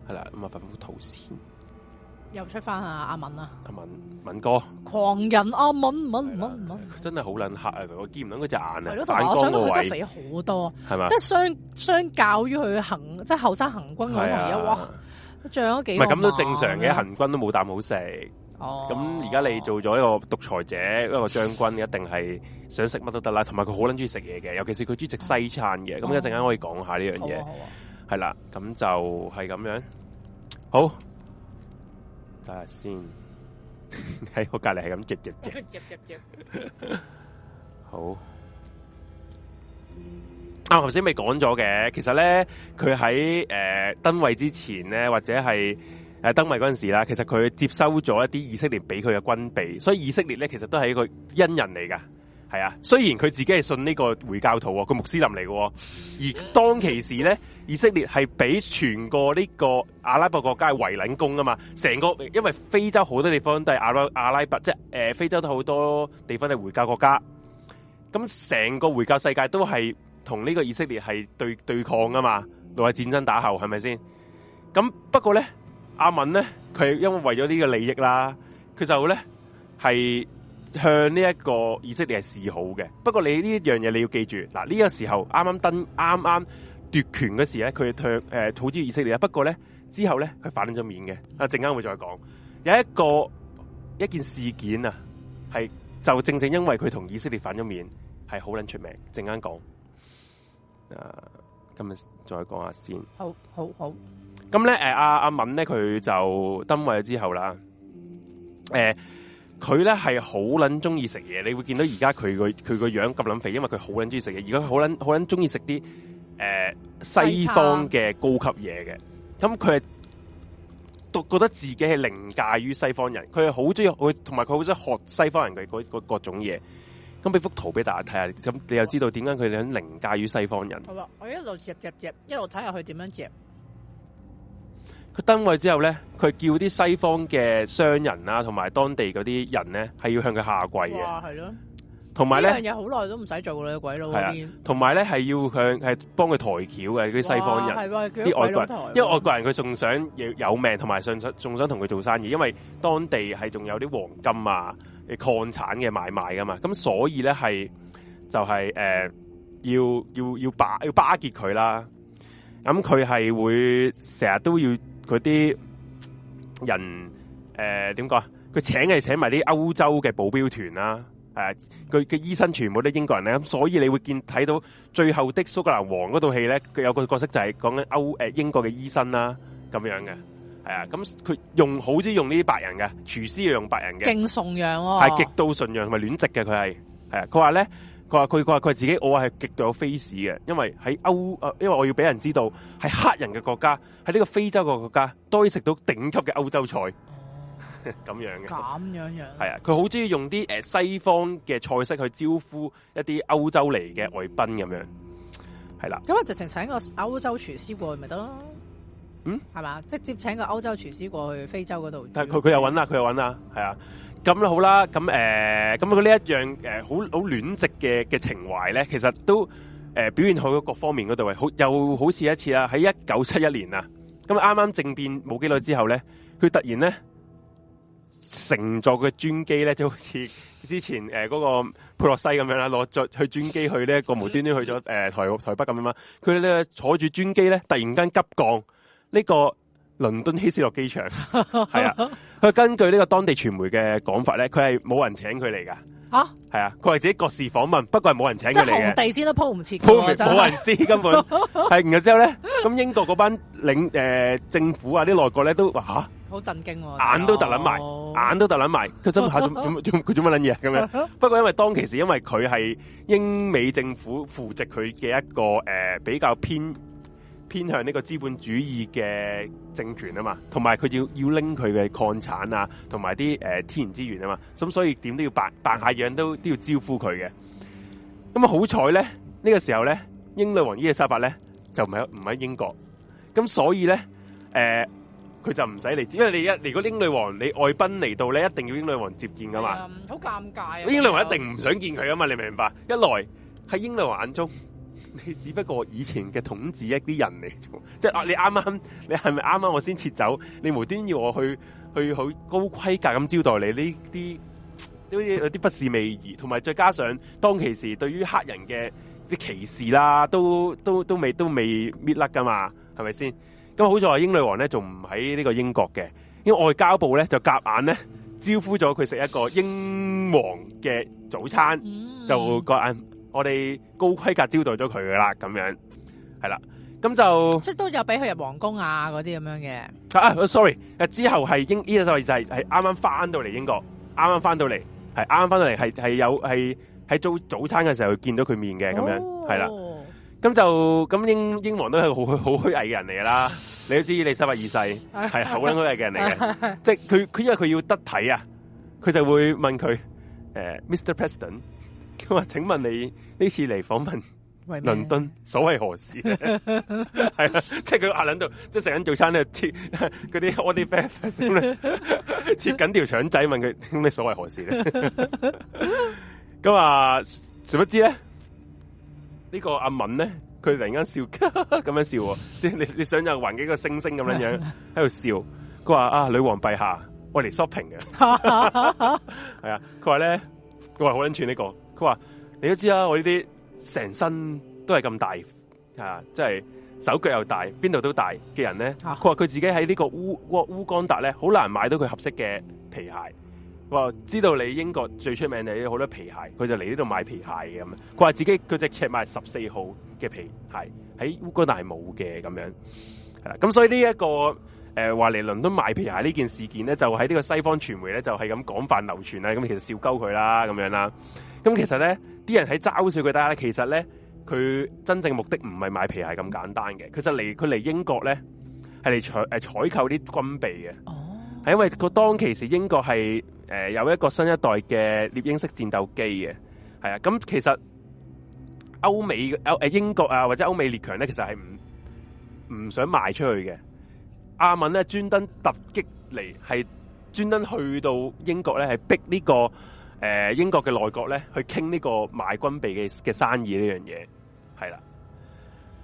係啦，咁啊，發幅圖先。又出翻啊，阿敏啊，阿敏敏哥，狂人阿敏，敏敏敏，真係好捻黑啊！我見唔到佢隻眼啊，係咯，同埋我想佢真係肥好多，係嘛？即係相相較於佢行，即係後生行軍嗰陣時啊，吧哇，漲咗幾？唔係咁都正常嘅，啊、行軍都冇啖好食哦。咁而家你做咗一個獨裁者，一個將軍，一定係想食乜都得啦。同埋佢好捻中意食嘢嘅，尤其是佢中意食西餐嘅。咁、啊、一陣間可以講下呢樣嘢，係啦、啊、咁、啊、就係咁樣，好。等下先，喺 我隔籬係咁直直夾， 好。我頭先咪講咗嘅，其實咧佢喺誒登位之前咧，或者係誒登位嗰陣時啦，其實佢接收咗一啲以色列俾佢嘅軍備，所以以色列咧其實都係一個恩人嚟噶。係啊，雖然佢自己係信呢個回教徒啊、哦，佢穆斯林嚟嘅、哦，而當其時咧，以色列係俾全個呢個阿拉伯國家圍領攻啊嘛，成個因為非洲好多地方都係阿拉伯，即係誒、呃、非洲都好多地方係回教國家，咁成個回教世界都係同呢個以色列係對對抗啊嘛，同喺戰爭打後係咪先？咁不,不過咧，阿敏咧，佢因為為咗呢個利益啦，佢就咧係。是向呢一個以色列係示好嘅，不過你呢樣嘢你要記住，嗱呢個時候啱啱登啱啱奪權嗰時咧，佢係誒討支援以色列，不過咧之後咧佢反咗面嘅，啊陣間會再講，有一個一件事件啊，係就正正因為佢同以色列反咗面，係好捻出名，陣間講，啊今日再講下先，好好好，咁咧誒阿阿敏咧佢就登位之後啦，誒、啊。佢咧係好捻中意食嘢，你會見到而家佢個佢個樣咁捻肥，因為佢好捻中意食嘢。而家佢好捻好捻中意食啲誒西方嘅高級嘢嘅，咁佢係覺得自己係凌駕於西方人，佢係好中意，佢同埋佢好想學西方人嘅嗰各種嘢。咁俾幅圖俾大家睇下，咁你又知道點解佢係凌駕於西方人？好啦，我一路接接接，一路睇下佢點樣接。佢登位之後咧，佢叫啲西方嘅商人啊，同埋當地嗰啲人咧，係要向佢下跪嘅。哇，係咯，同埋咧樣嘢好耐都唔使做啦，鬼佬。係啊的，同埋咧係要向係幫佢抬轎嘅嗰啲西方人，係啲外國人？因為外國人佢仲想有命，同埋想仲想同佢做生意，因為當地係仲有啲黃金啊、礦產嘅買賣噶嘛。咁所以咧係就係、是、誒、呃、要要要巴要，要巴結佢啦。咁佢係會成日都要。佢啲人誒，點講啊？佢請係請埋啲歐洲嘅保鏢團啦，誒，佢嘅醫生全部都英國人咧，咁所以你會見睇到最後的蘇格蘭王嗰套戲咧，佢有個角色就係講緊歐誒英國嘅醫生啦，咁樣嘅係啊，咁佢用好之用呢啲白人嘅廚師，要用白人嘅，勁崇洋哦，係極度崇洋同埋戀殖嘅。佢係係啊，佢話咧。佢話：佢佢話佢自己，我係極度有 face 嘅，因為喺歐啊，因為我要俾人知道喺黑人嘅國家，喺呢個非洲個國家，都可以食到頂級嘅歐洲菜咁、嗯、樣嘅。咁樣樣係啊！佢好中意用啲誒西方嘅菜式去招呼一啲歐洲嚟嘅外賓咁樣係啦。咁啊，直情請個歐洲廚師過去咪得咯。嗯，係嘛？直接請個歐洲廚師過去非洲嗰度。但佢佢又搵啦，佢又搵啦，係啊。咁好啦，咁誒，咁佢呢一樣誒，好好戀殖嘅嘅情懷咧，其實都誒、呃、表現好咗各方面嗰度啊。好，又好似一次啦，喺一九七一年啊，咁啱啱政變冇幾耐之後咧，佢突然咧乘坐嘅專機咧，就好似之前誒嗰、呃那個佩洛西咁樣啦，攞咗去專機去咧，個無端端去咗誒、呃、台台北咁樣嘛。佢咧坐住專機咧，突然間急降。呢個倫敦希斯洛機場係啊，佢根據呢個當地傳媒嘅講法咧，佢係冇人請佢嚟噶，吓係啊，佢係、啊、自己國事訪問，不過係冇人請佢嚟嘅。地先都鋪唔切，鋪冇不走人知根本係。 然後之後咧，咁英國嗰班領誒、呃、政府啊啲內閣咧都話吓，好、啊、震驚、啊眼，眼都突捻埋，眼都突捻埋，佢真咩？做佢做乜捻嘢？咁樣。啊、不過因為當其時，因為佢係英美政府扶植，佢嘅一個誒、呃、比較偏。偏向呢個資本主義嘅政權啊嘛，同埋佢要要拎佢嘅礦產啊，同埋啲誒天然資源啊嘛，咁所以點都要扮扮下樣都都要招呼佢嘅。咁、嗯、啊好彩咧，呢、呢個時候咧，英女王伊利沙伯咧就唔喺唔喺英國，咁所以咧誒佢就唔使嚟，因為你一如果英女王你外賓嚟到咧，一定要英女王接見噶嘛，好尷、嗯、尬啊！英女王一定唔想見佢啊嘛，你明唔明白？一來喺英女王眼中。你只不過以前嘅統治一啲人嚟啫，即係、啊、你啱啱你係咪啱啱我先撤走？你無端要我去去好高規格咁招待你呢啲，好有啲不是味兒。同埋再加上當其時對於黑人嘅啲歧視啦，都都都未都未搣甩㗎嘛，係咪先？咁好在英女王咧仲唔喺呢個英國嘅，因為外交部咧就夾硬咧招呼咗佢食一個英王嘅早餐，就個眼。我哋高規格招待咗佢噶啦，咁樣係啦，咁就即係都有俾佢入皇宮啊，嗰啲咁樣嘅。啊，sorry，之後係英伊個細就係啱啱翻到嚟英國，啱啱翻到嚟係啱啱翻到嚟係係有係喺做早餐嘅時候見到佢面嘅，咁、哦、樣係啦。咁就咁英英皇都係好虛好虛偽嘅人嚟啦。你都知你伊利莎白二世係好虛偽嘅人嚟嘅， 即係佢佢因為佢要得體啊，佢就會問佢誒、呃、，Mr. President。咁啊，請問你呢次嚟訪問倫敦，所謂何事咧？係啊，即係佢壓撚度，即係食緊早餐咧，切嗰啲我啲 buffet 咧，切緊條腸仔問佢咩所謂何事咧。咁啊，誰不知咧？呢個阿敏咧，佢突然間笑咁樣笑喎，你你想象環境個星星咁樣樣喺度笑。佢話啊，女王陛下，我嚟 shopping 嘅。係啊，佢話咧，佢話好捻串呢個。佢話你都知啦，我呢啲成身都係咁大吓，即、啊、係手腳又大，邊度都大嘅人咧。佢話佢自己喺呢個烏哇烏干達咧，好難買到佢合適嘅皮鞋。佢話知道你英國最出名就好多皮鞋，佢就嚟呢度買皮鞋嘅咁。佢話自己佢隻尺碼係十四號嘅皮鞋喺烏干達冇嘅咁樣。係啦，咁所以呢、這、一個誒話嚟倫敦買皮鞋呢件事件咧，就喺呢個西方傳媒咧就係咁廣泛流傳啦。咁其實笑鳩佢啦，咁樣啦。咁其實咧，啲人喺嘲笑佢大家咧。其實咧，佢真正目的唔係買皮鞋咁簡單嘅。其實嚟佢嚟英國咧，係嚟採誒採購啲軍備嘅。哦，係因為佢當其時英國係誒、呃、有一個新一代嘅獵鷹式戰鬥機嘅，係啊。咁、嗯、其實歐美歐誒英國啊，或者歐美列強咧，其實係唔唔想賣出去嘅。阿敏咧專登突擊嚟，係專登去到英國咧，係逼呢、呢個。誒，英國嘅內國咧，去傾呢個買軍備嘅嘅生意呢樣嘢係啦。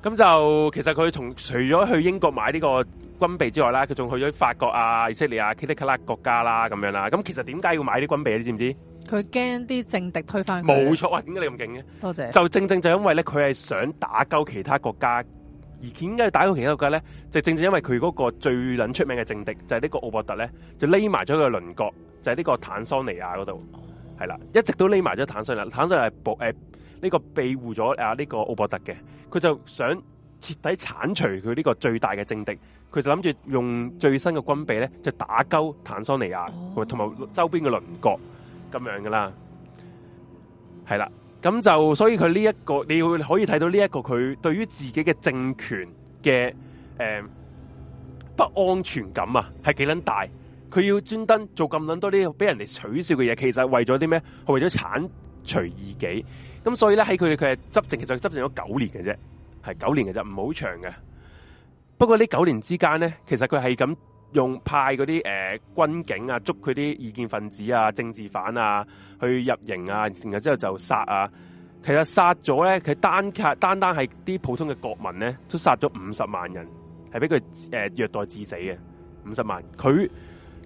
咁就其實佢從除咗去英國買呢個軍備之外啦，佢仲去咗法國啊、以色列啊、其他其他國家啦，咁樣啦。咁其實點解要買啲軍備？你知唔知？佢驚啲政敵推翻佢，冇錯。喂，點解你咁勁嘅？多謝，謝。就正正就因為咧，佢係想打鳩其他國家，而點解要打鳩其他國家咧？就正正因為佢嗰個最捻出名嘅政敵就係呢個奧博特咧，就匿埋咗佢個鄰國就係呢、就是、個坦桑尼亞嗰度。係啦，一直都匿埋咗坦桑尼亞，坦桑尼亞係保誒呢個庇護咗啊呢個奧博特嘅，佢就想徹底剷除佢呢個最大嘅政敵，佢就諗住用最新嘅軍備咧就打鳩坦桑尼亞同埋周邊嘅鄰國咁樣噶啦，係啦，咁就所以佢呢一個你會可以睇到呢一個佢對於自己嘅政權嘅誒、呃、不安全感啊係幾捻大。佢要專登做咁撚多啲俾人哋取笑嘅嘢，其實係為咗啲咩？係為咗剷除異己咁，所以咧喺佢哋佢係執政，其實執政咗九年嘅啫，係九年嘅啫，唔好長嘅。不過呢九年之間咧，其實佢係咁用派嗰啲誒軍警啊，捉佢啲異見分子啊、政治犯啊去入營啊，然後之後就殺啊。其實殺咗咧，佢單其實單單係啲普通嘅國民咧，都殺咗五十萬人，係俾佢誒虐待致死嘅五十萬佢。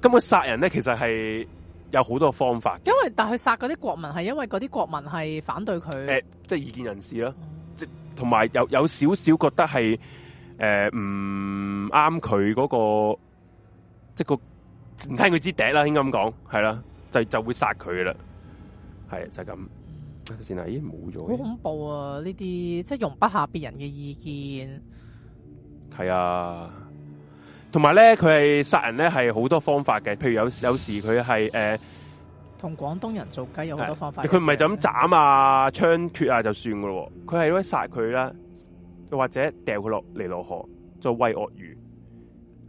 根本殺人咧，其實係有好多方法。因為但係佢殺嗰啲國民，係因為嗰啲國民係反對佢，誒，即係異見人士啦，即同埋有有,有少少覺得係誒唔啱佢嗰個，即係個唔聽佢支笛啦，應該咁講，係啦，就就會殺佢啦，係就係、是、咁。先啊，咦，冇咗，好恐怖啊！呢啲即係容不下別人嘅意見。係啊。同埋咧，佢係殺人咧，係好多方法嘅。譬如有有時佢係誒，同、呃、廣東人做雞有好多方法嘅。佢唔係就咁斬啊、槍對 決啊就算噶咯，佢係點殺佢啦？又或者掉佢落尼羅河，再餵鱷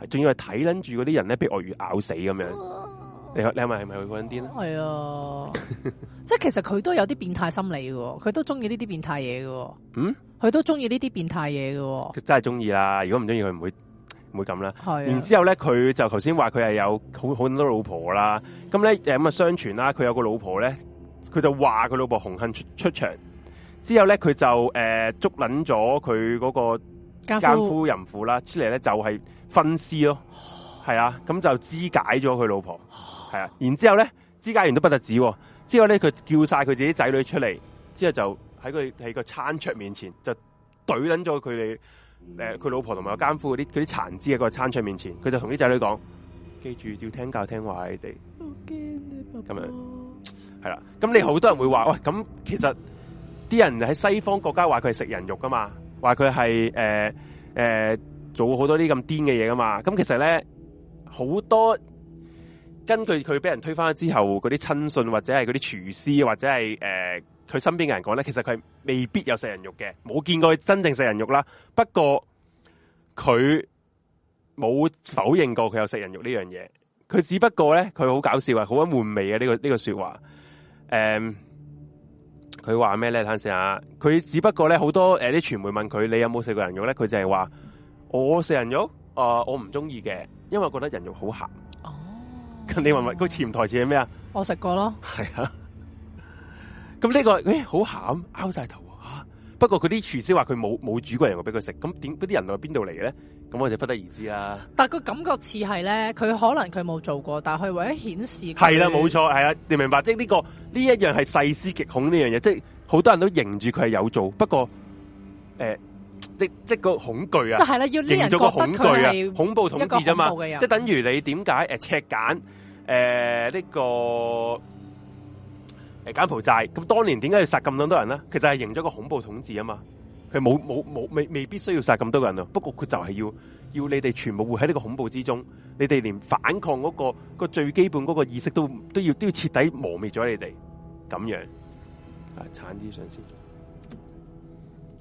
魚，仲要係睇捻住嗰啲人咧被鱷魚咬死咁樣啊啊啊啊你。你你係咪係咪嗰啲咧？係啊， 即係其實佢都有啲變態心理嘅，佢都中意呢啲變態嘢嘅。嗯，佢都中意呢啲變態嘢嘅。佢真係中意啦，如果唔中意佢唔會。唔會咁啦，然之後咧，佢就頭先話佢係有好好多老婆啦，咁咧誒咁啊相傳啦，佢有個老婆咧，佢就話佢老婆紅杏出出牆，之後咧佢就誒、呃、捉捻咗佢嗰個奸夫淫婦啦，出嚟咧就係、是、分屍咯，係、哦、啊，咁就肢解咗佢老婆，係、哦、啊，然之後咧肢解完都不得止、啊，之後咧佢叫晒佢自己仔女出嚟，之後就喺佢喺個餐桌面前就懟捻咗佢哋。誒，佢、呃、老婆同埋個奸夫嗰啲嗰啲殘肢喺個餐桌面前，佢就同啲仔女講：記住要聽教聽話，你哋。咁樣係啦，咁你好多人會話，喂，咁其實啲人喺西方國家話佢係食人肉噶嘛，話佢係誒誒做好多啲咁癲嘅嘢噶嘛，咁其實咧好多根據佢俾人推翻之後，嗰啲親信或者係嗰啲廚師或者係誒。呃佢身邊嘅人講咧，其實佢係未必有食人肉嘅，冇見過佢真正食人肉啦。不過佢冇否認過佢有食人肉呢樣嘢。佢只不過咧，佢好搞笑啊，好有玩味啊呢、呢個呢、呢個説話。誒、嗯，佢話咩咧，睇下先啊！佢只不過咧好多誒啲、呃、傳媒問佢你有冇食過人肉咧，佢就係話我食人肉啊，uh, 我唔中意嘅，因為覺得人肉好鹹。哦，oh. 你話唔話佢個潛台詞係咩啊？我食過咯，係啊。咁呢、這個誒、欸、好鹹，拗晒頭吓、啊。不過佢啲廚師話佢冇冇煮過人肉俾佢食，咁點？嗰啲人肉邊度嚟嘅咧？咁我就不得而知啦、啊。但個感覺似係咧，佢可能佢冇做過，但係為咗顯示係啦，冇錯係啦，你明白即係、這、呢個呢一樣係細思極恐呢樣嘢，即係好多人都認住佢係有做，不過誒、呃，即即個恐懼啊，就係啦、啊，要啲人個恐懼啊恐怖，恐怖統治啫嘛，即係等於你點解誒赤柬誒呢個？柬埔寨咁當年點解要殺咁多多人呢？其實係營咗個恐怖統治啊嘛，佢冇冇冇未未必需要殺咁多人啊。不過佢就係要要你哋全部活喺呢個恐怖之中，你哋連反抗嗰、嗰個、嗰個最基本嗰個意識都都要都要徹底磨滅咗你哋，咁樣、啊、樣啊，鏟啲上先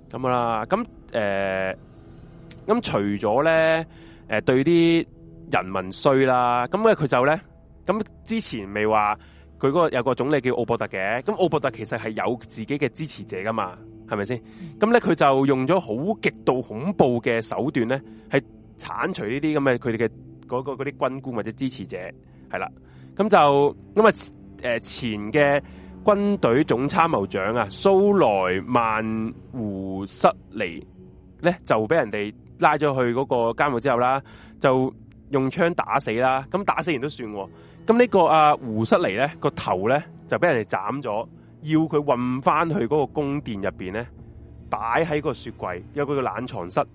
咁啦。咁誒，咁除咗咧誒對啲人民衰啦，咁咧佢就咧咁之前未話。佢個有個總理叫奧博特嘅，咁奧博特其實係有自己嘅支持者噶嘛，係咪先？咁咧佢就用咗好極度恐怖嘅手段咧，係剷除呢啲咁嘅佢哋嘅嗰個嗰啲軍官或者支持者，係啦。咁就咁啊前嘅軍隊總參謀長啊蘇萊曼胡塞尼咧就俾人哋拉咗去嗰個監獄之後啦，就用槍打死啦。咁打死人都算。咁、這個啊、呢個阿胡塞嚟咧，個頭咧就俾人哋斬咗，要佢運翻去嗰個宮殿入邊咧，擺喺個雪櫃，有佢個冷藏室。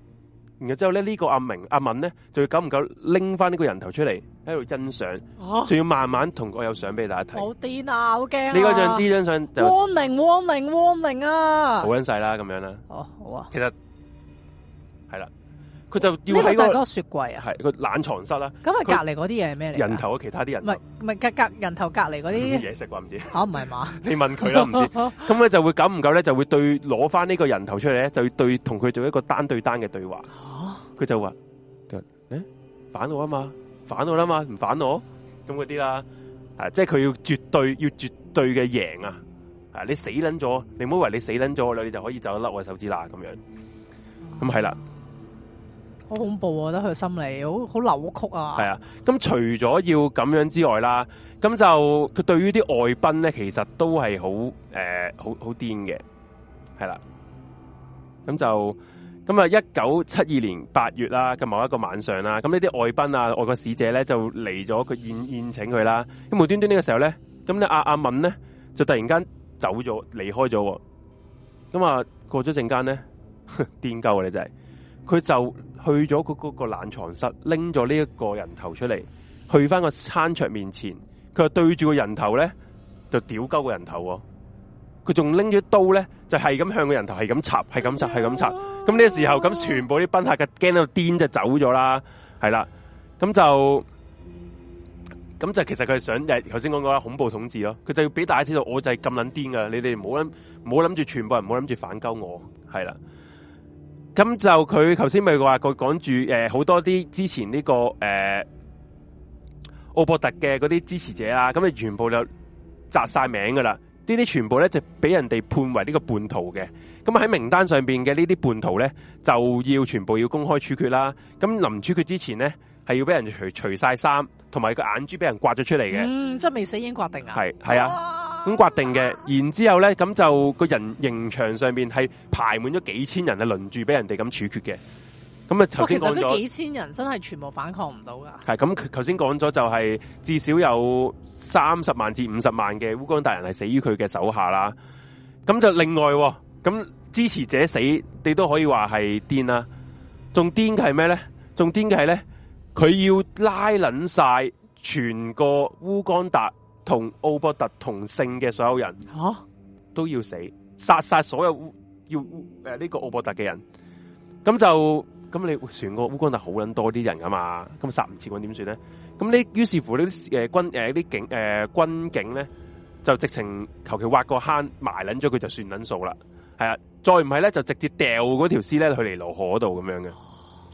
然後之後咧，這個啊啊、呢個阿明阿敏咧，就要夠唔夠拎翻呢個人頭出嚟喺度欣賞，仲、啊、要慢慢同我有相俾大家睇。好癲啊！好驚。呢嗰張呢張相就汪明汪明汪明啊！好緊細啦，咁樣啦。哦，好啊。其實係啦。佢就要喺、嗰個，嗰個雪櫃啊，係個冷藏室啦。咁啊它，隔離嗰啲嘢係咩嚟？人頭啊，其他啲人。唔係唔係，隔隔，隔人頭隔離嗰啲嘢食啩？唔知吓，唔係嘛？ 你問佢啦，唔知。咁咧、 嗯、就會久唔久咧，就會對攞翻呢個人頭出嚟咧，就要對同佢做一個單對單嘅對話。佢、啊、就話：誒、欸，反我啊嘛，反我啦嘛，唔反我，咁嗰啲啦，啊，即係佢要絕對要絕對嘅贏啊！啊，你死撚咗，你唔好以為你死撚咗你就可以走甩我手指啦咁樣。咁係啦。嗯好恐怖啊！我覺得佢心理好好扭曲啊！係啊，咁除咗要咁樣之外啦，咁就佢對於啲外賓咧，其實都係好誒，好好癲嘅，係啦。咁就咁啊，一九七二年八月啦，嘅某一個晚上啦，咁呢啲外賓啊，外國使者咧就嚟咗佢宴宴請佢啦。咁無端端呢個時候咧，咁咧阿阿敏咧就突然間走咗，離開咗啊。咁啊，過咗陣間咧，癲鳩啊，你真係啊。佢就去咗嗰個冷藏室，拎咗呢一個人頭出嚟，去翻個餐桌面前，佢就對住個人頭咧，就屌鳩個人頭。佢仲拎咗刀咧，就係咁向個人頭，係咁插，係咁插，係咁插。咁呢個時候咁，全部啲賓客嘅驚到癲，就走咗啦。係啦，咁就咁就其實佢係想，日頭先講過啦，恐怖統治咯。佢就要俾大家知道，我就係咁捻癲噶，你哋唔好諗，唔好諗住全部人唔好諗住反鳩我，係啦。咁就佢頭先咪話佢講住誒，呃，好多啲之前呢個誒，呃，奧博特嘅嗰啲支持者啦，咁啊全部就摘晒名噶啦，呢啲全部咧就俾人哋判為呢個叛徒嘅。咁喺名單上邊嘅呢啲叛徒咧，就要全部要公開處決啦。咁臨處決之前咧，係要俾人除除晒衫，同埋個眼珠俾人刮咗出嚟嘅。嗯，即係未死已經刮定啊，啊。係係啊。咁刮定嘅，然之後咧，咁就個人刑場上邊係排滿咗幾千人係輪住俾人哋咁處決嘅。咁啊，頭先講咗，其實幾千人真係全部反抗唔到噶。係咁，頭先講咗就係至少有三十萬至五十萬嘅烏干達人係死於佢嘅手下啦。咁就另外，咁支持者死，你都可以話係癲啦。仲癲嘅係咩咧？仲癲嘅係咧，佢要拉捻晒全個烏干達。同奧博特同姓嘅所有人，吓都要死，殺晒所有要誒呢、呃這個奧博特嘅人，咁就咁你全個烏干達就好捻多啲人噶嘛，咁殺唔切我點算咧？咁你於是乎呢啲誒軍誒啲、呃、警誒、呃、軍警咧就直情求其挖個坑埋捻咗佢就算捻數啦，係啊，再唔係咧就直接掉嗰條屍咧去尼羅河嗰度咁樣嘅，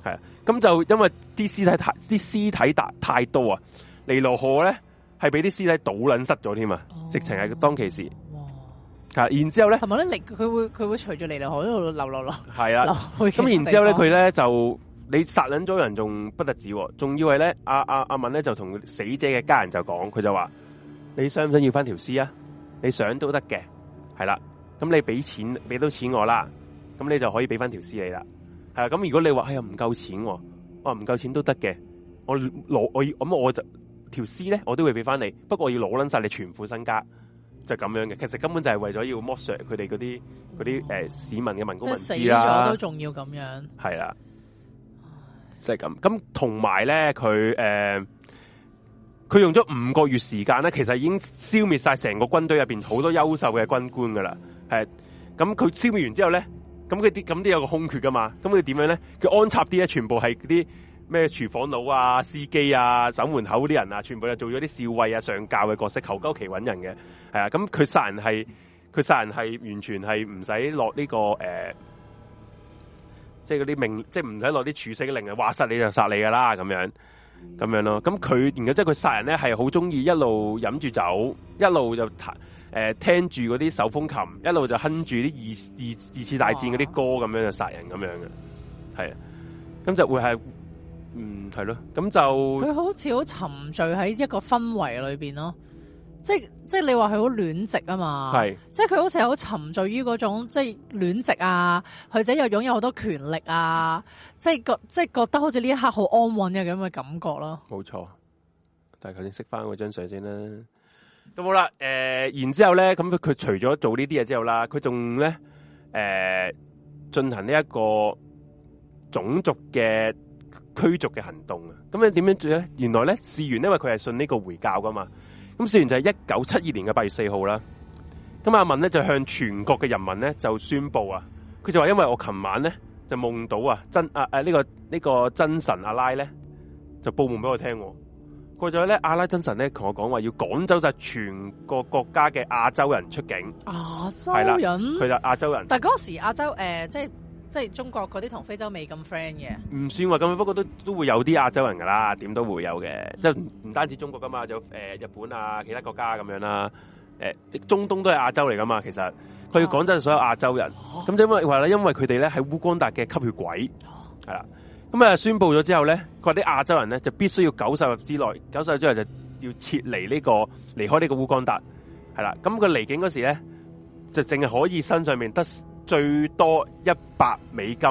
係啊，咁就因為啲屍體太啲屍體太太多啊，尼羅河咧。係俾啲屍體倒捻塞咗添、哦、啊！直情係當其時，吓，然之後咧，同咪咧力，佢會佢會隨住嚟喺度流落落，係啊。咁然之後咧，佢、啊、咧、啊、就你殺捻咗人仲不得止喎。仲要為咧阿阿阿文咧就同死者嘅家人就講，佢就話你想唔想要翻條屍啊？你想都得嘅，係啦、啊。咁你俾錢俾到錢我啦，咁你就可以俾翻條屍你啦。係啦、啊，如果你話哎呀唔夠錢、啊，我唔夠錢都得嘅，我攞我咁我，我就。條屍咧，我都會俾翻你，不過我要攞捻晒你全副身家，就咁樣嘅。其實根本就係為咗要剝削佢哋嗰啲嗰啲誒市民嘅民膏民脂啦，都仲要咁樣，係啦，即係咁。咁同埋咧，佢誒，佢、呃、用咗五個月時間咧，其實已經消滅晒成個軍隊入邊好多優秀嘅軍官噶啦。係咁，佢消滅完之後咧，咁佢啲咁都有個空缺噶嘛。咁佢點樣咧？佢安插啲咧，全部係嗰啲。咩廚房佬啊、司機啊、守門口嗰啲人啊，全部就做咗啲少尉啊、上校嘅角色，求鳩其搵人嘅，係啊。咁佢殺人係，佢殺人係完全係唔使落呢個誒，即係嗰啲命，即係唔使落啲處死令人話殺你就殺你噶啦，咁樣咁樣咯。咁、嗯、佢，然後即係佢殺人咧係好中意一路飲住酒，一路就誒聽住嗰啲手風琴，一路就哼住啲二二二次大戰嗰啲歌咁樣就殺人咁樣嘅，係啊。咁就會係。嗯，係咯，咁就佢好似好沉醉喺一個氛圍裏邊咯，即係即係你話佢好戀籍啊嘛，係，即係佢好似好沉醉於嗰種即係戀籍啊，佢自己又擁有好多權力啊，即係覺即係覺得好似呢一刻好安穩嘅咁嘅感覺咯，冇錯。但係求先識翻嗰張相先啦，咁好啦，誒、呃，然後呢之後咧，咁佢佢除咗做呢啲嘢之後啦，佢仲咧，誒，進行呢一個種族嘅。驅逐嘅行動啊，咁樣點樣做咧？原來咧，事源因為佢係信呢個回教噶嘛，咁事源就係一九七二年嘅八月四號啦。咁阿文咧就向全國嘅人民咧就宣布啊，佢就話，因為我琴晚咧就夢到真啊真啊啊呢、這個呢、這個真神阿拉咧就報夢俾我聽，過咗咧阿拉真神咧同我講，話要趕走晒全國國家嘅亞洲人出境，亞洲人係啦，佢就亞洲人，他是洲人但係嗰時亞洲誒、呃、即係。即係中國嗰啲同非洲未咁 friend 嘅，唔算話咁，不過都都會有啲亞洲人噶啦，點都會有嘅。即係唔唔單止中國噶嘛，有誒、呃、日本啊，其他國家咁樣啦。誒、呃，中東都係亞洲嚟噶嘛，其實佢要講真，所有亞洲人。咁、哦、就因為話咧，因為佢哋咧係烏干達嘅吸血鬼，係啦。咁啊，宣布咗之後咧，佢話啲亞洲人咧就必須要九十日之內，九十日之後就要撤離、這個、呢個離開呢個烏干達。係啦，咁佢離境嗰時咧，就淨係可以身上面得。最多一百美金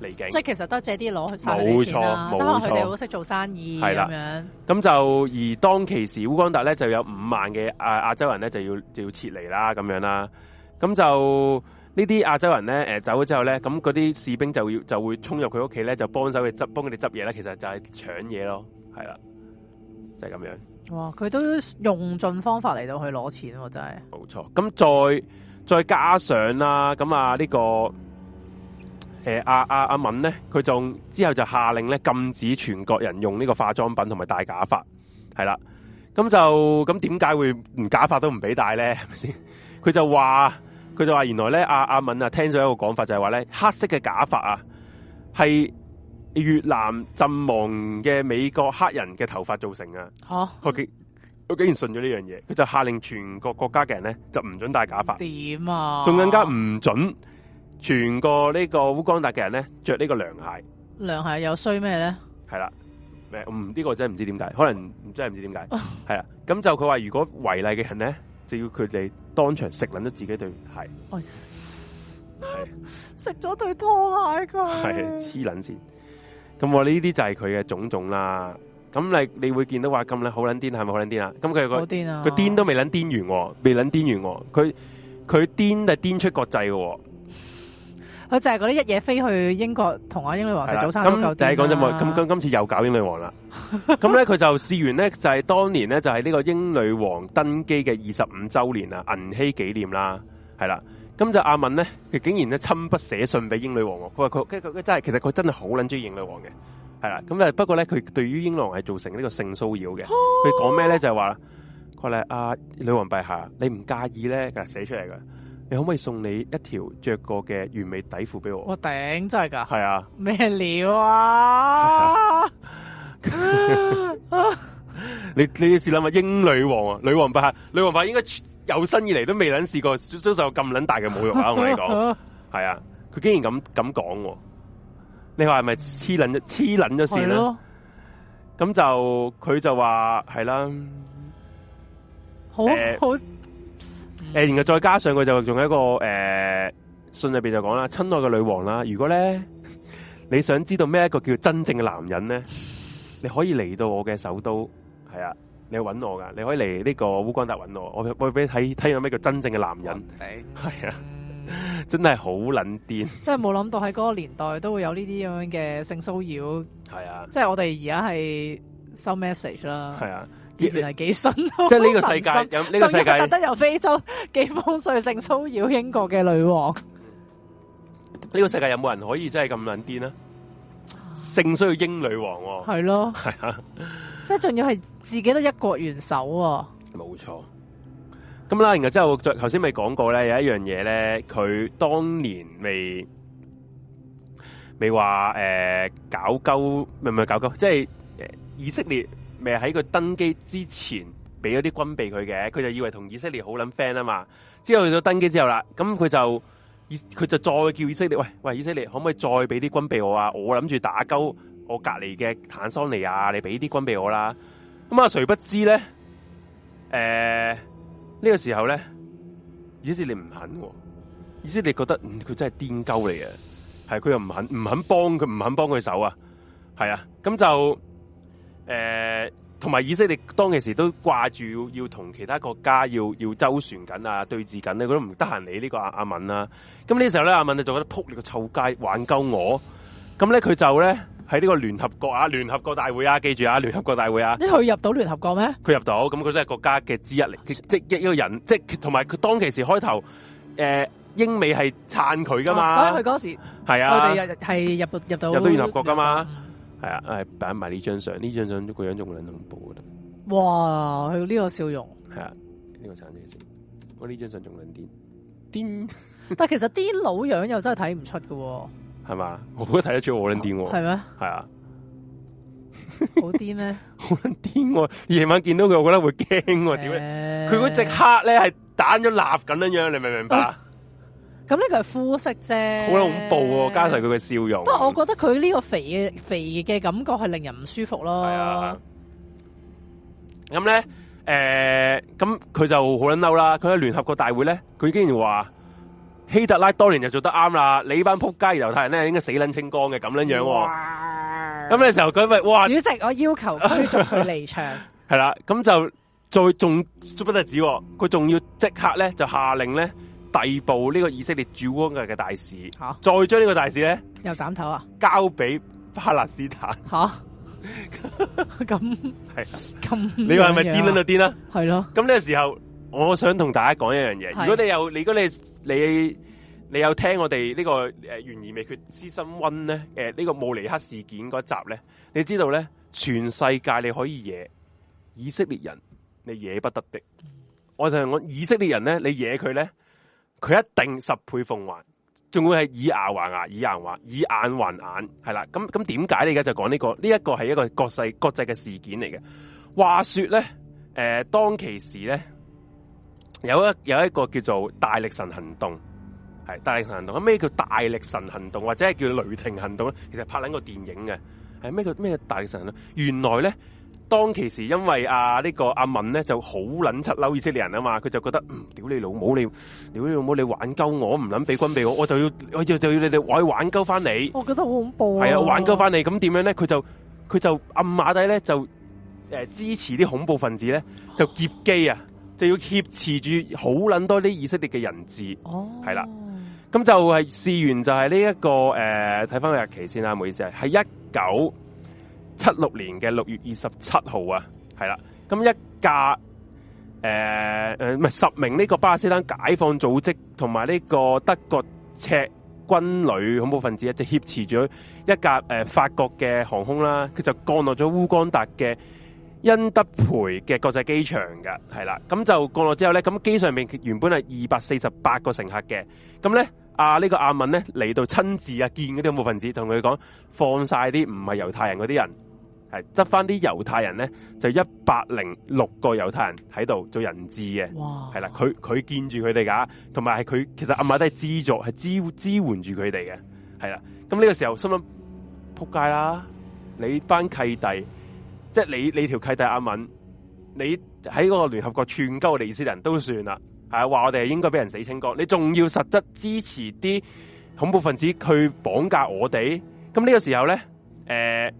嚟嘅，即係其實都借啲攞去啲錢啦、啊,即係佢哋好識做生意咁樣。咁就而當其時烏干達咧就有五萬嘅啊亞洲人咧就要就要撤離啦，咁樣啦。咁就呢啲亞洲人咧誒、呃、走咗之後咧，咁嗰啲士兵就要就會衝入佢屋企咧，就幫手去執幫佢哋執嘢啦。其實就係搶嘢咯，係啦，就係、是、咁樣。哇！佢都用盡方法嚟到去攞錢喎、啊,就係、是。冇錯，咁再。再加上啦，咁啊、這個欸、啊，啊呢個誒阿阿阿敏咧，佢仲之後就下令咧禁止全國人用呢個化妝品同埋戴假髮，係啦，咁就咁點解會連假髮都唔俾戴咧？係咪先？佢就話佢就話原來咧阿阿敏啊，啊，敏啊聽咗一個講法就係話咧黑色嘅假髮啊係越南陣亡嘅美國黑人嘅頭髮造成啊吓。Oh. Okay. 佢竟然信咗呢樣嘢，佢就下令全國國家嘅人咧就唔准戴假髮。點啊？仲更加唔准全個呢個烏干達嘅人咧着呢個涼鞋。涼鞋又衰咩咧？係、嗯、啦，咩唔呢個真係唔知點解，可能唔真係唔知點解。係啦唉，咁就佢話如果違例嘅人咧，就要佢哋當場食捻咗自己對鞋。係食咗對拖鞋噶，係黐捻線。咁我呢啲就係佢嘅種種啦。咁你你會見到話咁咧好捻癲，係咪好捻癲啊？咁佢佢癲都未捻癲完，未捻癲完，佢佢癲就癲出國際嘅，佢就係嗰啲一夜飛去英國同阿英女王食的早餐嗰講，咁今今次又搞英女王啦。咁咧佢就試完呢，就係、是、當年呢，就係、是、呢個英女王登基嘅二十五周年啦，銀禧紀念啦，係啦。咁就阿敏呢，佢竟然呢親筆寫信俾英女王，佢話佢佢真係，其實佢真係好捻中意英女王嘅。係啦，咁誒、啊，不過咧，佢對於英郎係造成呢個性騷擾嘅。佢講咩咧？就係、係、話，佢話阿女王陛下，你唔介意咧？佢寫出嚟嘅，你可唔可以送你一條着過嘅完美底褲俾我？我頂真係噶，係啊，咩料啊？你你試諗下，英女王啊，女王陛下，女王陛下應該有生以嚟都未捻試過遭受咁捻大嘅侮辱啊！我同 你講，係啊，佢竟然咁咁講。你話係咪黐捻咗痴捻咗線啦？咁對了 就佢就話係啦，好好。誒、呃好呃，然後再加上佢就仲有一個誒、呃、信入邊就講啦，親愛嘅女王啦，如果咧你想知道咩一個叫真正嘅男人咧，你可以嚟到我嘅首都，係啊，你去搵我噶，你可以嚟呢個烏干達搵我，我我俾你睇睇下咩叫真正嘅男人，係 Okay. 啊。真係好撚癲，即係冇諗到喺嗰個年代都會有呢啲咁樣嘅性騷擾。係啊，即係我哋而家係收 message 啦。係啊，以前係寄信，是啊、即係呢個世界，呢個世界得得由非洲寄封信性騷擾英國嘅女王。呢個世界有冇人可以真係咁撚癲啊？性需要英女王，係咯，係啊，即係仲要係自己得一國元首，冇錯。咁啦，然後之後再頭先咪講過咧，有一樣嘢咧，佢當年未未話誒、呃、搞鳩，唔唔係搞鳩，即係誒以色列未喺佢登基之前俾咗啲軍備佢嘅，佢就以為同以色列好捻 friend 啊嘛。之後去到登基之後啦，咁佢就意佢就再叫以色列，喂喂，以色列可唔可以再俾啲軍備我啊？我諗住打鳩我隔籬嘅坦桑尼亞，你俾啲軍備我啦。咁、嗯、啊，誰不知咧？誒、呃。呢個時候咧，以色列唔肯，以色列覺得佢真係癲鳩嚟啊，係佢又唔肯唔肯幫佢，唔肯幫佢手啊，係啊，咁就誒，同埋以色列當其時都掛住要同其他國家要要周旋緊，這個，啊，對峙緊咧，佢都唔得閒理呢個阿阿敏啦，咁呢時候咧，阿敏就覺得撲你個臭街，玩鳩我，咁咧佢就咧。喺呢個聯合國啊，聯合國大會啊，記住啊，聯合國大會啊，你佢入到聯合國咩？佢入到，咁佢都係國家嘅之一嚟。嗯、即一個人，即同埋佢當其時開頭，誒、呃，英美係撐佢噶嘛、哦。所以佢嗰時係啊，佢哋係入入到入到聯合國噶嘛。係啊，擺埋呢張相，呢張相個樣仲令人恐怖。哇，佢呢個笑容係啊，呢、這個撐起先，我呢張相仲令癲癲。但其實癲佬樣又真係睇唔出噶。.係嘛，我都睇得出我捻癲，係咩？係啊，好癲咩？好捻癲！夜晚見到佢，我覺得會驚、啊。點咧、呃？佢隻黑咧係彈咗蠟咁樣樣，你明唔明白嗎？咁呢個係膚色啫，好恐怖喎！加上佢嘅笑容。不過我覺得佢呢個肥嘅肥嘅感覺係令人唔舒服咯、嗯。係 啊。咁咧，誒、呃，咁、嗯、佢就好捻嬲啦。佢喺聯合國大會咧，佢竟然話。希特拉當年就做得啱啦，你班扑街猶太人咧，應該死捻清光嘅咁樣樣喎。咁呢時候佢咪哇！主席，我要求驅逐佢離場。係啦，咁就再仲出不得止，佢仲要即刻咧就下令咧，逮捕呢個以色列駐烏格嘅大使。吓，再將呢個大使咧又斬頭啊！交俾巴勒斯坦。吓，咁係咁，你話係咪癲撚到癲啊？係咯，咁呢個時候。我想同大家講一樣嘢的。如果你有，如果你你你有聽我哋呢、這個誒懸、呃、疑未決、season one 咧？誒，呢個慕尼克事件嗰集咧，你知道咧，全世界你可以惹以色列人，你惹不得的。我就係我以色列人咧，你惹佢咧，佢一定十倍奉還，仲會係以牙還牙、以牙還以眼還眼，係啦。咁咁點解，你而家就講呢、這個呢一、這個係一個國際國際嘅事件嚟嘅。話說咧，誒、呃，當其時咧。有一有一個叫做大力神行動，係大力神行動。咩叫大力神行動或者叫雷霆行動咧？其實拍緊個電影嘅咩叫咩大力神咧？原來咧，當其時因為啊、呢個、啊文呢個阿敏咧就好撚七嬲以色列人啊嘛，佢就覺得、嗯、屌你老母你，屌你老母你玩鳩我唔撚俾軍備我，我就要我就要我就要你哋我去玩鳩翻你。我覺得好恐怖，啊。係啊，玩鳩翻你咁點樣咧？佢就佢就暗馬底咧就、呃、支持啲恐怖分子咧就劫機啊！就要挾持住好捻多啲以色列嘅人質，係啦、哦，咁就係事緣、這個，就係呢一個誒，睇翻個日期先啦，唔好意思，係一九七六年嘅六月二十七號啊，係啦，咁一架誒誒唔係十名呢個巴勒斯坦解放組織同埋呢個德國赤軍旅恐怖分子，就挾持咗一架誒、呃、法國嘅航空啦，佢就降落咗烏干達嘅。恩德培嘅國際機場㗎，係啦，咁就降落之後咧，咁機上面原本係二百四十八個乘客嘅，咁咧，阿、啊、呢、呢個阿敏咧嚟到親自啊見嗰啲恐怖分子，同佢講放曬啲唔係猶太人嗰啲人，係執翻啲猶太人咧，就一百零六個猶太人喺度做人質嘅，係啦哇，佢佢見住佢哋噶，同埋係佢其實阿敏都係資助，係支支援住佢哋嘅，係啦，咁呢個時候心諗撲街啦，你班契弟。即係你你條，契弟阿敏，你喺個聯合國串鳩利斯人都算啦，係、啊、話我哋係應該俾人死清光，你仲要實質支持啲恐怖分子去綁架我哋，咁呢個時候咧，誒、呃、誒、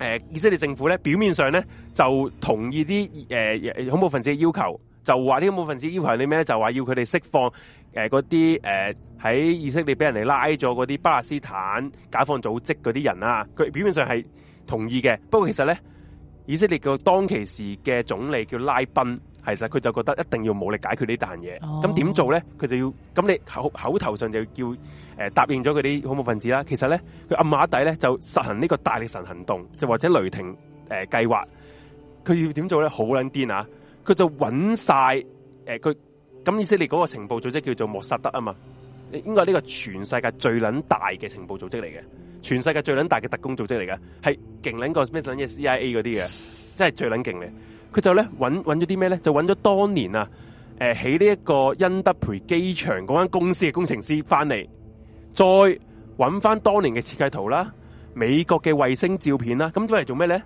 呃、以色列政府咧表面上咧就同意啲誒、呃、恐怖分子嘅要求，就話啲恐怖分子要求你咩呢？就話要佢哋釋放誒嗰啲誒喺以色列俾人哋拉咗嗰啲巴勒斯坦解放組織嗰啲人啊，佢表面上係。同意嘅，不過其實咧，以色列叫當其時嘅總理叫拉賓，其實佢就覺得一定要武力解決，哦、呢單嘢。咁點做咧？佢就要咁你口口頭上就要叫誒、呃、答應咗佢啲恐怖分子啦。其實咧，佢暗馬底咧就實行呢個大力神行動，就或者雷霆、誒、呃、計劃。佢要點做咧？好撚癲啊！佢就揾晒誒，佢、呃、咁以色列嗰個情報組織叫做莫薩德啊嘛，應該呢個全世界最撚大嘅情報組織嚟嘅。全世界最撚大嘅特工組織嚟㗎，係勁撚個咩等嘅 CIA 嗰啲嘅，真係最撚勁嘅。佢就咧揾揾咗啲咩咧？就揾咗當年啊！誒，起呢一個恩德培機場嗰間公司嘅工程師翻嚟，再揾翻當年嘅設計圖啦、美國嘅衛星照片啦，咁、啊、做嚟做咩咧？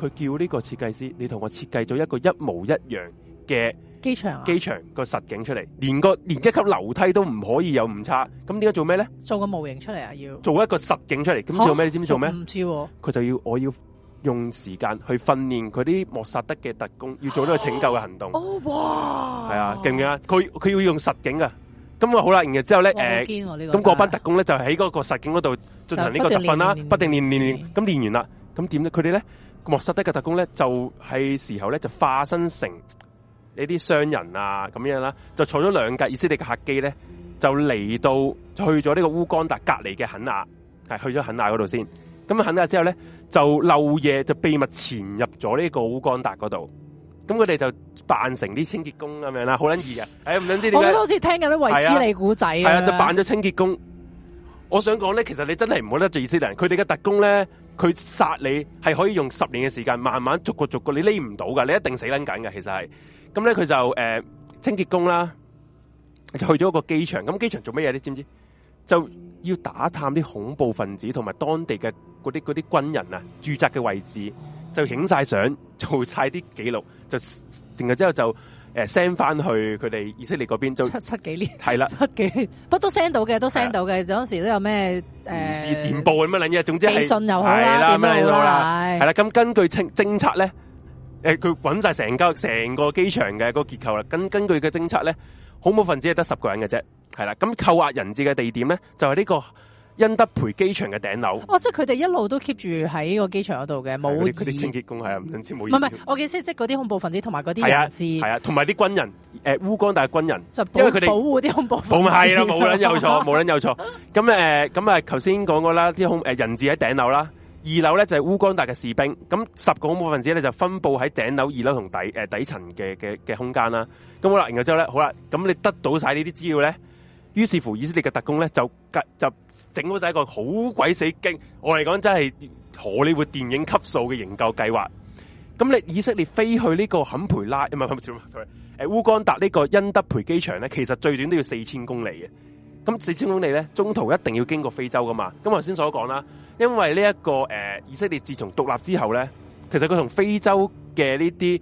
佢叫呢個設計師，你同我設計咗一個一模一樣。嘅機場啊，機場個實景出嚟，連個連一級樓梯都唔可以有誤差，咁點解做咩咧？做個模型出嚟啊，要做一個實景出嚟，咁做咩？你知唔知做咩？唔知，佢就要我要用時間去訓練佢啲莫薩德嘅特工，要做呢個拯救嘅行動。哦哇，係啊，記唔記得啊？佢佢要用實景噶，咁啊好啦，然之後咧，誒，咁嗰班特工咧就喺嗰個實景嗰度進行呢個特訓啦，不定練練練，咁練完啦，咁點咧？佢哋咧莫薩德嘅特工咧就係時候咧就化身成。呢啲商人啊，咁樣啦，就坐咗兩架以色列嘅客機咧，就嚟到去咗呢個烏干達隔離嘅肯亞，係去咗肯亞嗰度先。咁肯亞之後咧，就漏夜就秘密潛入咗呢個烏干達嗰度。咁佢哋就扮成啲清潔工咁樣啦，好捻易嘅、啊。誒、哎，唔想知點。我覺得好似聽緊啲維斯利古仔咁樣。係啊,啊，就扮咗清潔工。我想講咧，其實你真係唔好得罪以色列人。佢哋嘅特工咧，佢殺你係可以用十年嘅時間，慢慢逐個逐個你匿唔到噶，你一定死捻緊嘅。其實係。咁咧佢就誒、呃、清潔工啦，就去咗一個機場。咁機場做乜嘢？你知唔知？就要打探啲恐怖分子同埋當地嘅嗰啲嗰啲軍人啊，住宅嘅位置，就影晒相，做晒啲記錄，就然後之後就誒 send 翻去佢哋以色列嗰邊，就七七幾年係啦，了七幾不都 send 到嘅，都 send 到嘅。嗰陣了時都有咩誒電報咁樣撚嘢，呃、總之係係啦，了電啦報，係啦。咁根據清偵察呢。咧。誒，佢滾晒成間、成個機場嘅個結構啦。根根據嘅偵策咧，恐怖分子係得十個人嘅啫，係啦。咁扣押人質嘅地點咧，就係、是、呢個恩德培機場嘅頂樓。哦，即係佢哋一路都 keep 住喺個機場嗰度嘅，冇。佢哋清潔工係啊，唔知冇。唔係，我嘅意思即係嗰啲恐怖分子同埋嗰啲人質，係啊，同埋啲軍人。誒，烏干達軍人就保因為佢哋保護啲恐怖分子係啦，冇、 嗯嗯嗯嗯、人有錯，冇人有錯。咁誒，咁啊，頭先講過啦，啲誒人質喺頂樓啦。二樓咧就係烏干達嘅士兵，咁十個恐怖分子咧就分布喺頂樓、二樓同底誒底層嘅嘅嘅空間啦。咁好啦，然後之後咧，好啦，咁你得到晒呢啲資料咧，於是乎以色列嘅特工咧就就整好晒一個好鬼死驚，我嚟講真係荷里活電影級數嘅營救計劃。咁你以色列飛去呢個坎培拉唔咪坎培誒烏干達呢個恩德培機場咧，其實最短都要四千公里嘅。咁四千公里咧，中途一定要經過非洲噶嘛。咁頭先所講啦，因為呢、這、一個誒、呃，以色列自從獨立之後咧，其實佢同非洲嘅呢啲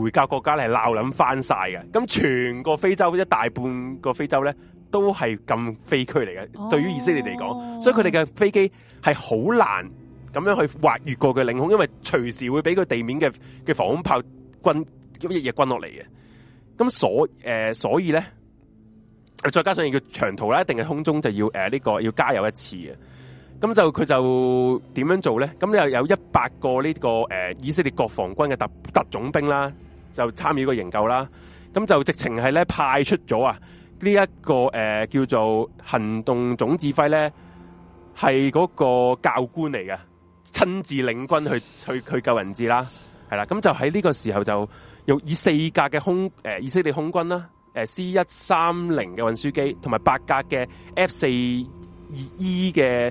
回教國家咧鬧諗翻曬嘅。咁全個非洲一大半個非洲咧，都係禁飛區嚟嘅。哦、對於以色列嚟講，所以佢哋嘅飛機係好難咁樣去跨越過嘅領空，因為隨時會俾個地面嘅嘅防空炮轟日日夜轟落嚟嘅。咁所誒、呃，所以咧。再加上要長途一定係空中就要誒呢、呃這個要加油一次嘅。咁就佢就點樣做咧？咁又有一百個呢、這個誒、呃、以色列國防軍嘅特特種兵啦，就參與個營救啦。咁就直情係咧，派出咗啊呢一個誒、呃、叫做行動總指揮咧，係嗰個教官嚟嘅，親自領軍去去去救人質啦。係啦，咁就喺呢個時候就用以四架嘅空誒、呃、以色列空軍啦。誒，C 一三零嘅運輸機，同埋八架嘅 F 四 E 嘅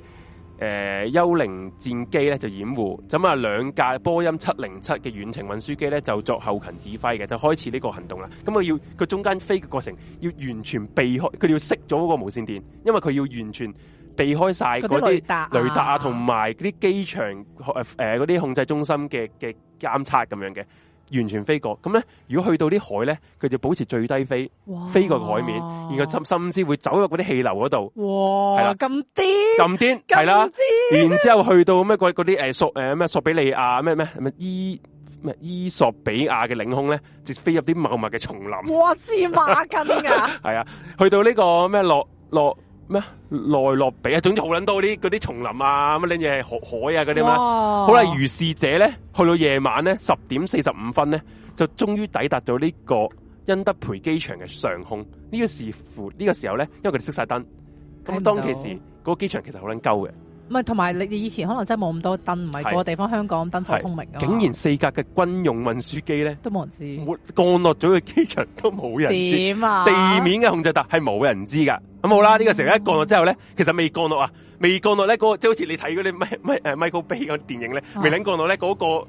誒幽靈戰機咧就掩護，咁啊兩架波音七零七嘅遠程運輸機咧就作後勤指揮嘅，就開始呢個行動啦。咁佢要佢中間飛嘅過程要完全避開，佢要熄咗嗰個無線電，因為佢要完全避開晒嗰啲雷達同埋嗰啲機場誒誒嗰啲控制中心嘅嘅監測咁樣嘅。完全飛過咁咧，如果去到啲海咧，佢就保持最低飛，哇飛過海面，然後甚甚至會走入嗰啲氣流嗰度。哇！係啦，咁癲，咁癲，係啦，然之後去到咩嗰嗰啲索咩索比利亞咩咩咩伊咩伊索比亞嘅領空咧，直飛入啲茂密嘅叢林。哇！似馬近㗎、啊，係啊， 去到呢、呢個咩落。落咩？內羅比啊，總之好捻多啲嗰啲叢林啊，乜靚嘢海啊嗰啲咩？好啦，如是者咧，去到夜晚咧，十點四十五分咧，就終於抵達咗呢個恩德培機場嘅上空。呢個時乎呢個時候咧，因為佢哋熄晒燈。咁當其時，嗰個機場其實好捻鳩嘅。唔係，同埋你以前可能真係冇咁多燈，唔係嗰個地方香港燈火通明啊。竟然四架嘅軍用運輸機咧，都冇人知，降落咗嘅機場都冇人知。點啊？地面嘅控制塔係冇人知噶。咁好啦，呢個時候一降落之後咧，其實未降落、那個、過啊，未降落咧，個即係好似你睇嗰啲誒 Michael Bay 啲電影咧，未撚降落咧，嗰個誒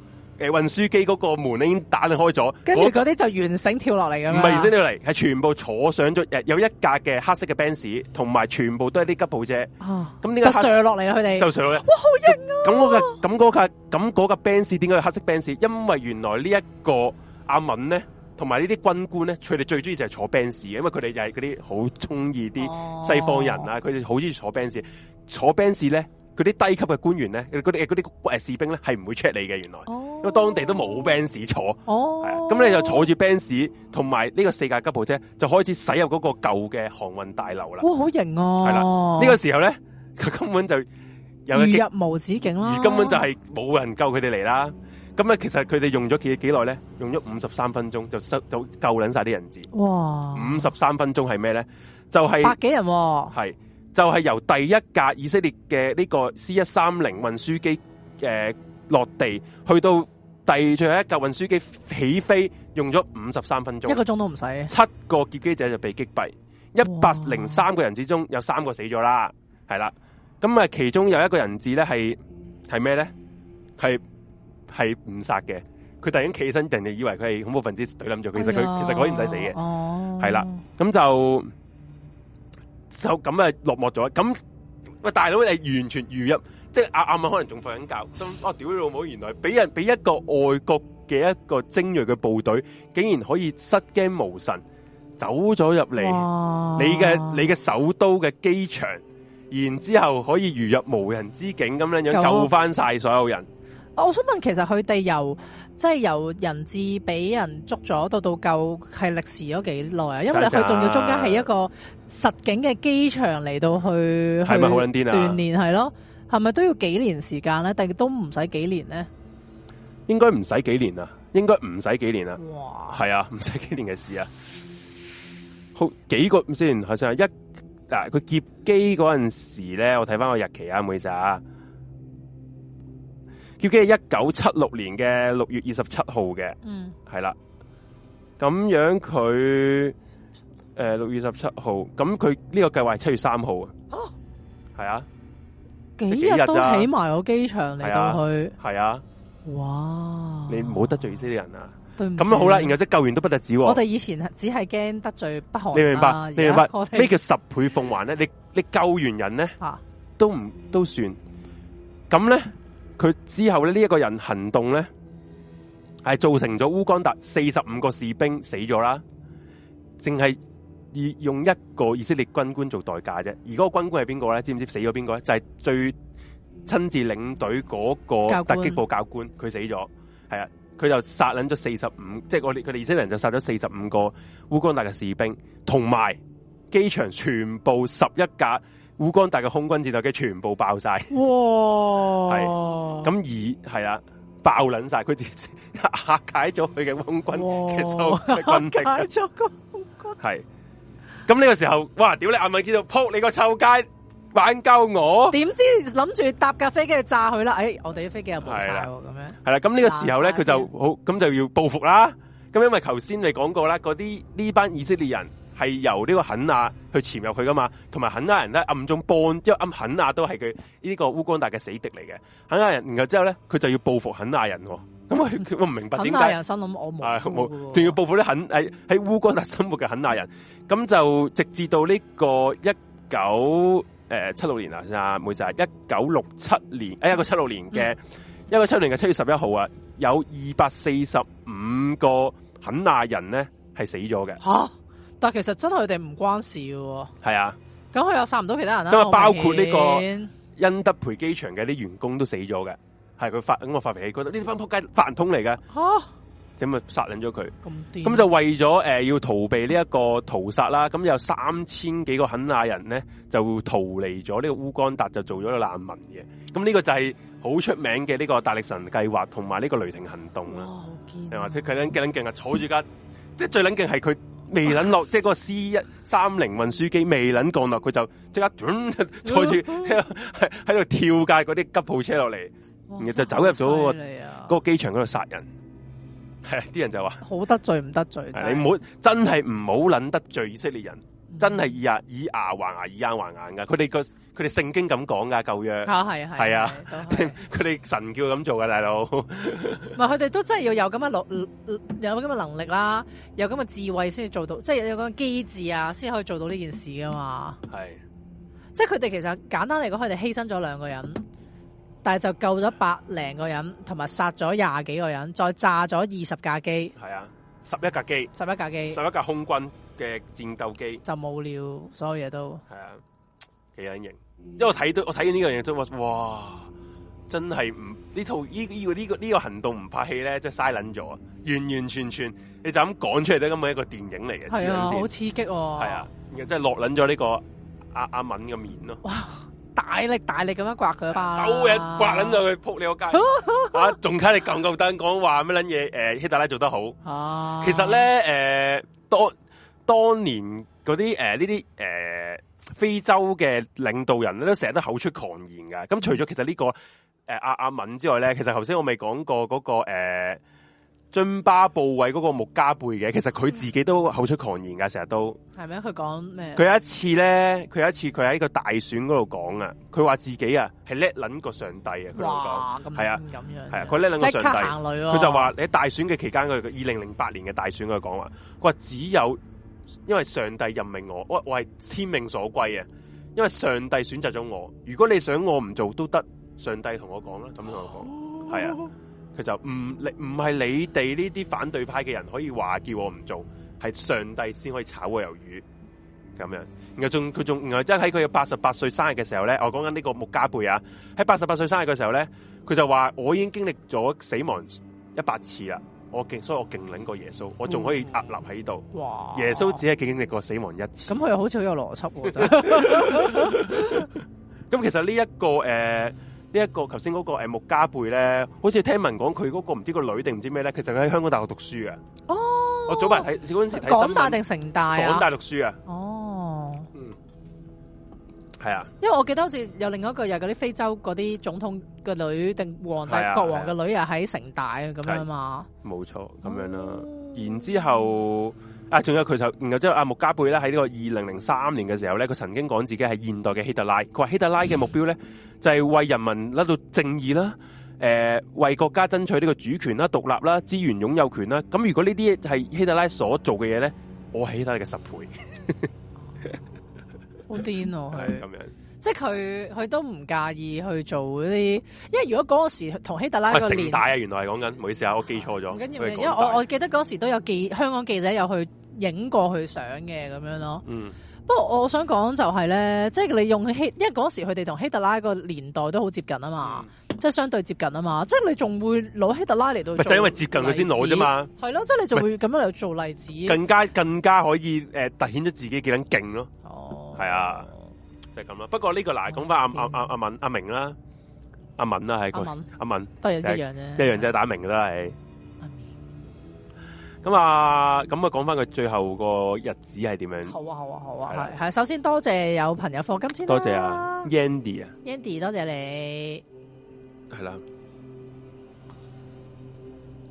運輸機嗰個門咧已經打開咗，跟住嗰啲就完成跳落嚟噶，唔係完成跳落嚟，係全部坐上咗誒有一格嘅黑色嘅 Benz 同埋全部都係啲吉普車，哦，咁呢就上落嚟啦，佢哋就上落嚟，哇、哦，好型啊！咁嗰架咁嗰架咁嗰架 Benz 點解係黑色 Benz？因為原來呢一個阿敏咧。同埋呢啲軍官咧，佢哋最中意就係坐奔士嘅，因為佢哋又係嗰啲好中意啲西方人啊，佢哋好中意坐奔士，坐奔士咧，佢啲低級嘅官員咧，嗰啲嗰啲士兵咧，係唔會 check 你嘅。原來，oh. 因為當地都冇奔士坐，咁、oh. 你就坐住奔士，同埋呢個四架吉普車，就開始駛入嗰個舊嘅航運大樓啦。哇、oh, 啊，好型哦！係啦，呢個時候咧，根本就有入無止境啦，而根本就係冇人救佢哋嚟啦。咁啊，其實佢哋用咗幾幾耐咧？用咗五十三分鐘就收就夠捻晒啲人質。哇！五十三分鐘係咩咧？就係、是、百幾人、哦。係就係、是、由第一架以色列嘅呢個 C 一三零運輸機誒落地，去到最後一架運輸機起飛，用咗五十三分鐘，一個鐘都唔使。七個劫機者就被擊斃，一百零三個人之中有三個死咗啦，係啦。咁啊，其中有一個人質咧係係咩咧？係係誤殺嘅，佢突然間企身，定定，以為佢係恐怖分子懟冧咗，其實佢其實可以唔使死嘅，係啦、哎呀，咁就就咁啊落幕咗。咁喂大佬，你完全如入，即係阿啱啱可能仲瞓緊覺，心哦、啊，屌你老母，原來俾人俾一個外國嘅一個精銳嘅部隊，竟然可以失驚無神走咗入嚟，你嘅你嘅首都嘅機場，然之後可以如入無人之境咁樣樣救翻晒所有人。我想問，其實佢哋由即係由人質俾人捉咗到到夠係歷時咗幾耐啊？因為佢仲要中間係一個實景嘅機場嚟到去係咪好捻癲啊？是是鍛煉係咯，係咪都要幾年時間咧？定都唔使幾年咧？應該唔使幾年哇啊？應該唔使幾年啊？哇！係啊，唔使幾年嘅事啊！好幾個先，係咪先？一嗱，佢劫機嗰陣時咧，我睇翻個日期啊，唔好意思啊。叫佢一九七六年嘅六月二十七號嘅，嗯，係啦，咁樣佢誒六月二十七號，咁佢呢個計劃係七月三號啊，係啊的，幾日都起埋個機場嚟到去，係啊，哇，你唔好得罪呢啲人啊，咁好啦，然後即救援都不得止，啊，我哋以前只係驚得罪北韓，啊，你明白，你明白咩叫十倍奉還咧？你你救完人咧，啊，都唔都算，咁咧。佢之後咧呢一，這個人行動咧，係造成咗烏干達四十五個士兵死咗啦，淨係用一個以色列軍官做代價啫。而嗰個軍官係邊個咧？知唔知道死咗邊個咧？就係，是，最親自領隊嗰個突擊部教官，佢死咗。係啊，佢就殺撚咗四十五，即係我哋佢哋以色列人就殺咗四十五個烏干達嘅士兵，同埋機場全部十一架。烏干達嘅空軍戰鬥機全部爆晒，哇！係咁而係啦，爆捻晒佢拆解咗佢嘅空軍嘅臭哇、啊啊、空軍、啊啊，解空軍。係咁呢個時候，哇！屌你係咪叫做扑你個臭街玩鳩我，點知諗住搭架飛機去炸佢啦？誒、哎，我哋啲飛機又冇晒喎，咁的樣係啦。咁呢個時候咧，佢冷就好咁就要報復啦。咁因為頭先你講過啦，嗰啲呢班以色列人。係由呢個肯亞去潛入佢噶嘛，同埋肯亞人咧暗中幫，因為暗肯亞都係佢呢個烏干達嘅死敵嚟嘅肯亞人。然後之後咧，佢就要報復肯亞人。咁我唔明白點解肯亞人心諗我冇，仲要報復啲肯喺喺烏干達生活嘅肯亞人。咁就直至到個、哎嗯、個呢個一九誒七六年啊，阿妹仔，一九六七年誒一個七六年嘅一個七六年嘅七月十一號啊，有二百四十五個肯亞人咧係死咗嘅。但其實真係佢哋唔關事嘅，係啊，咁佢又殺唔到其他人啦。因為，包括呢個恩德培機場嘅啲員工都死咗嘅，係佢發咁我發脾氣，覺得呢啲番撲街犯人通嚟嘅，吓、啊，咁咪殺捻咗佢。咁咁就為咗誒、呃、要逃避呢一個屠殺啦，咁有三千幾個肯亞人咧就逃離咗呢個烏干達，就做咗個難民嘅。咁呢個就係好出名嘅呢個大力神計劃同埋呢個雷霆行動啦。或者佢諗幾捻勁啊，坐住架，即係 最捻勁係佢。未撚落， 即係個 C 一三零運輸機未撚降落，佢就即刻坐住喺度跳介嗰啲吉普車落嚟，哇然後就走入咗嗰個機場嗰度殺人，係，啲、啊、人就話好得罪唔得罪，真你唔好真係唔好撚得罪以色列人。真係以牙、啊、以牙還牙，以眼還眼噶。佢哋個佢哋聖經咁講噶舊約。係係啊！佢哋、啊、是神叫佢咁做噶，大佬。唔係佢哋都真係要有咁嘅能有咁嘅能力啦，有咁嘅智慧先至做到，即係有咁嘅機智啊，先可以做到呢件事噶嘛。係是。即係佢哋其實簡單嚟講，佢哋犧牲咗兩個人，但係就救咗百零個人，同埋殺咗廿幾個人，再炸咗二十架機。係啊，十一架機。十一架機。十一架空軍。嘅戰鬥機就冇料，所有嘢都係啊，幾隱形，嗯、因為我睇到我睇見呢樣嘢，真我哇，真係唔呢套依依、這個呢、這個呢、這個這個行動唔拍戲咧，即係嘥捻咗，完完全全你就咁講出嚟都根本一個電影嚟嘅，係啊，好先刺激、啊，係啊，真係落捻咗呢個阿阿、啊、敏嘅面咯，哇，大力大力咁樣刮佢，狗日、啊、刮捻咗佢扑你個街， 啊、仲睇你夠唔夠膽講話咩捻嘢？誒、呃，希特拉做得好、啊、其實咧誒、呃、多。當年嗰啲誒呢啲誒非洲嘅領導人咧，都成日都口出狂言㗎。咁、嗯嗯、除咗其實呢、呢個誒阿、呃、阿敏之外咧，其實頭先我未講過嗰、嗰個誒、呃、津巴布韋嗰個穆加貝嘅。其實佢自己都口出狂言㗎，成日都係咩？佢講咩？佢有一次咧，佢有一次佢喺個大選嗰度講啊，佢話自己啊係叻撚過上帝啊。哇！咁係啊，咁樣係啊，佢叻撚過上帝。佢、哦、就話你喺大選嘅期間，佢二零零八年嘅大選度，佢講話佢話只有。因為上帝任命我，喂，我係天命所歸啊！因為上帝選擇咗我。如果你想我唔做都得，上帝同我講啦，咁同我講係啊，佢、oh. 就唔唔係你哋呢啲反對派嘅人可以話叫我唔做，係上帝先可以炒我魷魚咁樣。然後仲佢仲然後真係喺佢嘅八十八歲生日嘅時候咧，我講緊呢個穆加貝啊，喺八十八歲生日嘅時候咧，佢就話我已經經歷咗死亡一百次啦。我勁，所以我勁，拎過耶穌，我仲可以屹立喺度，嗯。哇！耶穌只係經歷過死亡一次。咁佢又好似好有邏輯喎。咁其實，這個呃這個那個，呢一個誒，呢一個頭先嗰個誒穆加貝咧，好似聽聞講佢嗰個唔知個女定唔知咩咧，其實佢喺香港大學讀書嘅。哦。我早排睇，早嗰陣時睇新聞。港大定城大啊？港大讀書，哦嗯，啊？哦。嗯。係啊。因為我記得好似有另一個有嗰啲非洲嗰啲總統。個女定皇帝國王嘅女又喺城大啊，咁樣嘛，冇錯咁樣啦。然之後啊，仲有佢就，然後之後阿穆加貝咧喺呢個二零零三年嘅時候咧，佢曾經講自己係現代嘅希特拉。佢話希特拉嘅目標咧 就係為人民得到正義啦，誒、呃、為國家爭取呢個主權啦、獨立啦、資源擁有權啦。咁如果呢啲係希特拉所做嘅嘢咧，我希特拉嘅十倍， 好癲啊佢。 即係佢佢都唔介意去做嗰啲，因為如果嗰個時同希特拉個年代啊，原來係講緊，唔好意思啊，我記錯咗。唔緊要，因為，因為我我記得嗰時都有記香港記者有去影過去相嘅咁樣咯。嗯。不過我想講就係、是、咧，即係你用希，因為嗰時佢哋同希特拉個年代都好接近啊嘛，嗯、即係相對接近啊嘛，即係你仲會攞希特拉嚟到，就係因為接近佢先攞啫嘛。係咯，即係你仲會咁樣嚟做例子。更加更加可以誒、呃、突顯咗自己幾撚勁咯。哦。係啊。咁啦，不過呢個嗱，講翻阿、啊、阿阿阿敏阿明啦，阿敏啦喺個阿敏，阿敏都係一樣啫，一樣就係的打明噶啦，係。咁啊，咁啊，講翻佢最後個日子係點樣？好啊，好啊，好啊的，係係，首先多謝，謝有朋友課金先，多謝，謝啊，Yandy 啊，Yandy 多謝你，係啦。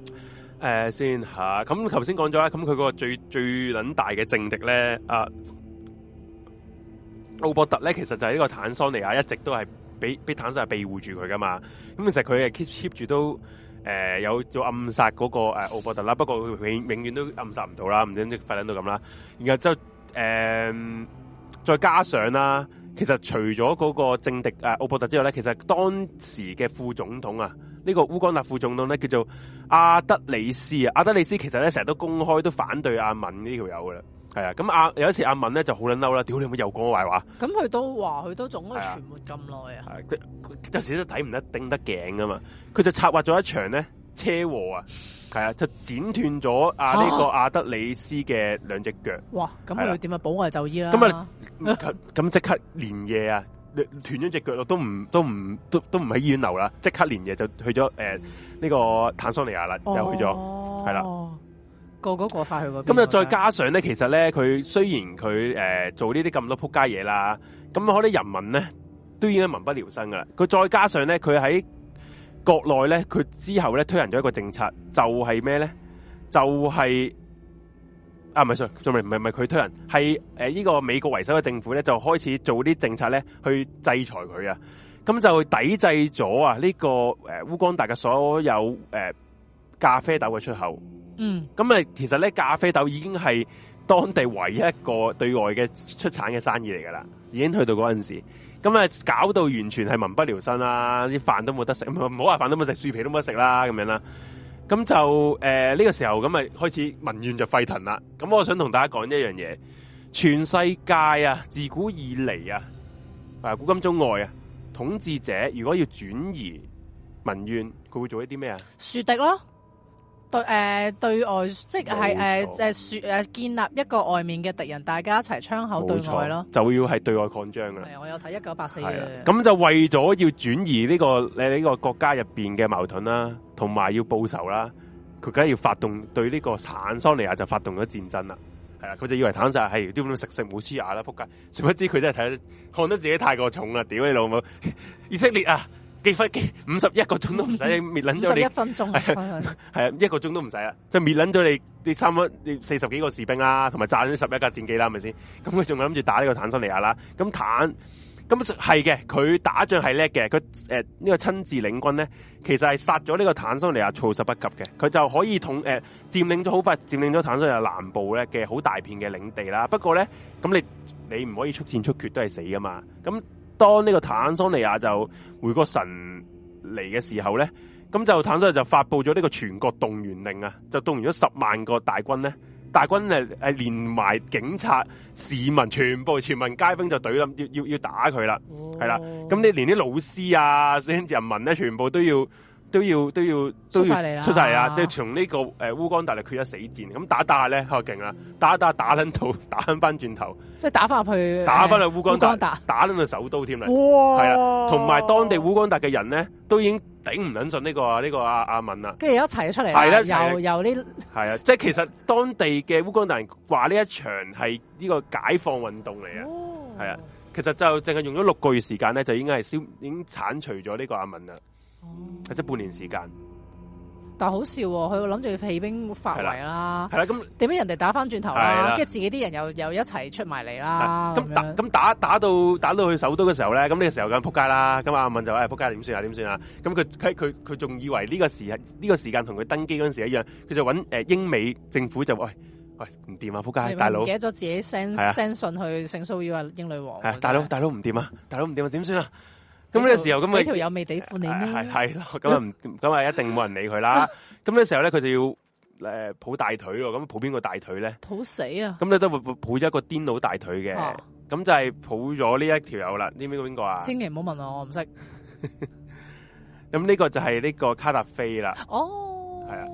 誒、呃，先吓，咁頭先講咗啦，咁佢個最最撚大嘅政敵咧，啊。奧博特咧，其實就係呢個坦桑尼亞一直都係俾俾坦桑係庇護住佢噶嘛，咁、嗯、其實佢係 keep 住都誒、呃、有做暗殺嗰、那個誒奧博特啦，不過佢永永遠都暗殺唔到啦，唔知唔知發展到咁啦，然後就誒、呃、再加上啦，其實除咗嗰個政敵誒奧博特之外咧，其實當時嘅副總統啊，呢、這個烏干達副總統咧叫做阿德里斯啊，阿德里斯其實咧成日都公開都反對阿敏呢條友噶啦。係啊，咁阿有一次阿敏咧就好撚嬲啦，屌你咪又講我壞話。咁佢都話佢都仲可以存活咁耐啊？係、啊，佢就始終睇唔得，頂得頸噶嘛。佢就策劃咗一場咧車禍啊，係啊，就剪斷咗啊呢、啊、個阿德里斯嘅兩隻腳。哇！咁佢點啊保外就醫啦。咁啊，咁即刻連夜啊，斷咗隻腳咯都唔都唔都都唔喺醫院留啦，即刻連夜就去咗誒呢個坦桑尼亞啦，就去咗係啦。哦個個過晒去嗰邊，咁就再加上咧，的其實咧，佢雖然佢誒、呃、做呢啲咁多撲街嘢啦，咁可能人民咧都已經民不聊生噶啦。佢再加上咧，佢喺國內咧，佢之後咧推行咗一個政策，就係咩咧？就係、是、啊，唔係，sorry，仲未，唔係，唔係佢推行，係誒呢個美國為首嘅政府咧，就開始做啲政策咧，去制裁佢啊。咁就抵制咗啊呢個誒烏干達嘅所有誒、呃、咖啡豆嘅出口。嗯，咁啊，其實咧，咖啡豆已經係當地唯一一個對外嘅出產嘅生意嚟噶啦，已經去到嗰陣時，咁啊搞到完全係民不聊生啦，啲飯都冇得食，唔好話飯都冇食，樹皮都冇得食啦，咁樣啦，咁就誒呢、呃這個時候咁啊開始民怨就沸騰啦，咁我想同大家講一樣嘢，全世界啊自古以嚟呀、啊，啊古今中外啊統治者如果要轉移民怨，佢會做一啲咩啊？樹敵咯。對誒、呃，對外即係誒誒說誒，建立一個外面嘅敵人，大家一齊窗口對外咯，就要係對外擴張㗎啦。係我有睇一九八四年，咁就為咗要轉移呢、這個你呢、這個國家入邊嘅矛盾啦，同埋要報仇啦，佢梗係要發動對呢個坦桑尼亞就發動咗戰爭啦。係啦，佢就以為坦桑係啲咁食食冇黐牙啦，仆、哎、街！殊不，不知佢真係睇看得自己太過重啦，屌你老母！ 以色列啊！機飛機五十一個鐘都唔使滅捻咗你，一分鐘係啊，一個鐘都唔使啊，就滅捻咗你你三蚊四十幾個士兵啦，同埋炸咗十一架戰機啦，係咪先？咁佢仲諗住打呢個坦桑尼亞啦，咁坦咁係嘅，佢打仗係叻嘅，佢誒呢個親自領軍咧，其實係殺咗呢個坦桑尼亞措手不及嘅，佢就可以統誒占領咗好快占領咗坦桑尼亞南部咧嘅好大片嘅領地啦。不過咧，咁你你唔可以速戰速決都係死噶嘛，咁。當呢個坦桑尼亞就回個神嚟嘅時候咧，咁就坦桑亞就發佈咗呢個全國動員令啊，就動員咗十萬個大軍咧，大軍誒誒連埋警察、市民，全部全民皆兵就懟咁，要要要打佢、哦、啦，係啦，咁你連啲老師啊，人民咧，全部都要。都要都要出晒嚟啦！出晒嚟啊！即係從呢個誒烏干達嚟決一死戰咁打打咧，好勁啊打打打捻到打翻翻轉頭，即係打翻入去，打翻去烏干達，打捻到首都添啦！哇！係啊，同埋當地烏干達嘅人咧，都已經頂唔捻順呢個呢、呢個阿阿敏啦，跟、啊、住一齊出嚟，係一齊由呢係啊！即係其實當地嘅烏干達人話呢一場係呢個解放運動嚟嘅，係哇啊，其實就淨係用咗六個月時間咧，就已經係消已經鏟除咗呢個阿敏啦。或者半年時間，但係好笑，佢會諗住起兵發圍啦，係啦，咁點解人哋打翻轉頭啦？跟住自己啲人又又一齊出埋嚟啦？咁打咁打打到打到去首都嘅時候咧，咁呢個時候咁仆街啦！咁阿文就誒仆街點算啊？點算啊？咁佢佢佢仲以為呢個時呢個時間同佢登基嗰陣時一樣，佢就搵誒英美政府就，喂喂唔掂啊仆街！大佬，寫咗自己 send send 信去聖蘇爾啊英女王，大佬大佬唔掂啊大佬唔掂啊點算啊？咁呢個時候咁嘅，就未呢條有味底褲你咧，係咯，咁啊唔，咁啊一定冇人理佢啦。咁呢 時候咧，佢就要誒、呃、抱大腿咯。咁、嗯、抱邊個大腿咧？抱死啊！咁咧都會抱抱咗一個癲佬大腿嘅。咁就係抱咗呢一條友啦。呢邊個邊個啊？啊千祈唔好問我，我唔識。咁呢 個就係呢個卡達菲啦。哦，係啊。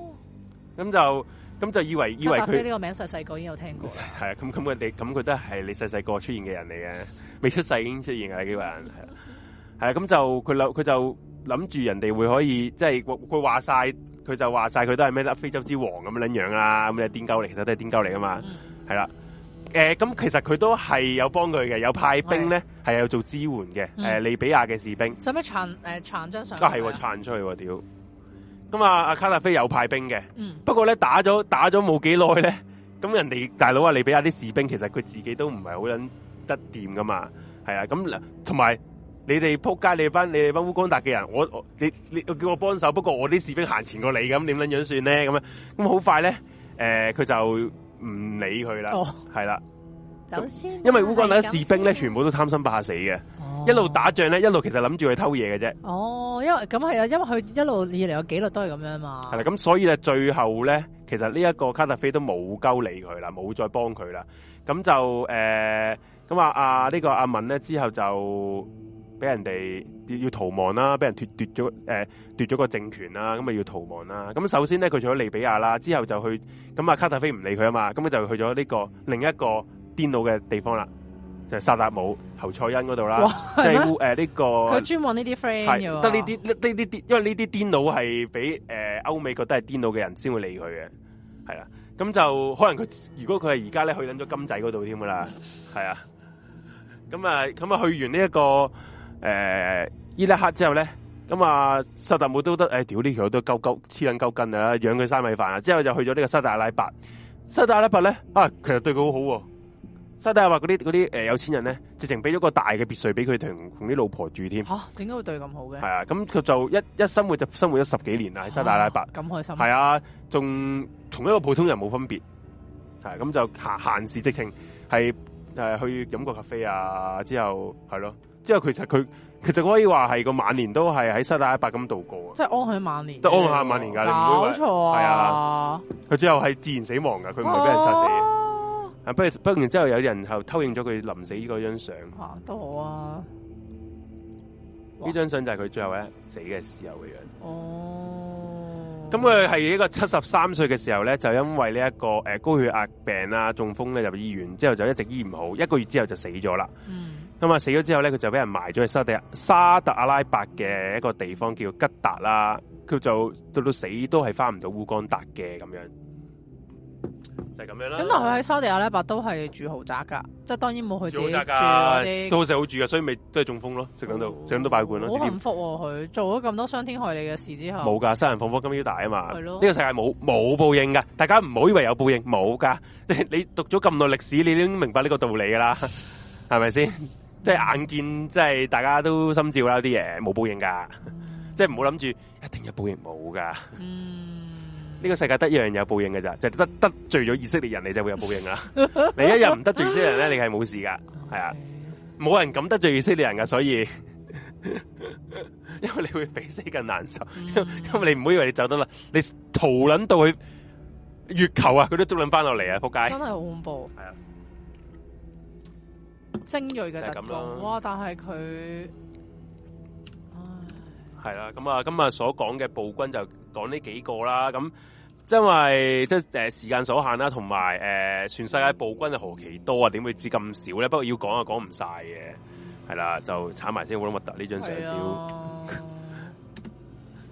咁就咁就以為達以為佢呢個名細細個已經有聽過。係啊，咁咁佢哋都係你細細個出現嘅人嚟嘅，未出世已經出現嘅幾、這個人係。係啊，咁就佢諗佢就諗住人哋會可以即係佢話晒，佢就話晒佢都係咩非洲之王咁樣樣樣啦，咁你癲鳩嚟？其實都係癲鳩嚟噶嘛？係啦、嗯，誒，咁、呃、其實佢都係有幫佢嘅，有派兵咧，係的有做支援嘅。誒、嗯啊，利比亞嘅士兵，使乜撐誒撐張相？係、呃、係，撐、啊、的出去，屌的！咁、嗯、啊，阿卡達菲有派兵嘅，嗯、不過咧打咗打咗冇幾耐咧，咁人哋大佬話利比亞啲士兵其實佢自己都唔係好捻得掂噶嘛，係啊，咁同埋。你哋撲街！你班你哋班烏干達嘅人，我我你你叫我幫手，不過我啲士兵行前過你咁，點撚樣算咧？咁樣咁好快咧，誒、呃，佢就唔理佢啦，係啦、哦，的走先、啊。因為烏干達士兵咧，的全部都貪生怕死嘅、哦，一路打仗咧，一路其實諗住去偷嘢嘅啫。哦，因為咁係啊，因為佢一路以嚟嘅紀律都係咁樣嘛。係啦，咁所以呢，最後咧，其實呢一個卡達菲都冇鳩理佢啦，冇再幫佢啦。咁就誒，咁啊呢個阿敏咧之後就。俾人哋要要逃亡啦，俾人奪奪咗誒，奪咗、欸、個政權啦，咁咪要逃亡啦。咁首先咧，佢去咗利比亞啦，之後就去咁啊，卡達菲唔理佢啊嘛，咁就去咗呢個另一個癲佬嘅地方啦，就係薩達姆侯賽因嗰度啦，即係誒呢個佢專望呢啲 friend，得呢啲呢啲，因為呢啲癲佬係俾誒歐美覺得係癲佬嘅人先會理佢嘅，係啦。咁就可能佢如果佢係而家咧去緊咗金仔嗰度添噶啦，係啊。咁、嗯、啊，咁 啊去完呢、這、一個。誒，伊拉克之後咧，咁啊，薩達姆都得，誒、哎，屌呢條都夠都夠，黐撚夠近啊！養佢三米飯啊！之後就去咗呢個沙特阿拉伯，沙特阿拉伯咧啊，其實對佢好好、啊、喎，沙特阿拉伯嗰啲嗰啲誒有錢人咧，直情俾咗個大嘅別墅俾佢同同啲老婆住添。點解、啊、會對咁好嘅？係啊，咁佢就一一生活就生活咗十幾年啦，喺沙特阿拉伯。咁、啊啊、開心。係啊，仲同一個普通人冇分別，係咁、啊、就閒閒時直情係誒去飲個咖啡啊，之後係咯。之後其實佢其實可以話係個晚年都係喺失打一百咁度過的，即係安享晚年，的、啊年的，都安享晚年噶，冇錯啊。係啊，佢最後係自然死亡噶，佢唔係俾人殺死、啊、不不然後，之後有人後偷影咗佢臨死嗰張相，啊都好啊。呢張相就係佢最後咧死嘅時候嘅樣子。哦，咁佢係一個七十三歲嘅時候咧，就因為呢、這、一個誒、呃、高血壓病啊、中風咧入醫院，之後就一直醫唔好，一個月之後就死咗啦。嗯咁啊，死咗之後咧，佢就俾人埋咗喺沙特沙特阿拉伯嘅一個地方叫吉達啦。佢就到到死都係返唔到烏干達嘅咁樣，就係、是、咁樣啦。咁但佢喺沙特阿拉伯都係住豪宅噶，即係當然冇佢自己都好食好住噶，所以咪都係中風咯，即係響度響度拜罐咯。好、哦、些幸福佢、啊、做咗咁多傷天害理嘅事之後，冇噶，殺人放火金腰帶啊嘛，呢咯個世界冇冇報應噶，大家唔好以為有報應冇噶，即係你，你讀咗咁耐歷史，你都明白呢個道理噶啦，係咪先？即係眼見，即係大家都心照啦，啲嘢冇報應噶，即係唔好諗住一定有報應冇噶。呢、嗯、個世界得一樣有報應噶咋，就係、是、得得罪咗以色列人，你就會有報應啦。 你一日唔得罪以色列人咧， 你係冇事噶。係啊，冇 Okay. 人敢得罪以色列人噶，所以 因為你會比死更難受，因、嗯、因為你唔好以為你走得啦，你逃捻到去月球啊，佢都捉捻翻落嚟啊，撲街！真係好恐怖。係啊。精銳嘅特工，是啊、哇！但係佢係啦，咁啊，今日所講嘅暴君就講呢幾個啦。咁因為即係誒時間所限啦，同埋誒全世界暴君係何其多啊？點會知咁少咧？不過要講啊，講唔晒嘅係啦，就慘埋先，好核突呢張相雕，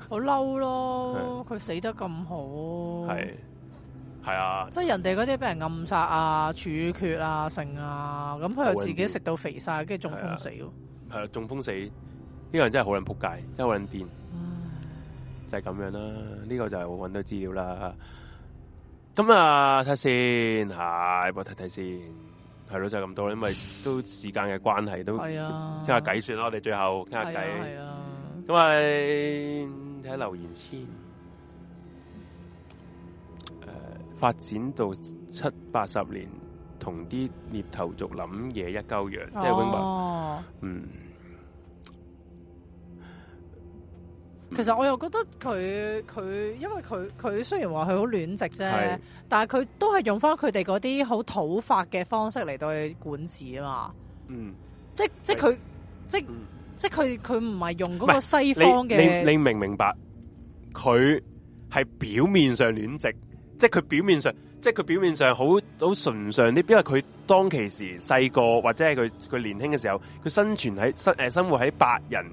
好嬲咯，佢 死得咁好，係。係啊，即係人哋嗰啲俾人暗殺啊、處決啊、成啊，咁佢又自己食到肥晒，跟住中風死咯。係啊，啊，中風死呢、這個人真係好撚扑街，真係好撚癲，嗯、就係咁樣啦。呢、這個就係我搵到資料啦。咁啊睇先，係、啊、我睇睇先，係咯、啊、就係咁多因為都時間嘅關係都，啊，傾下偈算啦，我哋最後傾下偈，咁啊，睇、啊、留言先。發展到七八十年，同啲獵頭族諗嘢一鳩樣。即係、哦、嗯，其實我又覺得佢佢，因為佢佢雖然話佢好亂植啫，是但係佢都係用翻佢哋嗰啲好土法嘅方式嚟對管治啊嘛。嗯，即即佢是即、嗯、即佢佢唔係用嗰個西方嘅，你明唔明白佢係表面上亂植。即係佢表面上，即係佢表面上好好純常啲，因為佢當其時細個或者係佢佢年輕嘅時候，佢生存喺生誒生活喺白人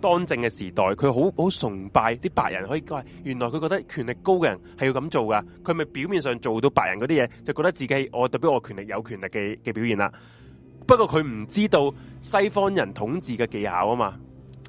當政嘅時代，佢好好崇拜啲白人，可以，原來佢覺得權力高嘅人係要咁做噶，佢咪表面上做到白人嗰啲嘢，就覺得自己我代表我權力有權力嘅嘅表現啦。不過佢唔知道西方人統治嘅技巧啊嘛，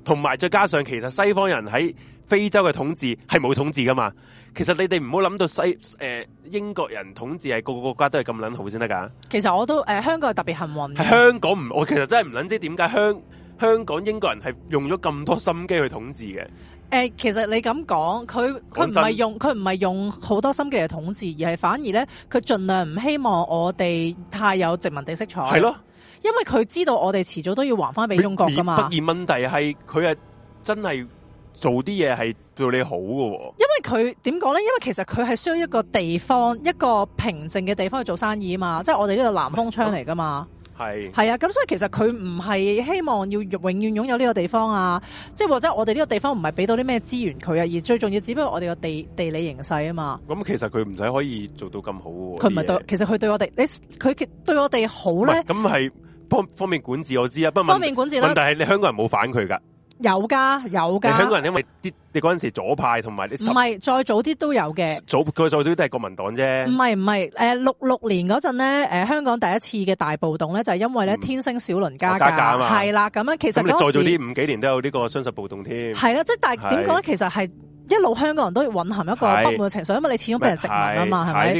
同埋再加上其實西方人喺。非洲嘅統治係冇統治噶嘛？其實你哋唔好諗到西誒、呃、英國人統治係個個國家都係咁撚好先得噶。其實我都誒、呃、香港係特別幸運嘅。係香港唔，我其實真係唔撚知點解香港香港英國人係用咗咁多心機去統治嘅。誒、呃，其實你咁講，佢佢唔係用佢唔係用好多心機去統治，而係反而咧，佢盡量唔希望我哋太有殖民地色彩。係咯的，因為佢知道我哋遲早都要還翻俾中國噶嘛。而問題係佢係真係。做啲嘢係對你好嘅喎，因為佢點講咧？因為其實佢係需要一個地方、一個平靜嘅地方去做生意啊嘛。即係我哋呢度南風窗嚟㗎嘛。係係啊，咁、啊嗯、所以其實佢唔係希望要永遠擁有呢個地方啊。即係或者我哋呢個地方唔係俾到啲咩資源佢啊，而最重要只不過我哋個地地理形勢啊嘛。咁其實佢唔使可以做到咁好。佢唔係對事其實佢對我哋你佢對我哋好咧。咁係方便方面管治我知啊，不唔方面管治，但係你香港人冇反佢㗎。有噶有噶，你香港人因為啲你嗰陣時左派同埋啲唔係，再早啲都有嘅，早佢再早啲都係國民黨啫。唔係唔係，誒六六年嗰陣咧，誒、呃、香港第一次嘅大暴動咧，就係、是、因為咧天星小輪加價啊嘛係啦。咁、嗯、樣其實你再早啲五幾年都有呢個雙十暴動添。係啦，即係但係點講咧？其實係一路香港人都要蘊含一個不滿情緒，因為你始終俾人殖民啊嘛，係咪的？呢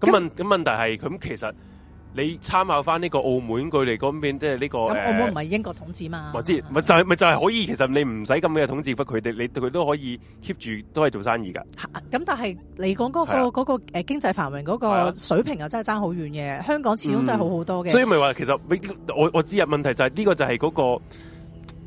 個咁問咁那問題係咁，其實。你參考翻呢個澳門佢哋嗰邊、這個，即係呢個咁澳門唔係英國統治嘛？我知、嗯，咪就係、是、咪就是、可以。其實你唔使咁嘅統治，不過佢哋你佢都可以 keep 住都係做生意㗎。咁但係嚟講嗰個嗰、啊那個誒、那個、經濟繁榮嗰個水平又啊，真係爭好遠嘅。香港始終真係好好多嘅、嗯，所以咪話其實我我知啊。問題就係、是、呢、這個就係嗰、那個。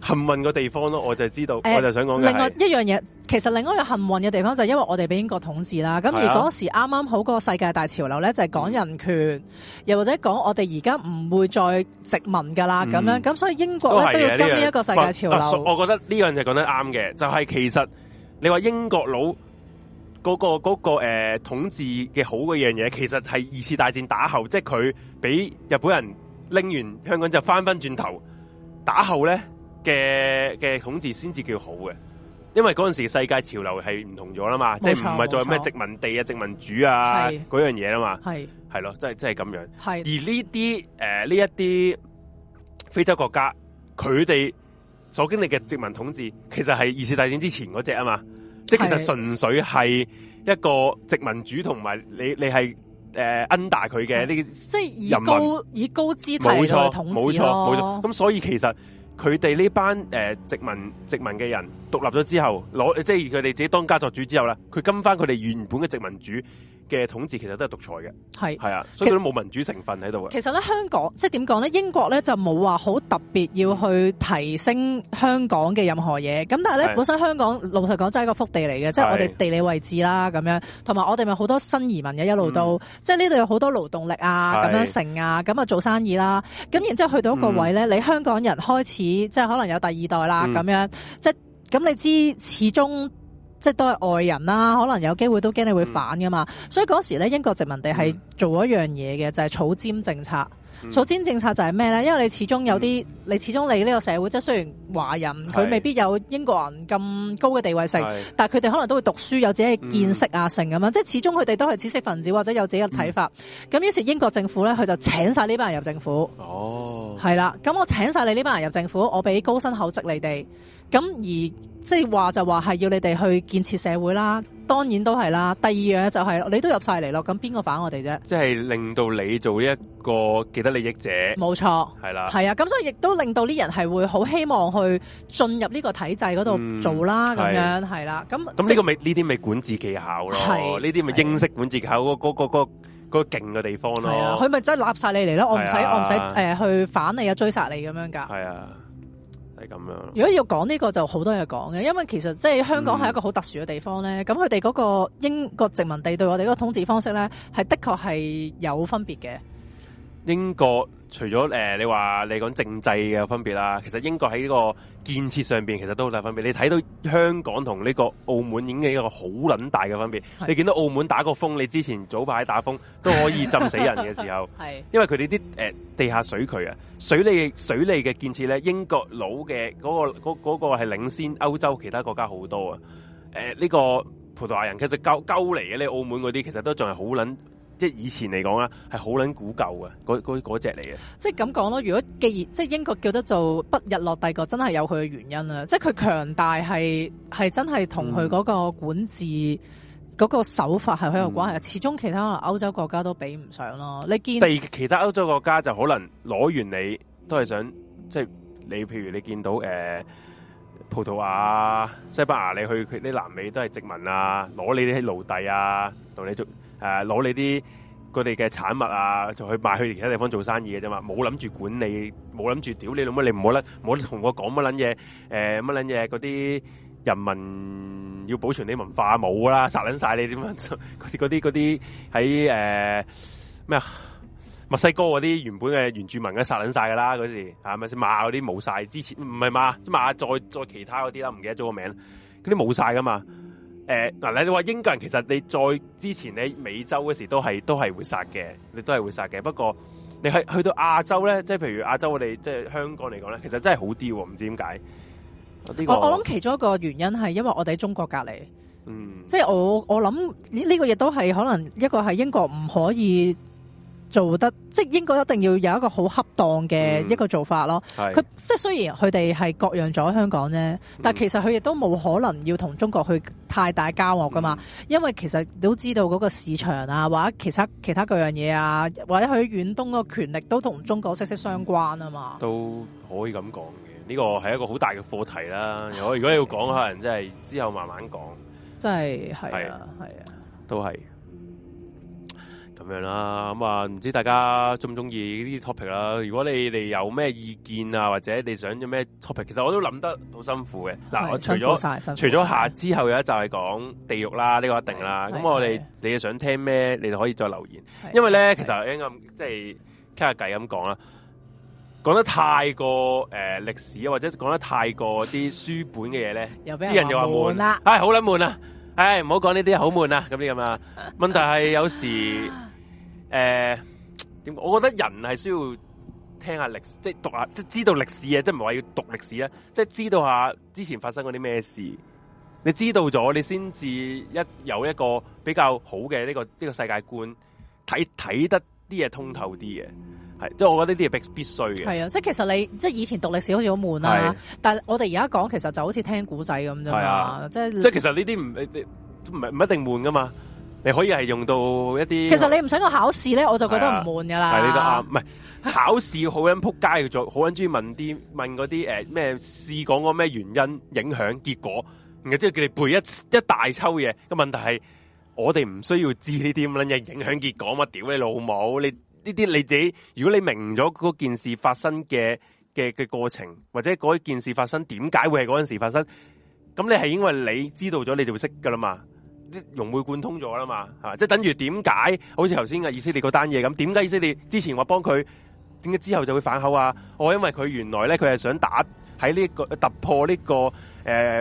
幸運個地方咯，我就知道，欸、我就想講另外一樣嘢。其實另外一個幸運嘅地方就係因為我哋俾英國統治啦。咁、啊、而嗰時啱啱好個世界大潮流咧，就係、是、講人權，嗯、又或者講我哋而家唔會再殖民噶啦。咁樣咁所以英國咧都，都要跟呢一個世界潮流。啊啊、我覺得呢樣就講得啱嘅，就係、是、其實你話英國佬嗰、那個嗰、那個誒、那個呃、統治嘅好嘅樣嘢，其實係二次大戰打後，即係佢俾日本人拎完香港就翻翻轉頭打後咧。嘅嘅統治先至叫好嘅，因為嗰陣時世界潮流係唔同咗啦嘛，錯即係唔係再咩殖民地啊、殖民主啊嗰是樣嘢啦嘛，係係咯，即係即係咁樣。係的而呢啲誒呢一啲非洲國家，佢哋所經歷嘅殖民統治，其實係二次大戰之前嗰隻啊嘛，是即係其實純粹係一個殖民主同埋你你係誒 under 佢嘅人民，呢即係以高以高姿態統治，冇錯冇錯，咁錯、啊、所以其實。佢哋呢班誒殖民殖民嘅人獨立咗之後，攞即係佢哋自己當家作主之後啦，佢跟翻佢哋原本嘅殖民主嘅統治其實都係獨裁嘅，係係是啊，所以佢都冇民主成分喺度。其實咧，香港即係點講咧？英國咧就冇話好特別要去提升香港嘅任何嘢。咁但係咧，是 本身香港老實講真係一個福地嚟嘅，即係是 我哋地理位置啦咁樣，同埋我哋咪好多新移民嘅一路都，嗯、即係呢度有好多勞動力啊，咁樣成啊，咁啊是 做生意啦。咁然之後去到一個位咧，嗯、你香港人開始即係可能有第二代啦，咁、嗯、樣即係咁你知，始終。即都係外人啦、啊，可能有機會都驚你會反㗎嘛，嗯、所以嗰時咧，英國殖民地係做咗一樣嘢嘅，嗯、就係草菅政策。嗯、草菅政策就係咩咧？因為你始終有啲，嗯、你始終你呢個社會即係雖然華人佢是未必有英國人咁高嘅地位性，是但佢哋可能都會讀書有自己嘅見識啊，成咁樣，即始終佢哋都係知識分子或者有自己嘅睇法。咁、嗯、於是英國政府咧佢就請晒呢班人入政府。哦，係啦，咁我請晒你呢班人入政府，我俾高薪厚職你哋。咁而即係話就話係要你哋去建設社會啦，當然都係啦。第二樣就係、是、你都入晒嚟咯，咁邊個反我哋啫？即係令到你做呢一個既得利益者，冇錯錯，係啦，係啊。咁所以亦都令到啲人係會好希望去進入呢個體制嗰度做啦，咁、嗯、樣係是啦。咁咁呢個咪呢啲咪管治技巧咯？係呢啲咪英式管治技巧嗰嗰嗰個嗰、那個勁嘅、那個那個、地方咯。係啊，佢咪真係笠晒你嚟咯？我唔使、啊、我唔使誒去反你啊，追殺你咁樣噶。係啊。如果要講呢個就好多嘢講嘅，因為其實即係香港係一個好特殊嘅地方咧，咁佢哋嗰個英國殖民地對我哋嗰個統治方式咧，係的確係有分別嘅。英國。除咗誒、呃，你話你講政制嘅分別啦，其實英國喺呢個建設上面其實都好大分別。你睇到香港同呢個澳門已經係一個好撚大嘅分別。是的 你見到澳門打個風，你之前早排打風都可以浸死人嘅時候， 是的 係因為佢哋啲誒地下水渠啊、水利水利嘅建設咧，英國佬嘅嗰個嗰、嗰個係、嗰個、領先歐洲其他國家好多啊。呢、呃這個葡萄牙人其實夠嚟嘅，你澳門嗰啲其實都仲係好撚。即係以前嚟講啊，係好撚古舊嘅，嗰嗰隻嚟嘅。嗰個嗰個、即係咁講咯，如果既然即係英國叫得做北日落帝國，真係有佢嘅原因啊！即係佢強大係係真係同佢嗰個管治嗰、嗯、個手法係好有關係，始終其他可能歐洲國家都比唔上咯。你見第二其他歐洲國家就可能攞完你都係想，即係你譬如你見到誒、呃、葡萄牙、西班牙，你去佢啲南美都係殖民啊，攞你啲奴隸啊，同你做。誒攞、呃、你啲佢哋嘅產物啊，就去賣去其他地方做生意嘅啫嘛，冇諗住管理你，冇諗住屌你老母，你唔好啦，冇同我講乜撚嘢，誒乜撚嘢嗰啲人民要保存啲文化冇啦，殺撚晒你點樣？嗰啲嗰啲喺誒咩墨西哥嗰啲原本嘅原住民嗰殺撚晒噶啦，嗰時係咪先？馬嗰啲冇晒，之前唔係嘛？即係馬再再其他嗰啲啦，唔記得咗個名，嗰啲冇晒噶嘛。誒，嗱、呃、你你話英國人其實你再之前你美洲嗰時候都係都係會殺嘅，你都係會殺嘅。不過你係去到亞洲咧，即係譬如亞洲我哋即係香港嚟講咧，其實真係好啲、哦，唔知點解、呢個。我我諗其中一個原因係因為我哋喺中國隔籬，嗯，即係我我諗呢個亦都係可能一個係英國唔可以。做得即係英國一定要有一個好恰當嘅一個做法咯。佢、嗯、即係雖然佢哋係割讓咗香港啫，嗯、但係其實佢亦都冇可能要同中國去太大交惡噶嘛。嗯、因為其實都知道嗰個市場啊，或者其他其他各樣嘢啊，或者佢遠東嗰個權力都同中國息息相關啊嘛。都可以咁講嘅，呢個係一個好大嘅課題啦。如果如果要講是可能，即係之後慢慢講，即係係啊係啊，係啊都係。咁樣啦，咁啊唔知大家中唔中意呢啲 topic 啦？如果你哋有咩意見啊，或者你想有咩 topic，其實我都諗得好辛苦嘅。嗱，我除咗除咗下之後有一集係講地獄啦，呢個一定啦。咁我哋你哋想聽咩？你就可以再留言。因為咧，其實咁即係傾下偈咁講啦，講得太過誒歷史，或者講得太過啲書本嘅嘢咧，啲人又話悶啦。唉，好撚悶啦。唉，唔好講呢啲，好悶啊！咁啲咁啊，問題係有時。誒，點、呃？我覺得人係需要聽下歷史，即係讀下，即係知道歷史嘅，即係唔係話要讀歷史啊，即係知道下之前發生過啲咩事。你知道咗，你先至一有一個比較好嘅呢個、呢個世界觀，睇睇得啲嘢通透啲嘅，係即係我覺得呢啲嘢必必須嘅。係啊，即係其實你即係以前讀歷史好似好悶啊，啊但係我哋而家講，其實就好似聽古仔咁啫嘛。即係即係其實呢啲唔唔唔一定悶噶嘛。你可以係用到一啲，其實你唔使我考試咧，我就覺得唔悶噶啦。係你都啱，唔係 考試好撚撲街嘅，做好撚中意問啲問嗰啲誒咩？試講個咩原因、影響、結果，然後之叫你背一一大抽嘢。個問題係我哋唔需要知呢啲咁嘅影響、結果乜屌你老母！你呢啲你自己，如果你明咗嗰件事發生嘅嘅嘅過程，或者嗰件事發生點解會係嗰陣時發生，咁你係因為你知道咗，你就會識噶啦嘛？融會貫通咗啦嘛，係、啊、即係等於點解？好似頭先嘅以色列嗰單嘢咁，點解以色列之前話幫佢，點解之後就會反口啊？我、哦、因為佢原來咧，佢係想打喺呢個突破呢個誒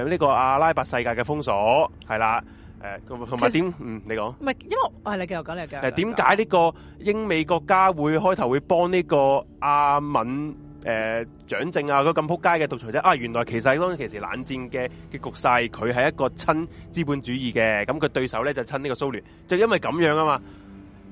呢個阿拉伯世界嘅封鎖，係啦，誒同埋先，其實嗯，你講。唔係，因為我係你繼續講，你繼續誒，點解呢個英美國家會開頭會幫呢個阿敏？誒獎、呃、政啊，嗰咁撲街嘅獨裁者啊，原來其實當其時冷戰嘅局勢，佢係一個親資本主義嘅，咁佢對手咧就親呢個蘇聯，就因為咁樣啊嘛。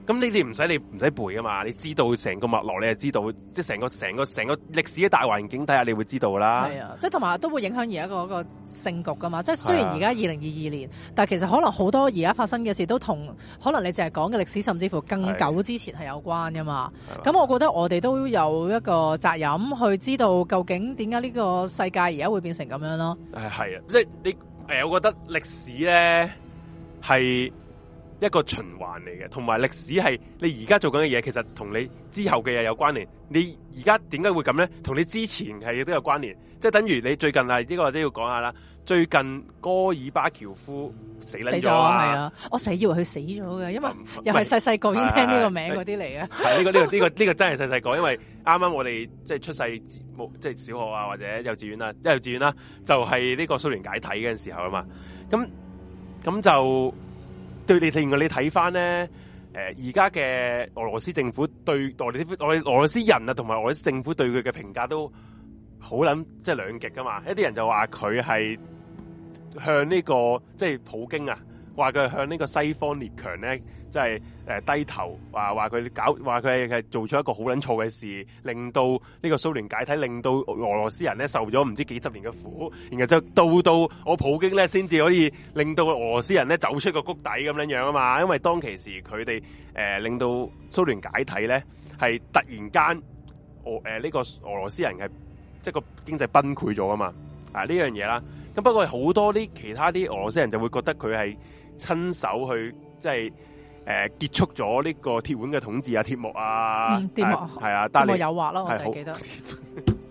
咁呢啲唔使你唔使背㗎嘛，你知道成個脈絡，你就知道，即係成個成個成個歷史嘅大環境底下，你會知道㗎啦。係啊，即係同埋都會影響而家嗰個勝局噶嘛。即係雖然而家二零二二年，是啊、但係其實可能好多而家發生嘅事都同可能你淨係講嘅歷史，甚至乎更久之前係有關噶嘛。咁是、啊、我覺得我哋都有一個責任去知道究竟點解呢個世界而家會變成咁樣咯。係啊，即係你誒，我覺得歷史咧係。一個循環嚟嘅，同埋歷史係你而家做緊嘅嘢，其實同你之後嘅嘢有關聯。你而家點解會咁咧？同你之前係亦都有關聯，即係等於你最近係呢、這個，都要講下啦。最近戈爾巴喬夫死死咗啦，係啊，啊我成日以為佢死咗嘅，因為又係細細個已經聽呢個名嗰啲嚟嘅。呢個呢、這個呢、這個呢、這個真係細細個，因為啱啱我哋即係出世即係小學啊或者幼稚園啦、啊，幼稚園啦、啊、就係、是、呢個蘇聯解體嘅時候啊嘛。咁咁就。對，你另外你睇翻咧，誒而家嘅俄羅斯政府對俄羅斯、俄羅斯人啊，同埋俄羅斯政府對佢嘅評價都好撚即係兩極噶嘛，一啲人就話佢係向呢個即係普京啊。話佢向呢個西方列強咧，即係誒低頭，話話佢搞，話佢係做出一個好撚錯嘅事，令到呢個蘇聯解體，令到俄羅斯人咧受咗唔知幾十年嘅苦，然後就到到我普京咧，先至可以令到俄羅斯人咧走出個谷底咁樣樣啊嘛，因為當其時佢哋誒令到蘇聯解體咧，係突然間俄誒呢、呃這個俄羅斯人係即、就是、個經濟崩潰咗啊嘛，啊呢樣嘢啦。咁不過好多啲其他啲俄羅斯人就會覺得佢係親手去即係結束咗呢個鐵腕嘅統治啊，鐵幕啊，嗯、鐵幕啊，但我你誘惑咯，我就記得。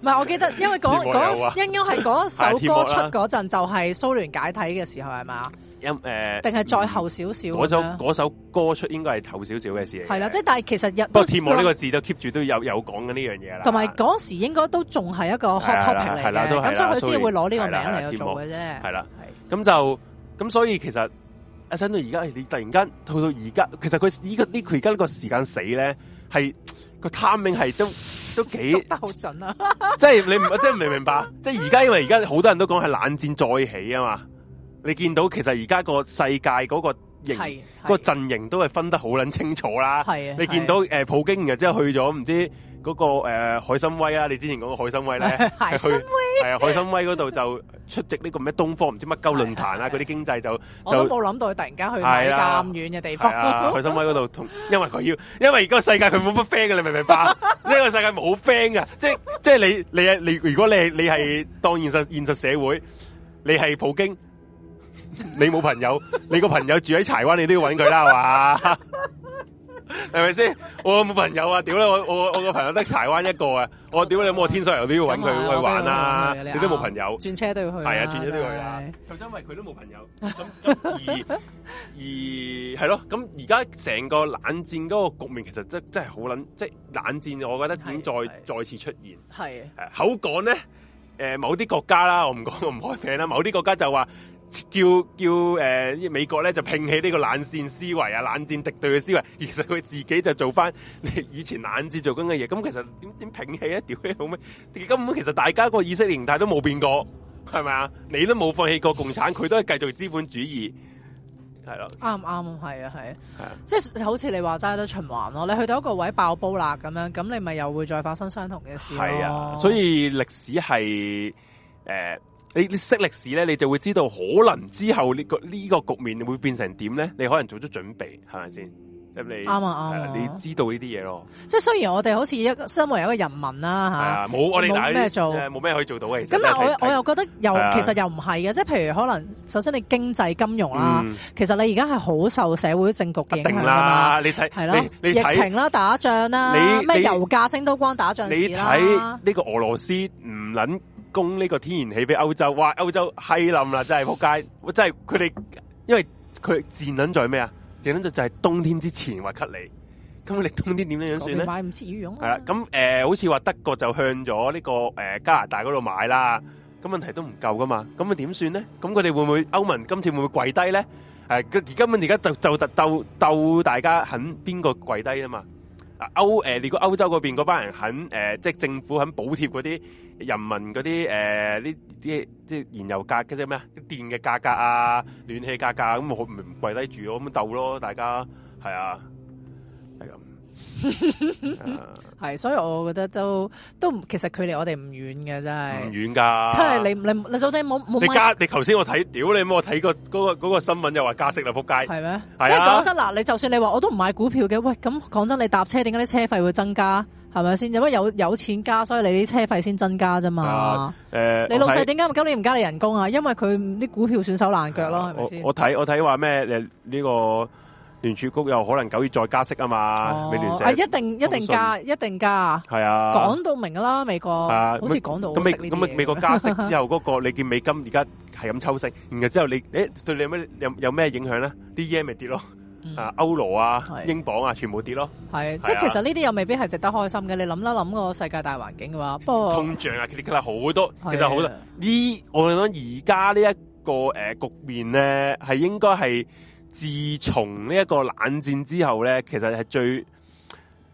唔係，我記得因、啊，因為嗰嗰應該係嗰首歌出嗰陣就係蘇聯解體嘅時候係咪？定係再後少少嗰首嗰首歌出應該係頭少少嘅事。係啦，即係但係其實不過跳呢個字都 keep 住都有有講緊呢樣嘢啦。同埋嗰時應該都仲係一個 hot topic 嚟嘅，咁所以佢先會攞呢個名嚟去做嘅啫。係啦，係咁就咁，所以其實阿升到而家，你、啊、突然間去到而家，其實佢呢、呢個，佢而家呢個時間死咧，係個 timing 係都都幾得好準啊，即 即！即係你唔即係明唔明白？即係而家因為而家好多人都講係冷戰再起啊嘛。你見到其實而家個世界嗰個形、嗰是是 個陣營都係分得好撚清楚啦。是是 你見到誒、呃、普京嘅，然之後去咗唔知嗰、那個、呃、海參崴啦。你之前講嘅海參崴咧 威，海參崴係啊，海參崴嗰度就出席呢個咩東方唔知乜鳩論壇啊。嗰啲經濟就，就我冇諗到佢突然間去埋咁遠嘅地方、啊啊。海參崴嗰度同因為佢要，因為而家世界佢冇乜 friend 嘅，你明唔明白？呢 個世界冇 friend 嘅，即即係你你你如果你係你係當現實現實社會，你係普京。 你冇朋友，你個朋友住喺柴灣，你都要揾佢啦，係嘛？係咪先？我冇朋友啊，屌啦！我我我個朋友得柴灣一個啊！ 我屌你有冇天水圍都要揾佢去玩啊？啊你都冇朋友，轉車都要去，係啊，轉車都要去。頭就因為佢都冇朋友咁而而係咯，咁而家成個冷戰嗰個局面，其實真真係好捻，即係冷戰，我覺得點再是是是再次出現？係是是 口講咧，誒、呃，某啲國家啦，我唔講，我唔開名啦，某啲國家就話。叫叫誒、呃，美國咧就摒棄呢個冷戰思維啊，冷戰敵對嘅思維，其實佢自己就做翻以前冷戰做緊嘅嘢，咁其實點點摒棄一屌好咩？根本其實大家個意識形態都冇變過，係咪啊？你都冇放棄過共產，佢都係繼續資本主義，係咯？啱唔啱？係啊，係 啊樂，即係好似你話齋，得循環咯。你去到一個位爆煲啦，咁樣咁，你咪又會再發生相同嘅事。係啊，所以歷史係誒。呃你你識歷史咧，你就會知道可能之後呢個呢個局面會變成點咧？你可能做咗準備係咪先？即係你啱啊啱，你知道呢啲嘢咯。即係雖然我哋好似一個身為一個人民啦吓，冇我哋冇咩做，冇咩可以做到嘅。咁但係我我又覺得又其實又唔係嘅，即係譬如可能首先你經濟金融啦，其實你而家係好受社會政局影響噶嘛。你睇係咯，你疫情啦，打仗啦，咩油價升都關打仗啦。你睇呢個俄羅斯唔捻。供呢個天然氣俾歐洲，哇！歐洲閪冧啦， 真係仆街！真係佢哋，因為佢賤撚在咩啊？賤撚在就係冬天之前話咳你，咁你冬天點樣樣算咧？買唔切羽絨。係啦，咁、呃、誒，好似話德國就向咗呢、這個誒、呃、加拿大嗰度買啦，咁問題都唔夠噶嘛，咁啊點算咧？咁佢哋會唔會歐盟今次會唔會跪低咧？誒、呃，而根本而家就就鬥鬥大家肯邊個跪低啊嘛？啊歐誒，你、呃、個歐洲嗰邊嗰班人肯誒、呃，即係政府肯補貼嗰啲人民嗰啲誒，啲啲即係燃油價嘅啫咩啊？電、就、嘅、是、價格啊，暖氣價格咁、嗯，我唔跪低住咁鬥咯，大家係啊。係， 所以我覺得都都其實佢離我哋唔遠嘅，真係唔遠噶。即係你你你，冇冇？你，你，你，你，你加？你頭先我睇，屌你麼、那個？我睇個嗰個個新聞又話加息啦，仆街係咩？即係講真嗱，你就算你話我都唔買股票嘅，喂咁講真，你搭車點解啲車費會增加？係咪先？因為有有錢加，所以你啲車費先增加啫嘛。誒、啊，呃、你老細點解今年唔加你人工啊？因為佢啲股票損手爛腳咯，係咪先？我睇吧我睇話咩你呢、這個。聯儲局又可能九月再加息啊嘛，美聯社一定一定加，一定加，係啊，講到明㗎啦，美國，啊，好似講到咁美，咁美國加息之後嗰個，你見美金而家係咁抽升，然後之後你，誒，對你有咩有有咩影響咧？啲 yen 咪跌咯，啊，歐羅啊，英鎊啊，全部跌咯，係，即係其實呢啲又未必係值得開心嘅，你諗啦，諗個世界大環境嘅話，不過通脹啊，其實好多，其實好多呢，我覺得而家呢一個誒局面咧係應該係。自從呢一個冷戰之後呢，其實係最。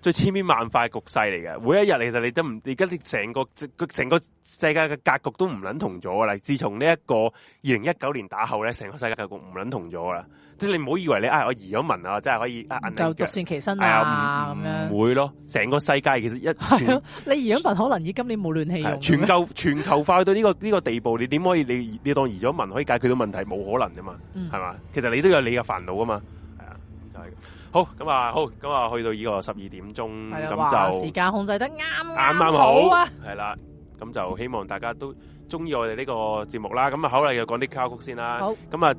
最千變萬化局勢嚟嘅，每一日其實你都唔，而家你成個、成個世界嘅格局都唔撚同咗㗎啦。自從呢一個二零一九年打後咧，成個世界格局唔撚同咗啦。即係你唔好以為你啊、哎，我移咗民啊，真係可以啊，就獨善其身啊咁、哎、咁樣不。唔會咯，成個世界其實一全 你移咗民，可能以今年冇暖氣全。全球全球化去到呢、呢個呢、呢個地步，你點可以你你當移咗民可以解決到問題？冇可能噶嘛，係嘛、嗯？其實你都有你嘅煩惱噶嘛，係啊，就係、是。好咁啊，好咁啊，去到呢個十二點鐘咁的就時間控制得啱啱好啊，係啦，咁 就希望大家都中意我哋呢個節目啦。咁啊，好啦，又講啲卡曲先啦。好咁啊，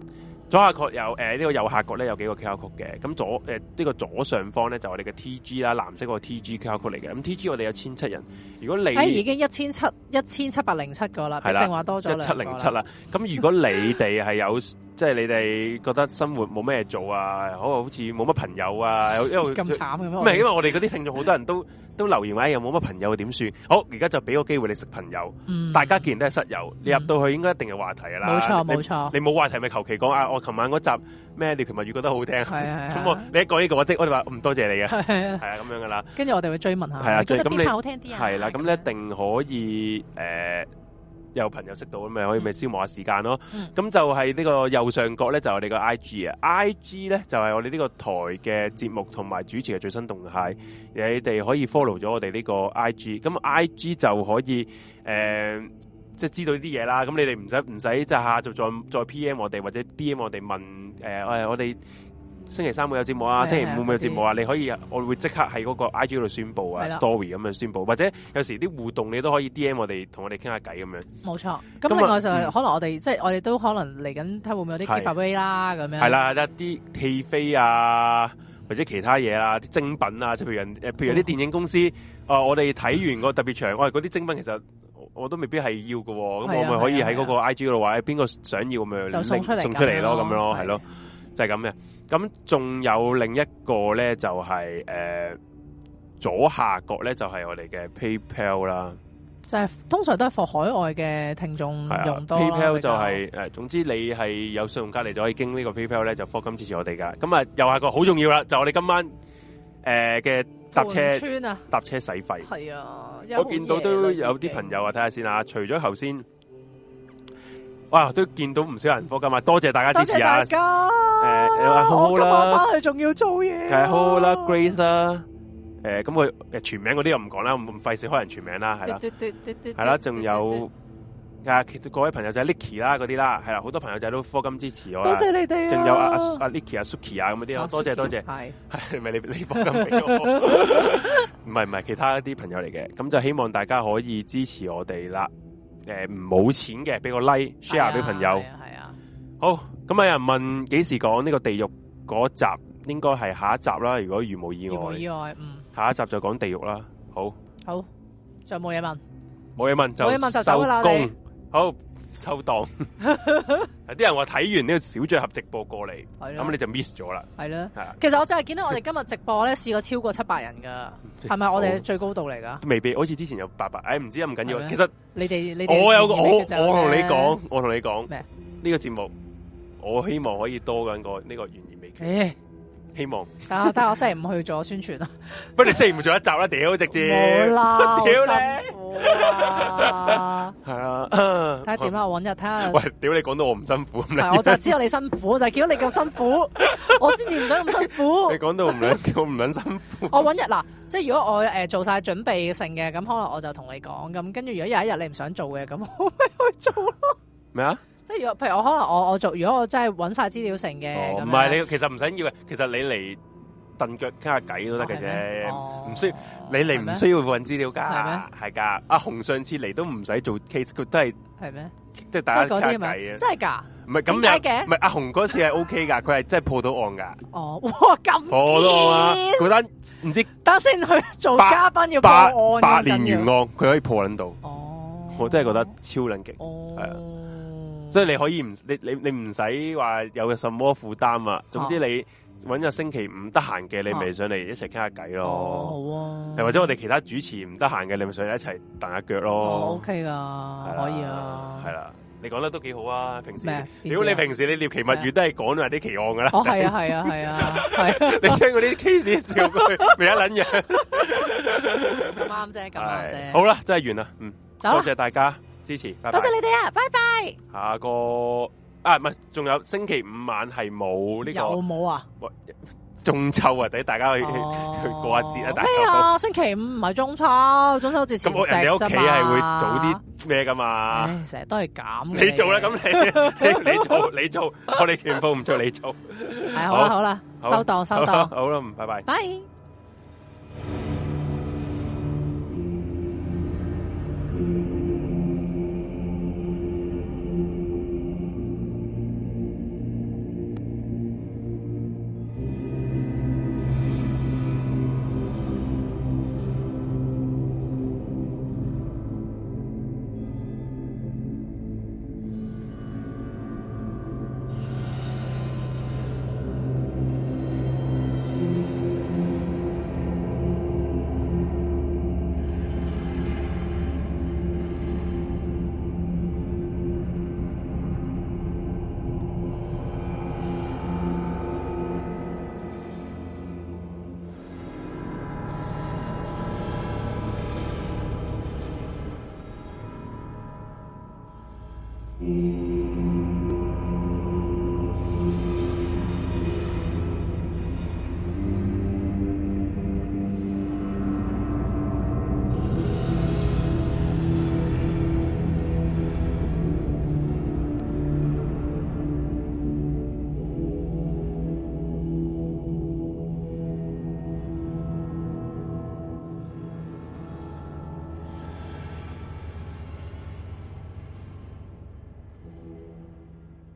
左下角有誒呢、呃這個右下角咧有幾個卡曲嘅。咁左誒呢、呃這個左上方咧就我哋嘅 T G 啦，藍色個 T G 卡曲嚟嘅。咁 T G 我哋有千七人。如果你、哎、已經一千七一千七百零七個啦，的比正話多咗兩個。一七零七啦。咁如果你哋係有。 即係你哋覺得生活冇咩做啊，好好似冇乜朋友啊，因為咁慘嘅咩？唔係，因為我哋嗰啲聽眾好多人都都留言話，又冇乜朋友點算？好，而家就俾個機會你食朋友。大家既然都係室友，你入到去應該一定有話題啦。冇錯，冇錯。你冇話題咪求其講啊！我琴晚嗰集咩？你琴日越覺得好聽。係咁我你一講呢個我哋話唔多謝你嘅。係啊，咁樣噶啦。跟住我哋會追問下。係啊，追得邊 part 好聽啲啊？係啦，咁你一定可以誒。有朋友識到咁咪可以咪消磨一下時間咯。咁就係呢個右上角咧，就係、是、我哋個 I G 啊。I G 咧就係、是、我哋呢個台嘅節目同埋主持嘅最新動態，你哋可以 follow 咗我哋呢個 I G。咁 I G 就可以誒、呃，即係知道呢啲嘢啦。咁你哋唔使唔使即下就再再 P M 我哋或者 D M 我哋問誒、呃、我哋，星期三會有節目啊，星期五會唔會有節目啊？你可以，我會即刻喺嗰個 IG 度宣佈啊，story 咁樣宣佈，或者有時啲互動你都可以 DM 我哋，同我哋傾下偈咁樣。冇錯，咁另外就係可能我哋即係我哋都可能嚟緊睇會唔會有啲 giveaway 啦咁樣。係啦，一啲戲飛啊，或者其他嘢啊，啲精品啊，即係譬如譬如啲電影公司啊，我哋睇完個特別長，我哋嗰啲精品其實我都未必係要喎。咁我咪可以喺嗰個 IG 度話邊個想要咁樣就送出嚟，送出嚟咯咁樣咯，係咯。就係咁嘅，咁仲有另一個咧就係誒左下角咧就係我哋嘅 PayPal 啦，就係通常都係 for 海外嘅聽眾用多。PayPal 就係誒，總之你係有信用卡，你就可以經呢個 PayPal 咧就課金支持我哋噶。咁啊右下角好重要啦，就我哋今晚誒嘅搭車搭車使費係啊，我見到都有啲朋友啊，睇下先啊，除咗頭先。哇，都見到唔少人科金嘛，多謝大家支持啊！家，誒、欸、啊、好啦，我今晚翻去仲要做嘢。好啦，Grace 啦，誒、欸，咁佢誒全名嗰啲又唔講啦，咁費事開人全名啦，係啦，係啦，仲有啊，各位朋友就係 Licky 啦嗰啲啦，係啦，好多朋友仔都科金支持我，多謝你哋。仲有阿阿 Licky 啊、Suki 啊咁嗰啲多謝多謝。係係咪你你科金嚟？唔係唔係，其他一啲朋友嚟嘅，咁就希望大家可以支持我哋啦。誒，唔冇錢嘅，俾個 like、啊、share 俾朋友。係啊，係啊，好，咁啊有人問幾時講呢個地獄嗰集，應該係下一集啦。如果如無意外，如無意外，嗯，下一集就講地獄啦。好，好，就冇嘢問，冇嘢問就收工。問就好。收檔，啲人話睇完呢個小聚合直播過嚟，咁你就 miss 咗啦。係啦，其實我就係見到我哋今日直播咧，試過超過七百人噶，係咪我哋係最高度嚟噶？未必，好似之前有八百，誒，唔知唔緊要。其實你哋你我有個我同你講，我同你講，呢個節目我希望可以多緊個呢個懸疑未。希望但，但係但係我星期五去做宣傳啦。不過你星期五做一集啦，屌直接。啦了，屌你。係啊，睇下點啦，我揾日睇下。喂，屌你講到我唔辛苦，我就知道你辛苦， 就係見到你咁辛苦， 我先至唔想咁辛苦。你講到唔 忍，我唔忍辛苦。我揾日嗱，即係如果我誒、呃、做晒準備性嘅，咁可能我就同你講，咁跟住如果有一日你唔想做嘅，咁我咪去做咯。咩啊？即係如果譬如我可能我我做如果我真係揾晒資料成嘅，唔係你其實唔使要嘅，其實你嚟蹬腳傾下偈都得嘅啫，唔需要。你嚟唔需要揾資料噶，係咩？係噶，阿洪上次嚟都唔使做 case，佢都係係咩？即係大家傾偈啊，真係噶，唔係咁樣唔係阿洪嗰次係 OK 噶，佢係真係破到案噶。哦，哇咁好啦，嗰單唔知等陣先去做嘉賓要破案，百年懸案佢可以破捻到，哦，我真係覺得超捻勁，係啊。所以你可以唔你你你唔使話有個什麼負擔啊，總之你揾個星期五得閒嘅，你咪上嚟一齊傾下偈咯。哦，好啊。又或者我哋其他主持唔得閒嘅，你咪上嚟一齊蹬下腳咯。O K 噶，可以啊。係啦，你講得都幾好啊。平時，如果你平時你獵奇物語都係講埋啲奇案噶啦。哦，係啊，係啊，係啊，係。你聽嗰啲 case 跳過去，咩啊捻嘢？咁啱啫，咁好啦，真係完啦。嗯，走，多謝大家。支持，多謝你哋啊！拜拜。下個啊，唔係仲有星期五晚係冇呢個？有冇啊？中秋啊，等大家去去過下節啊！大咩啊？星期五唔係中秋，中秋節前你屋企係會早啲咩噶嘛？哎，成日都係咁。你做啦，咁你你做你做，我哋全部唔做，你做。係好啦，好啦，收檔收檔，好啦，拜拜。拜。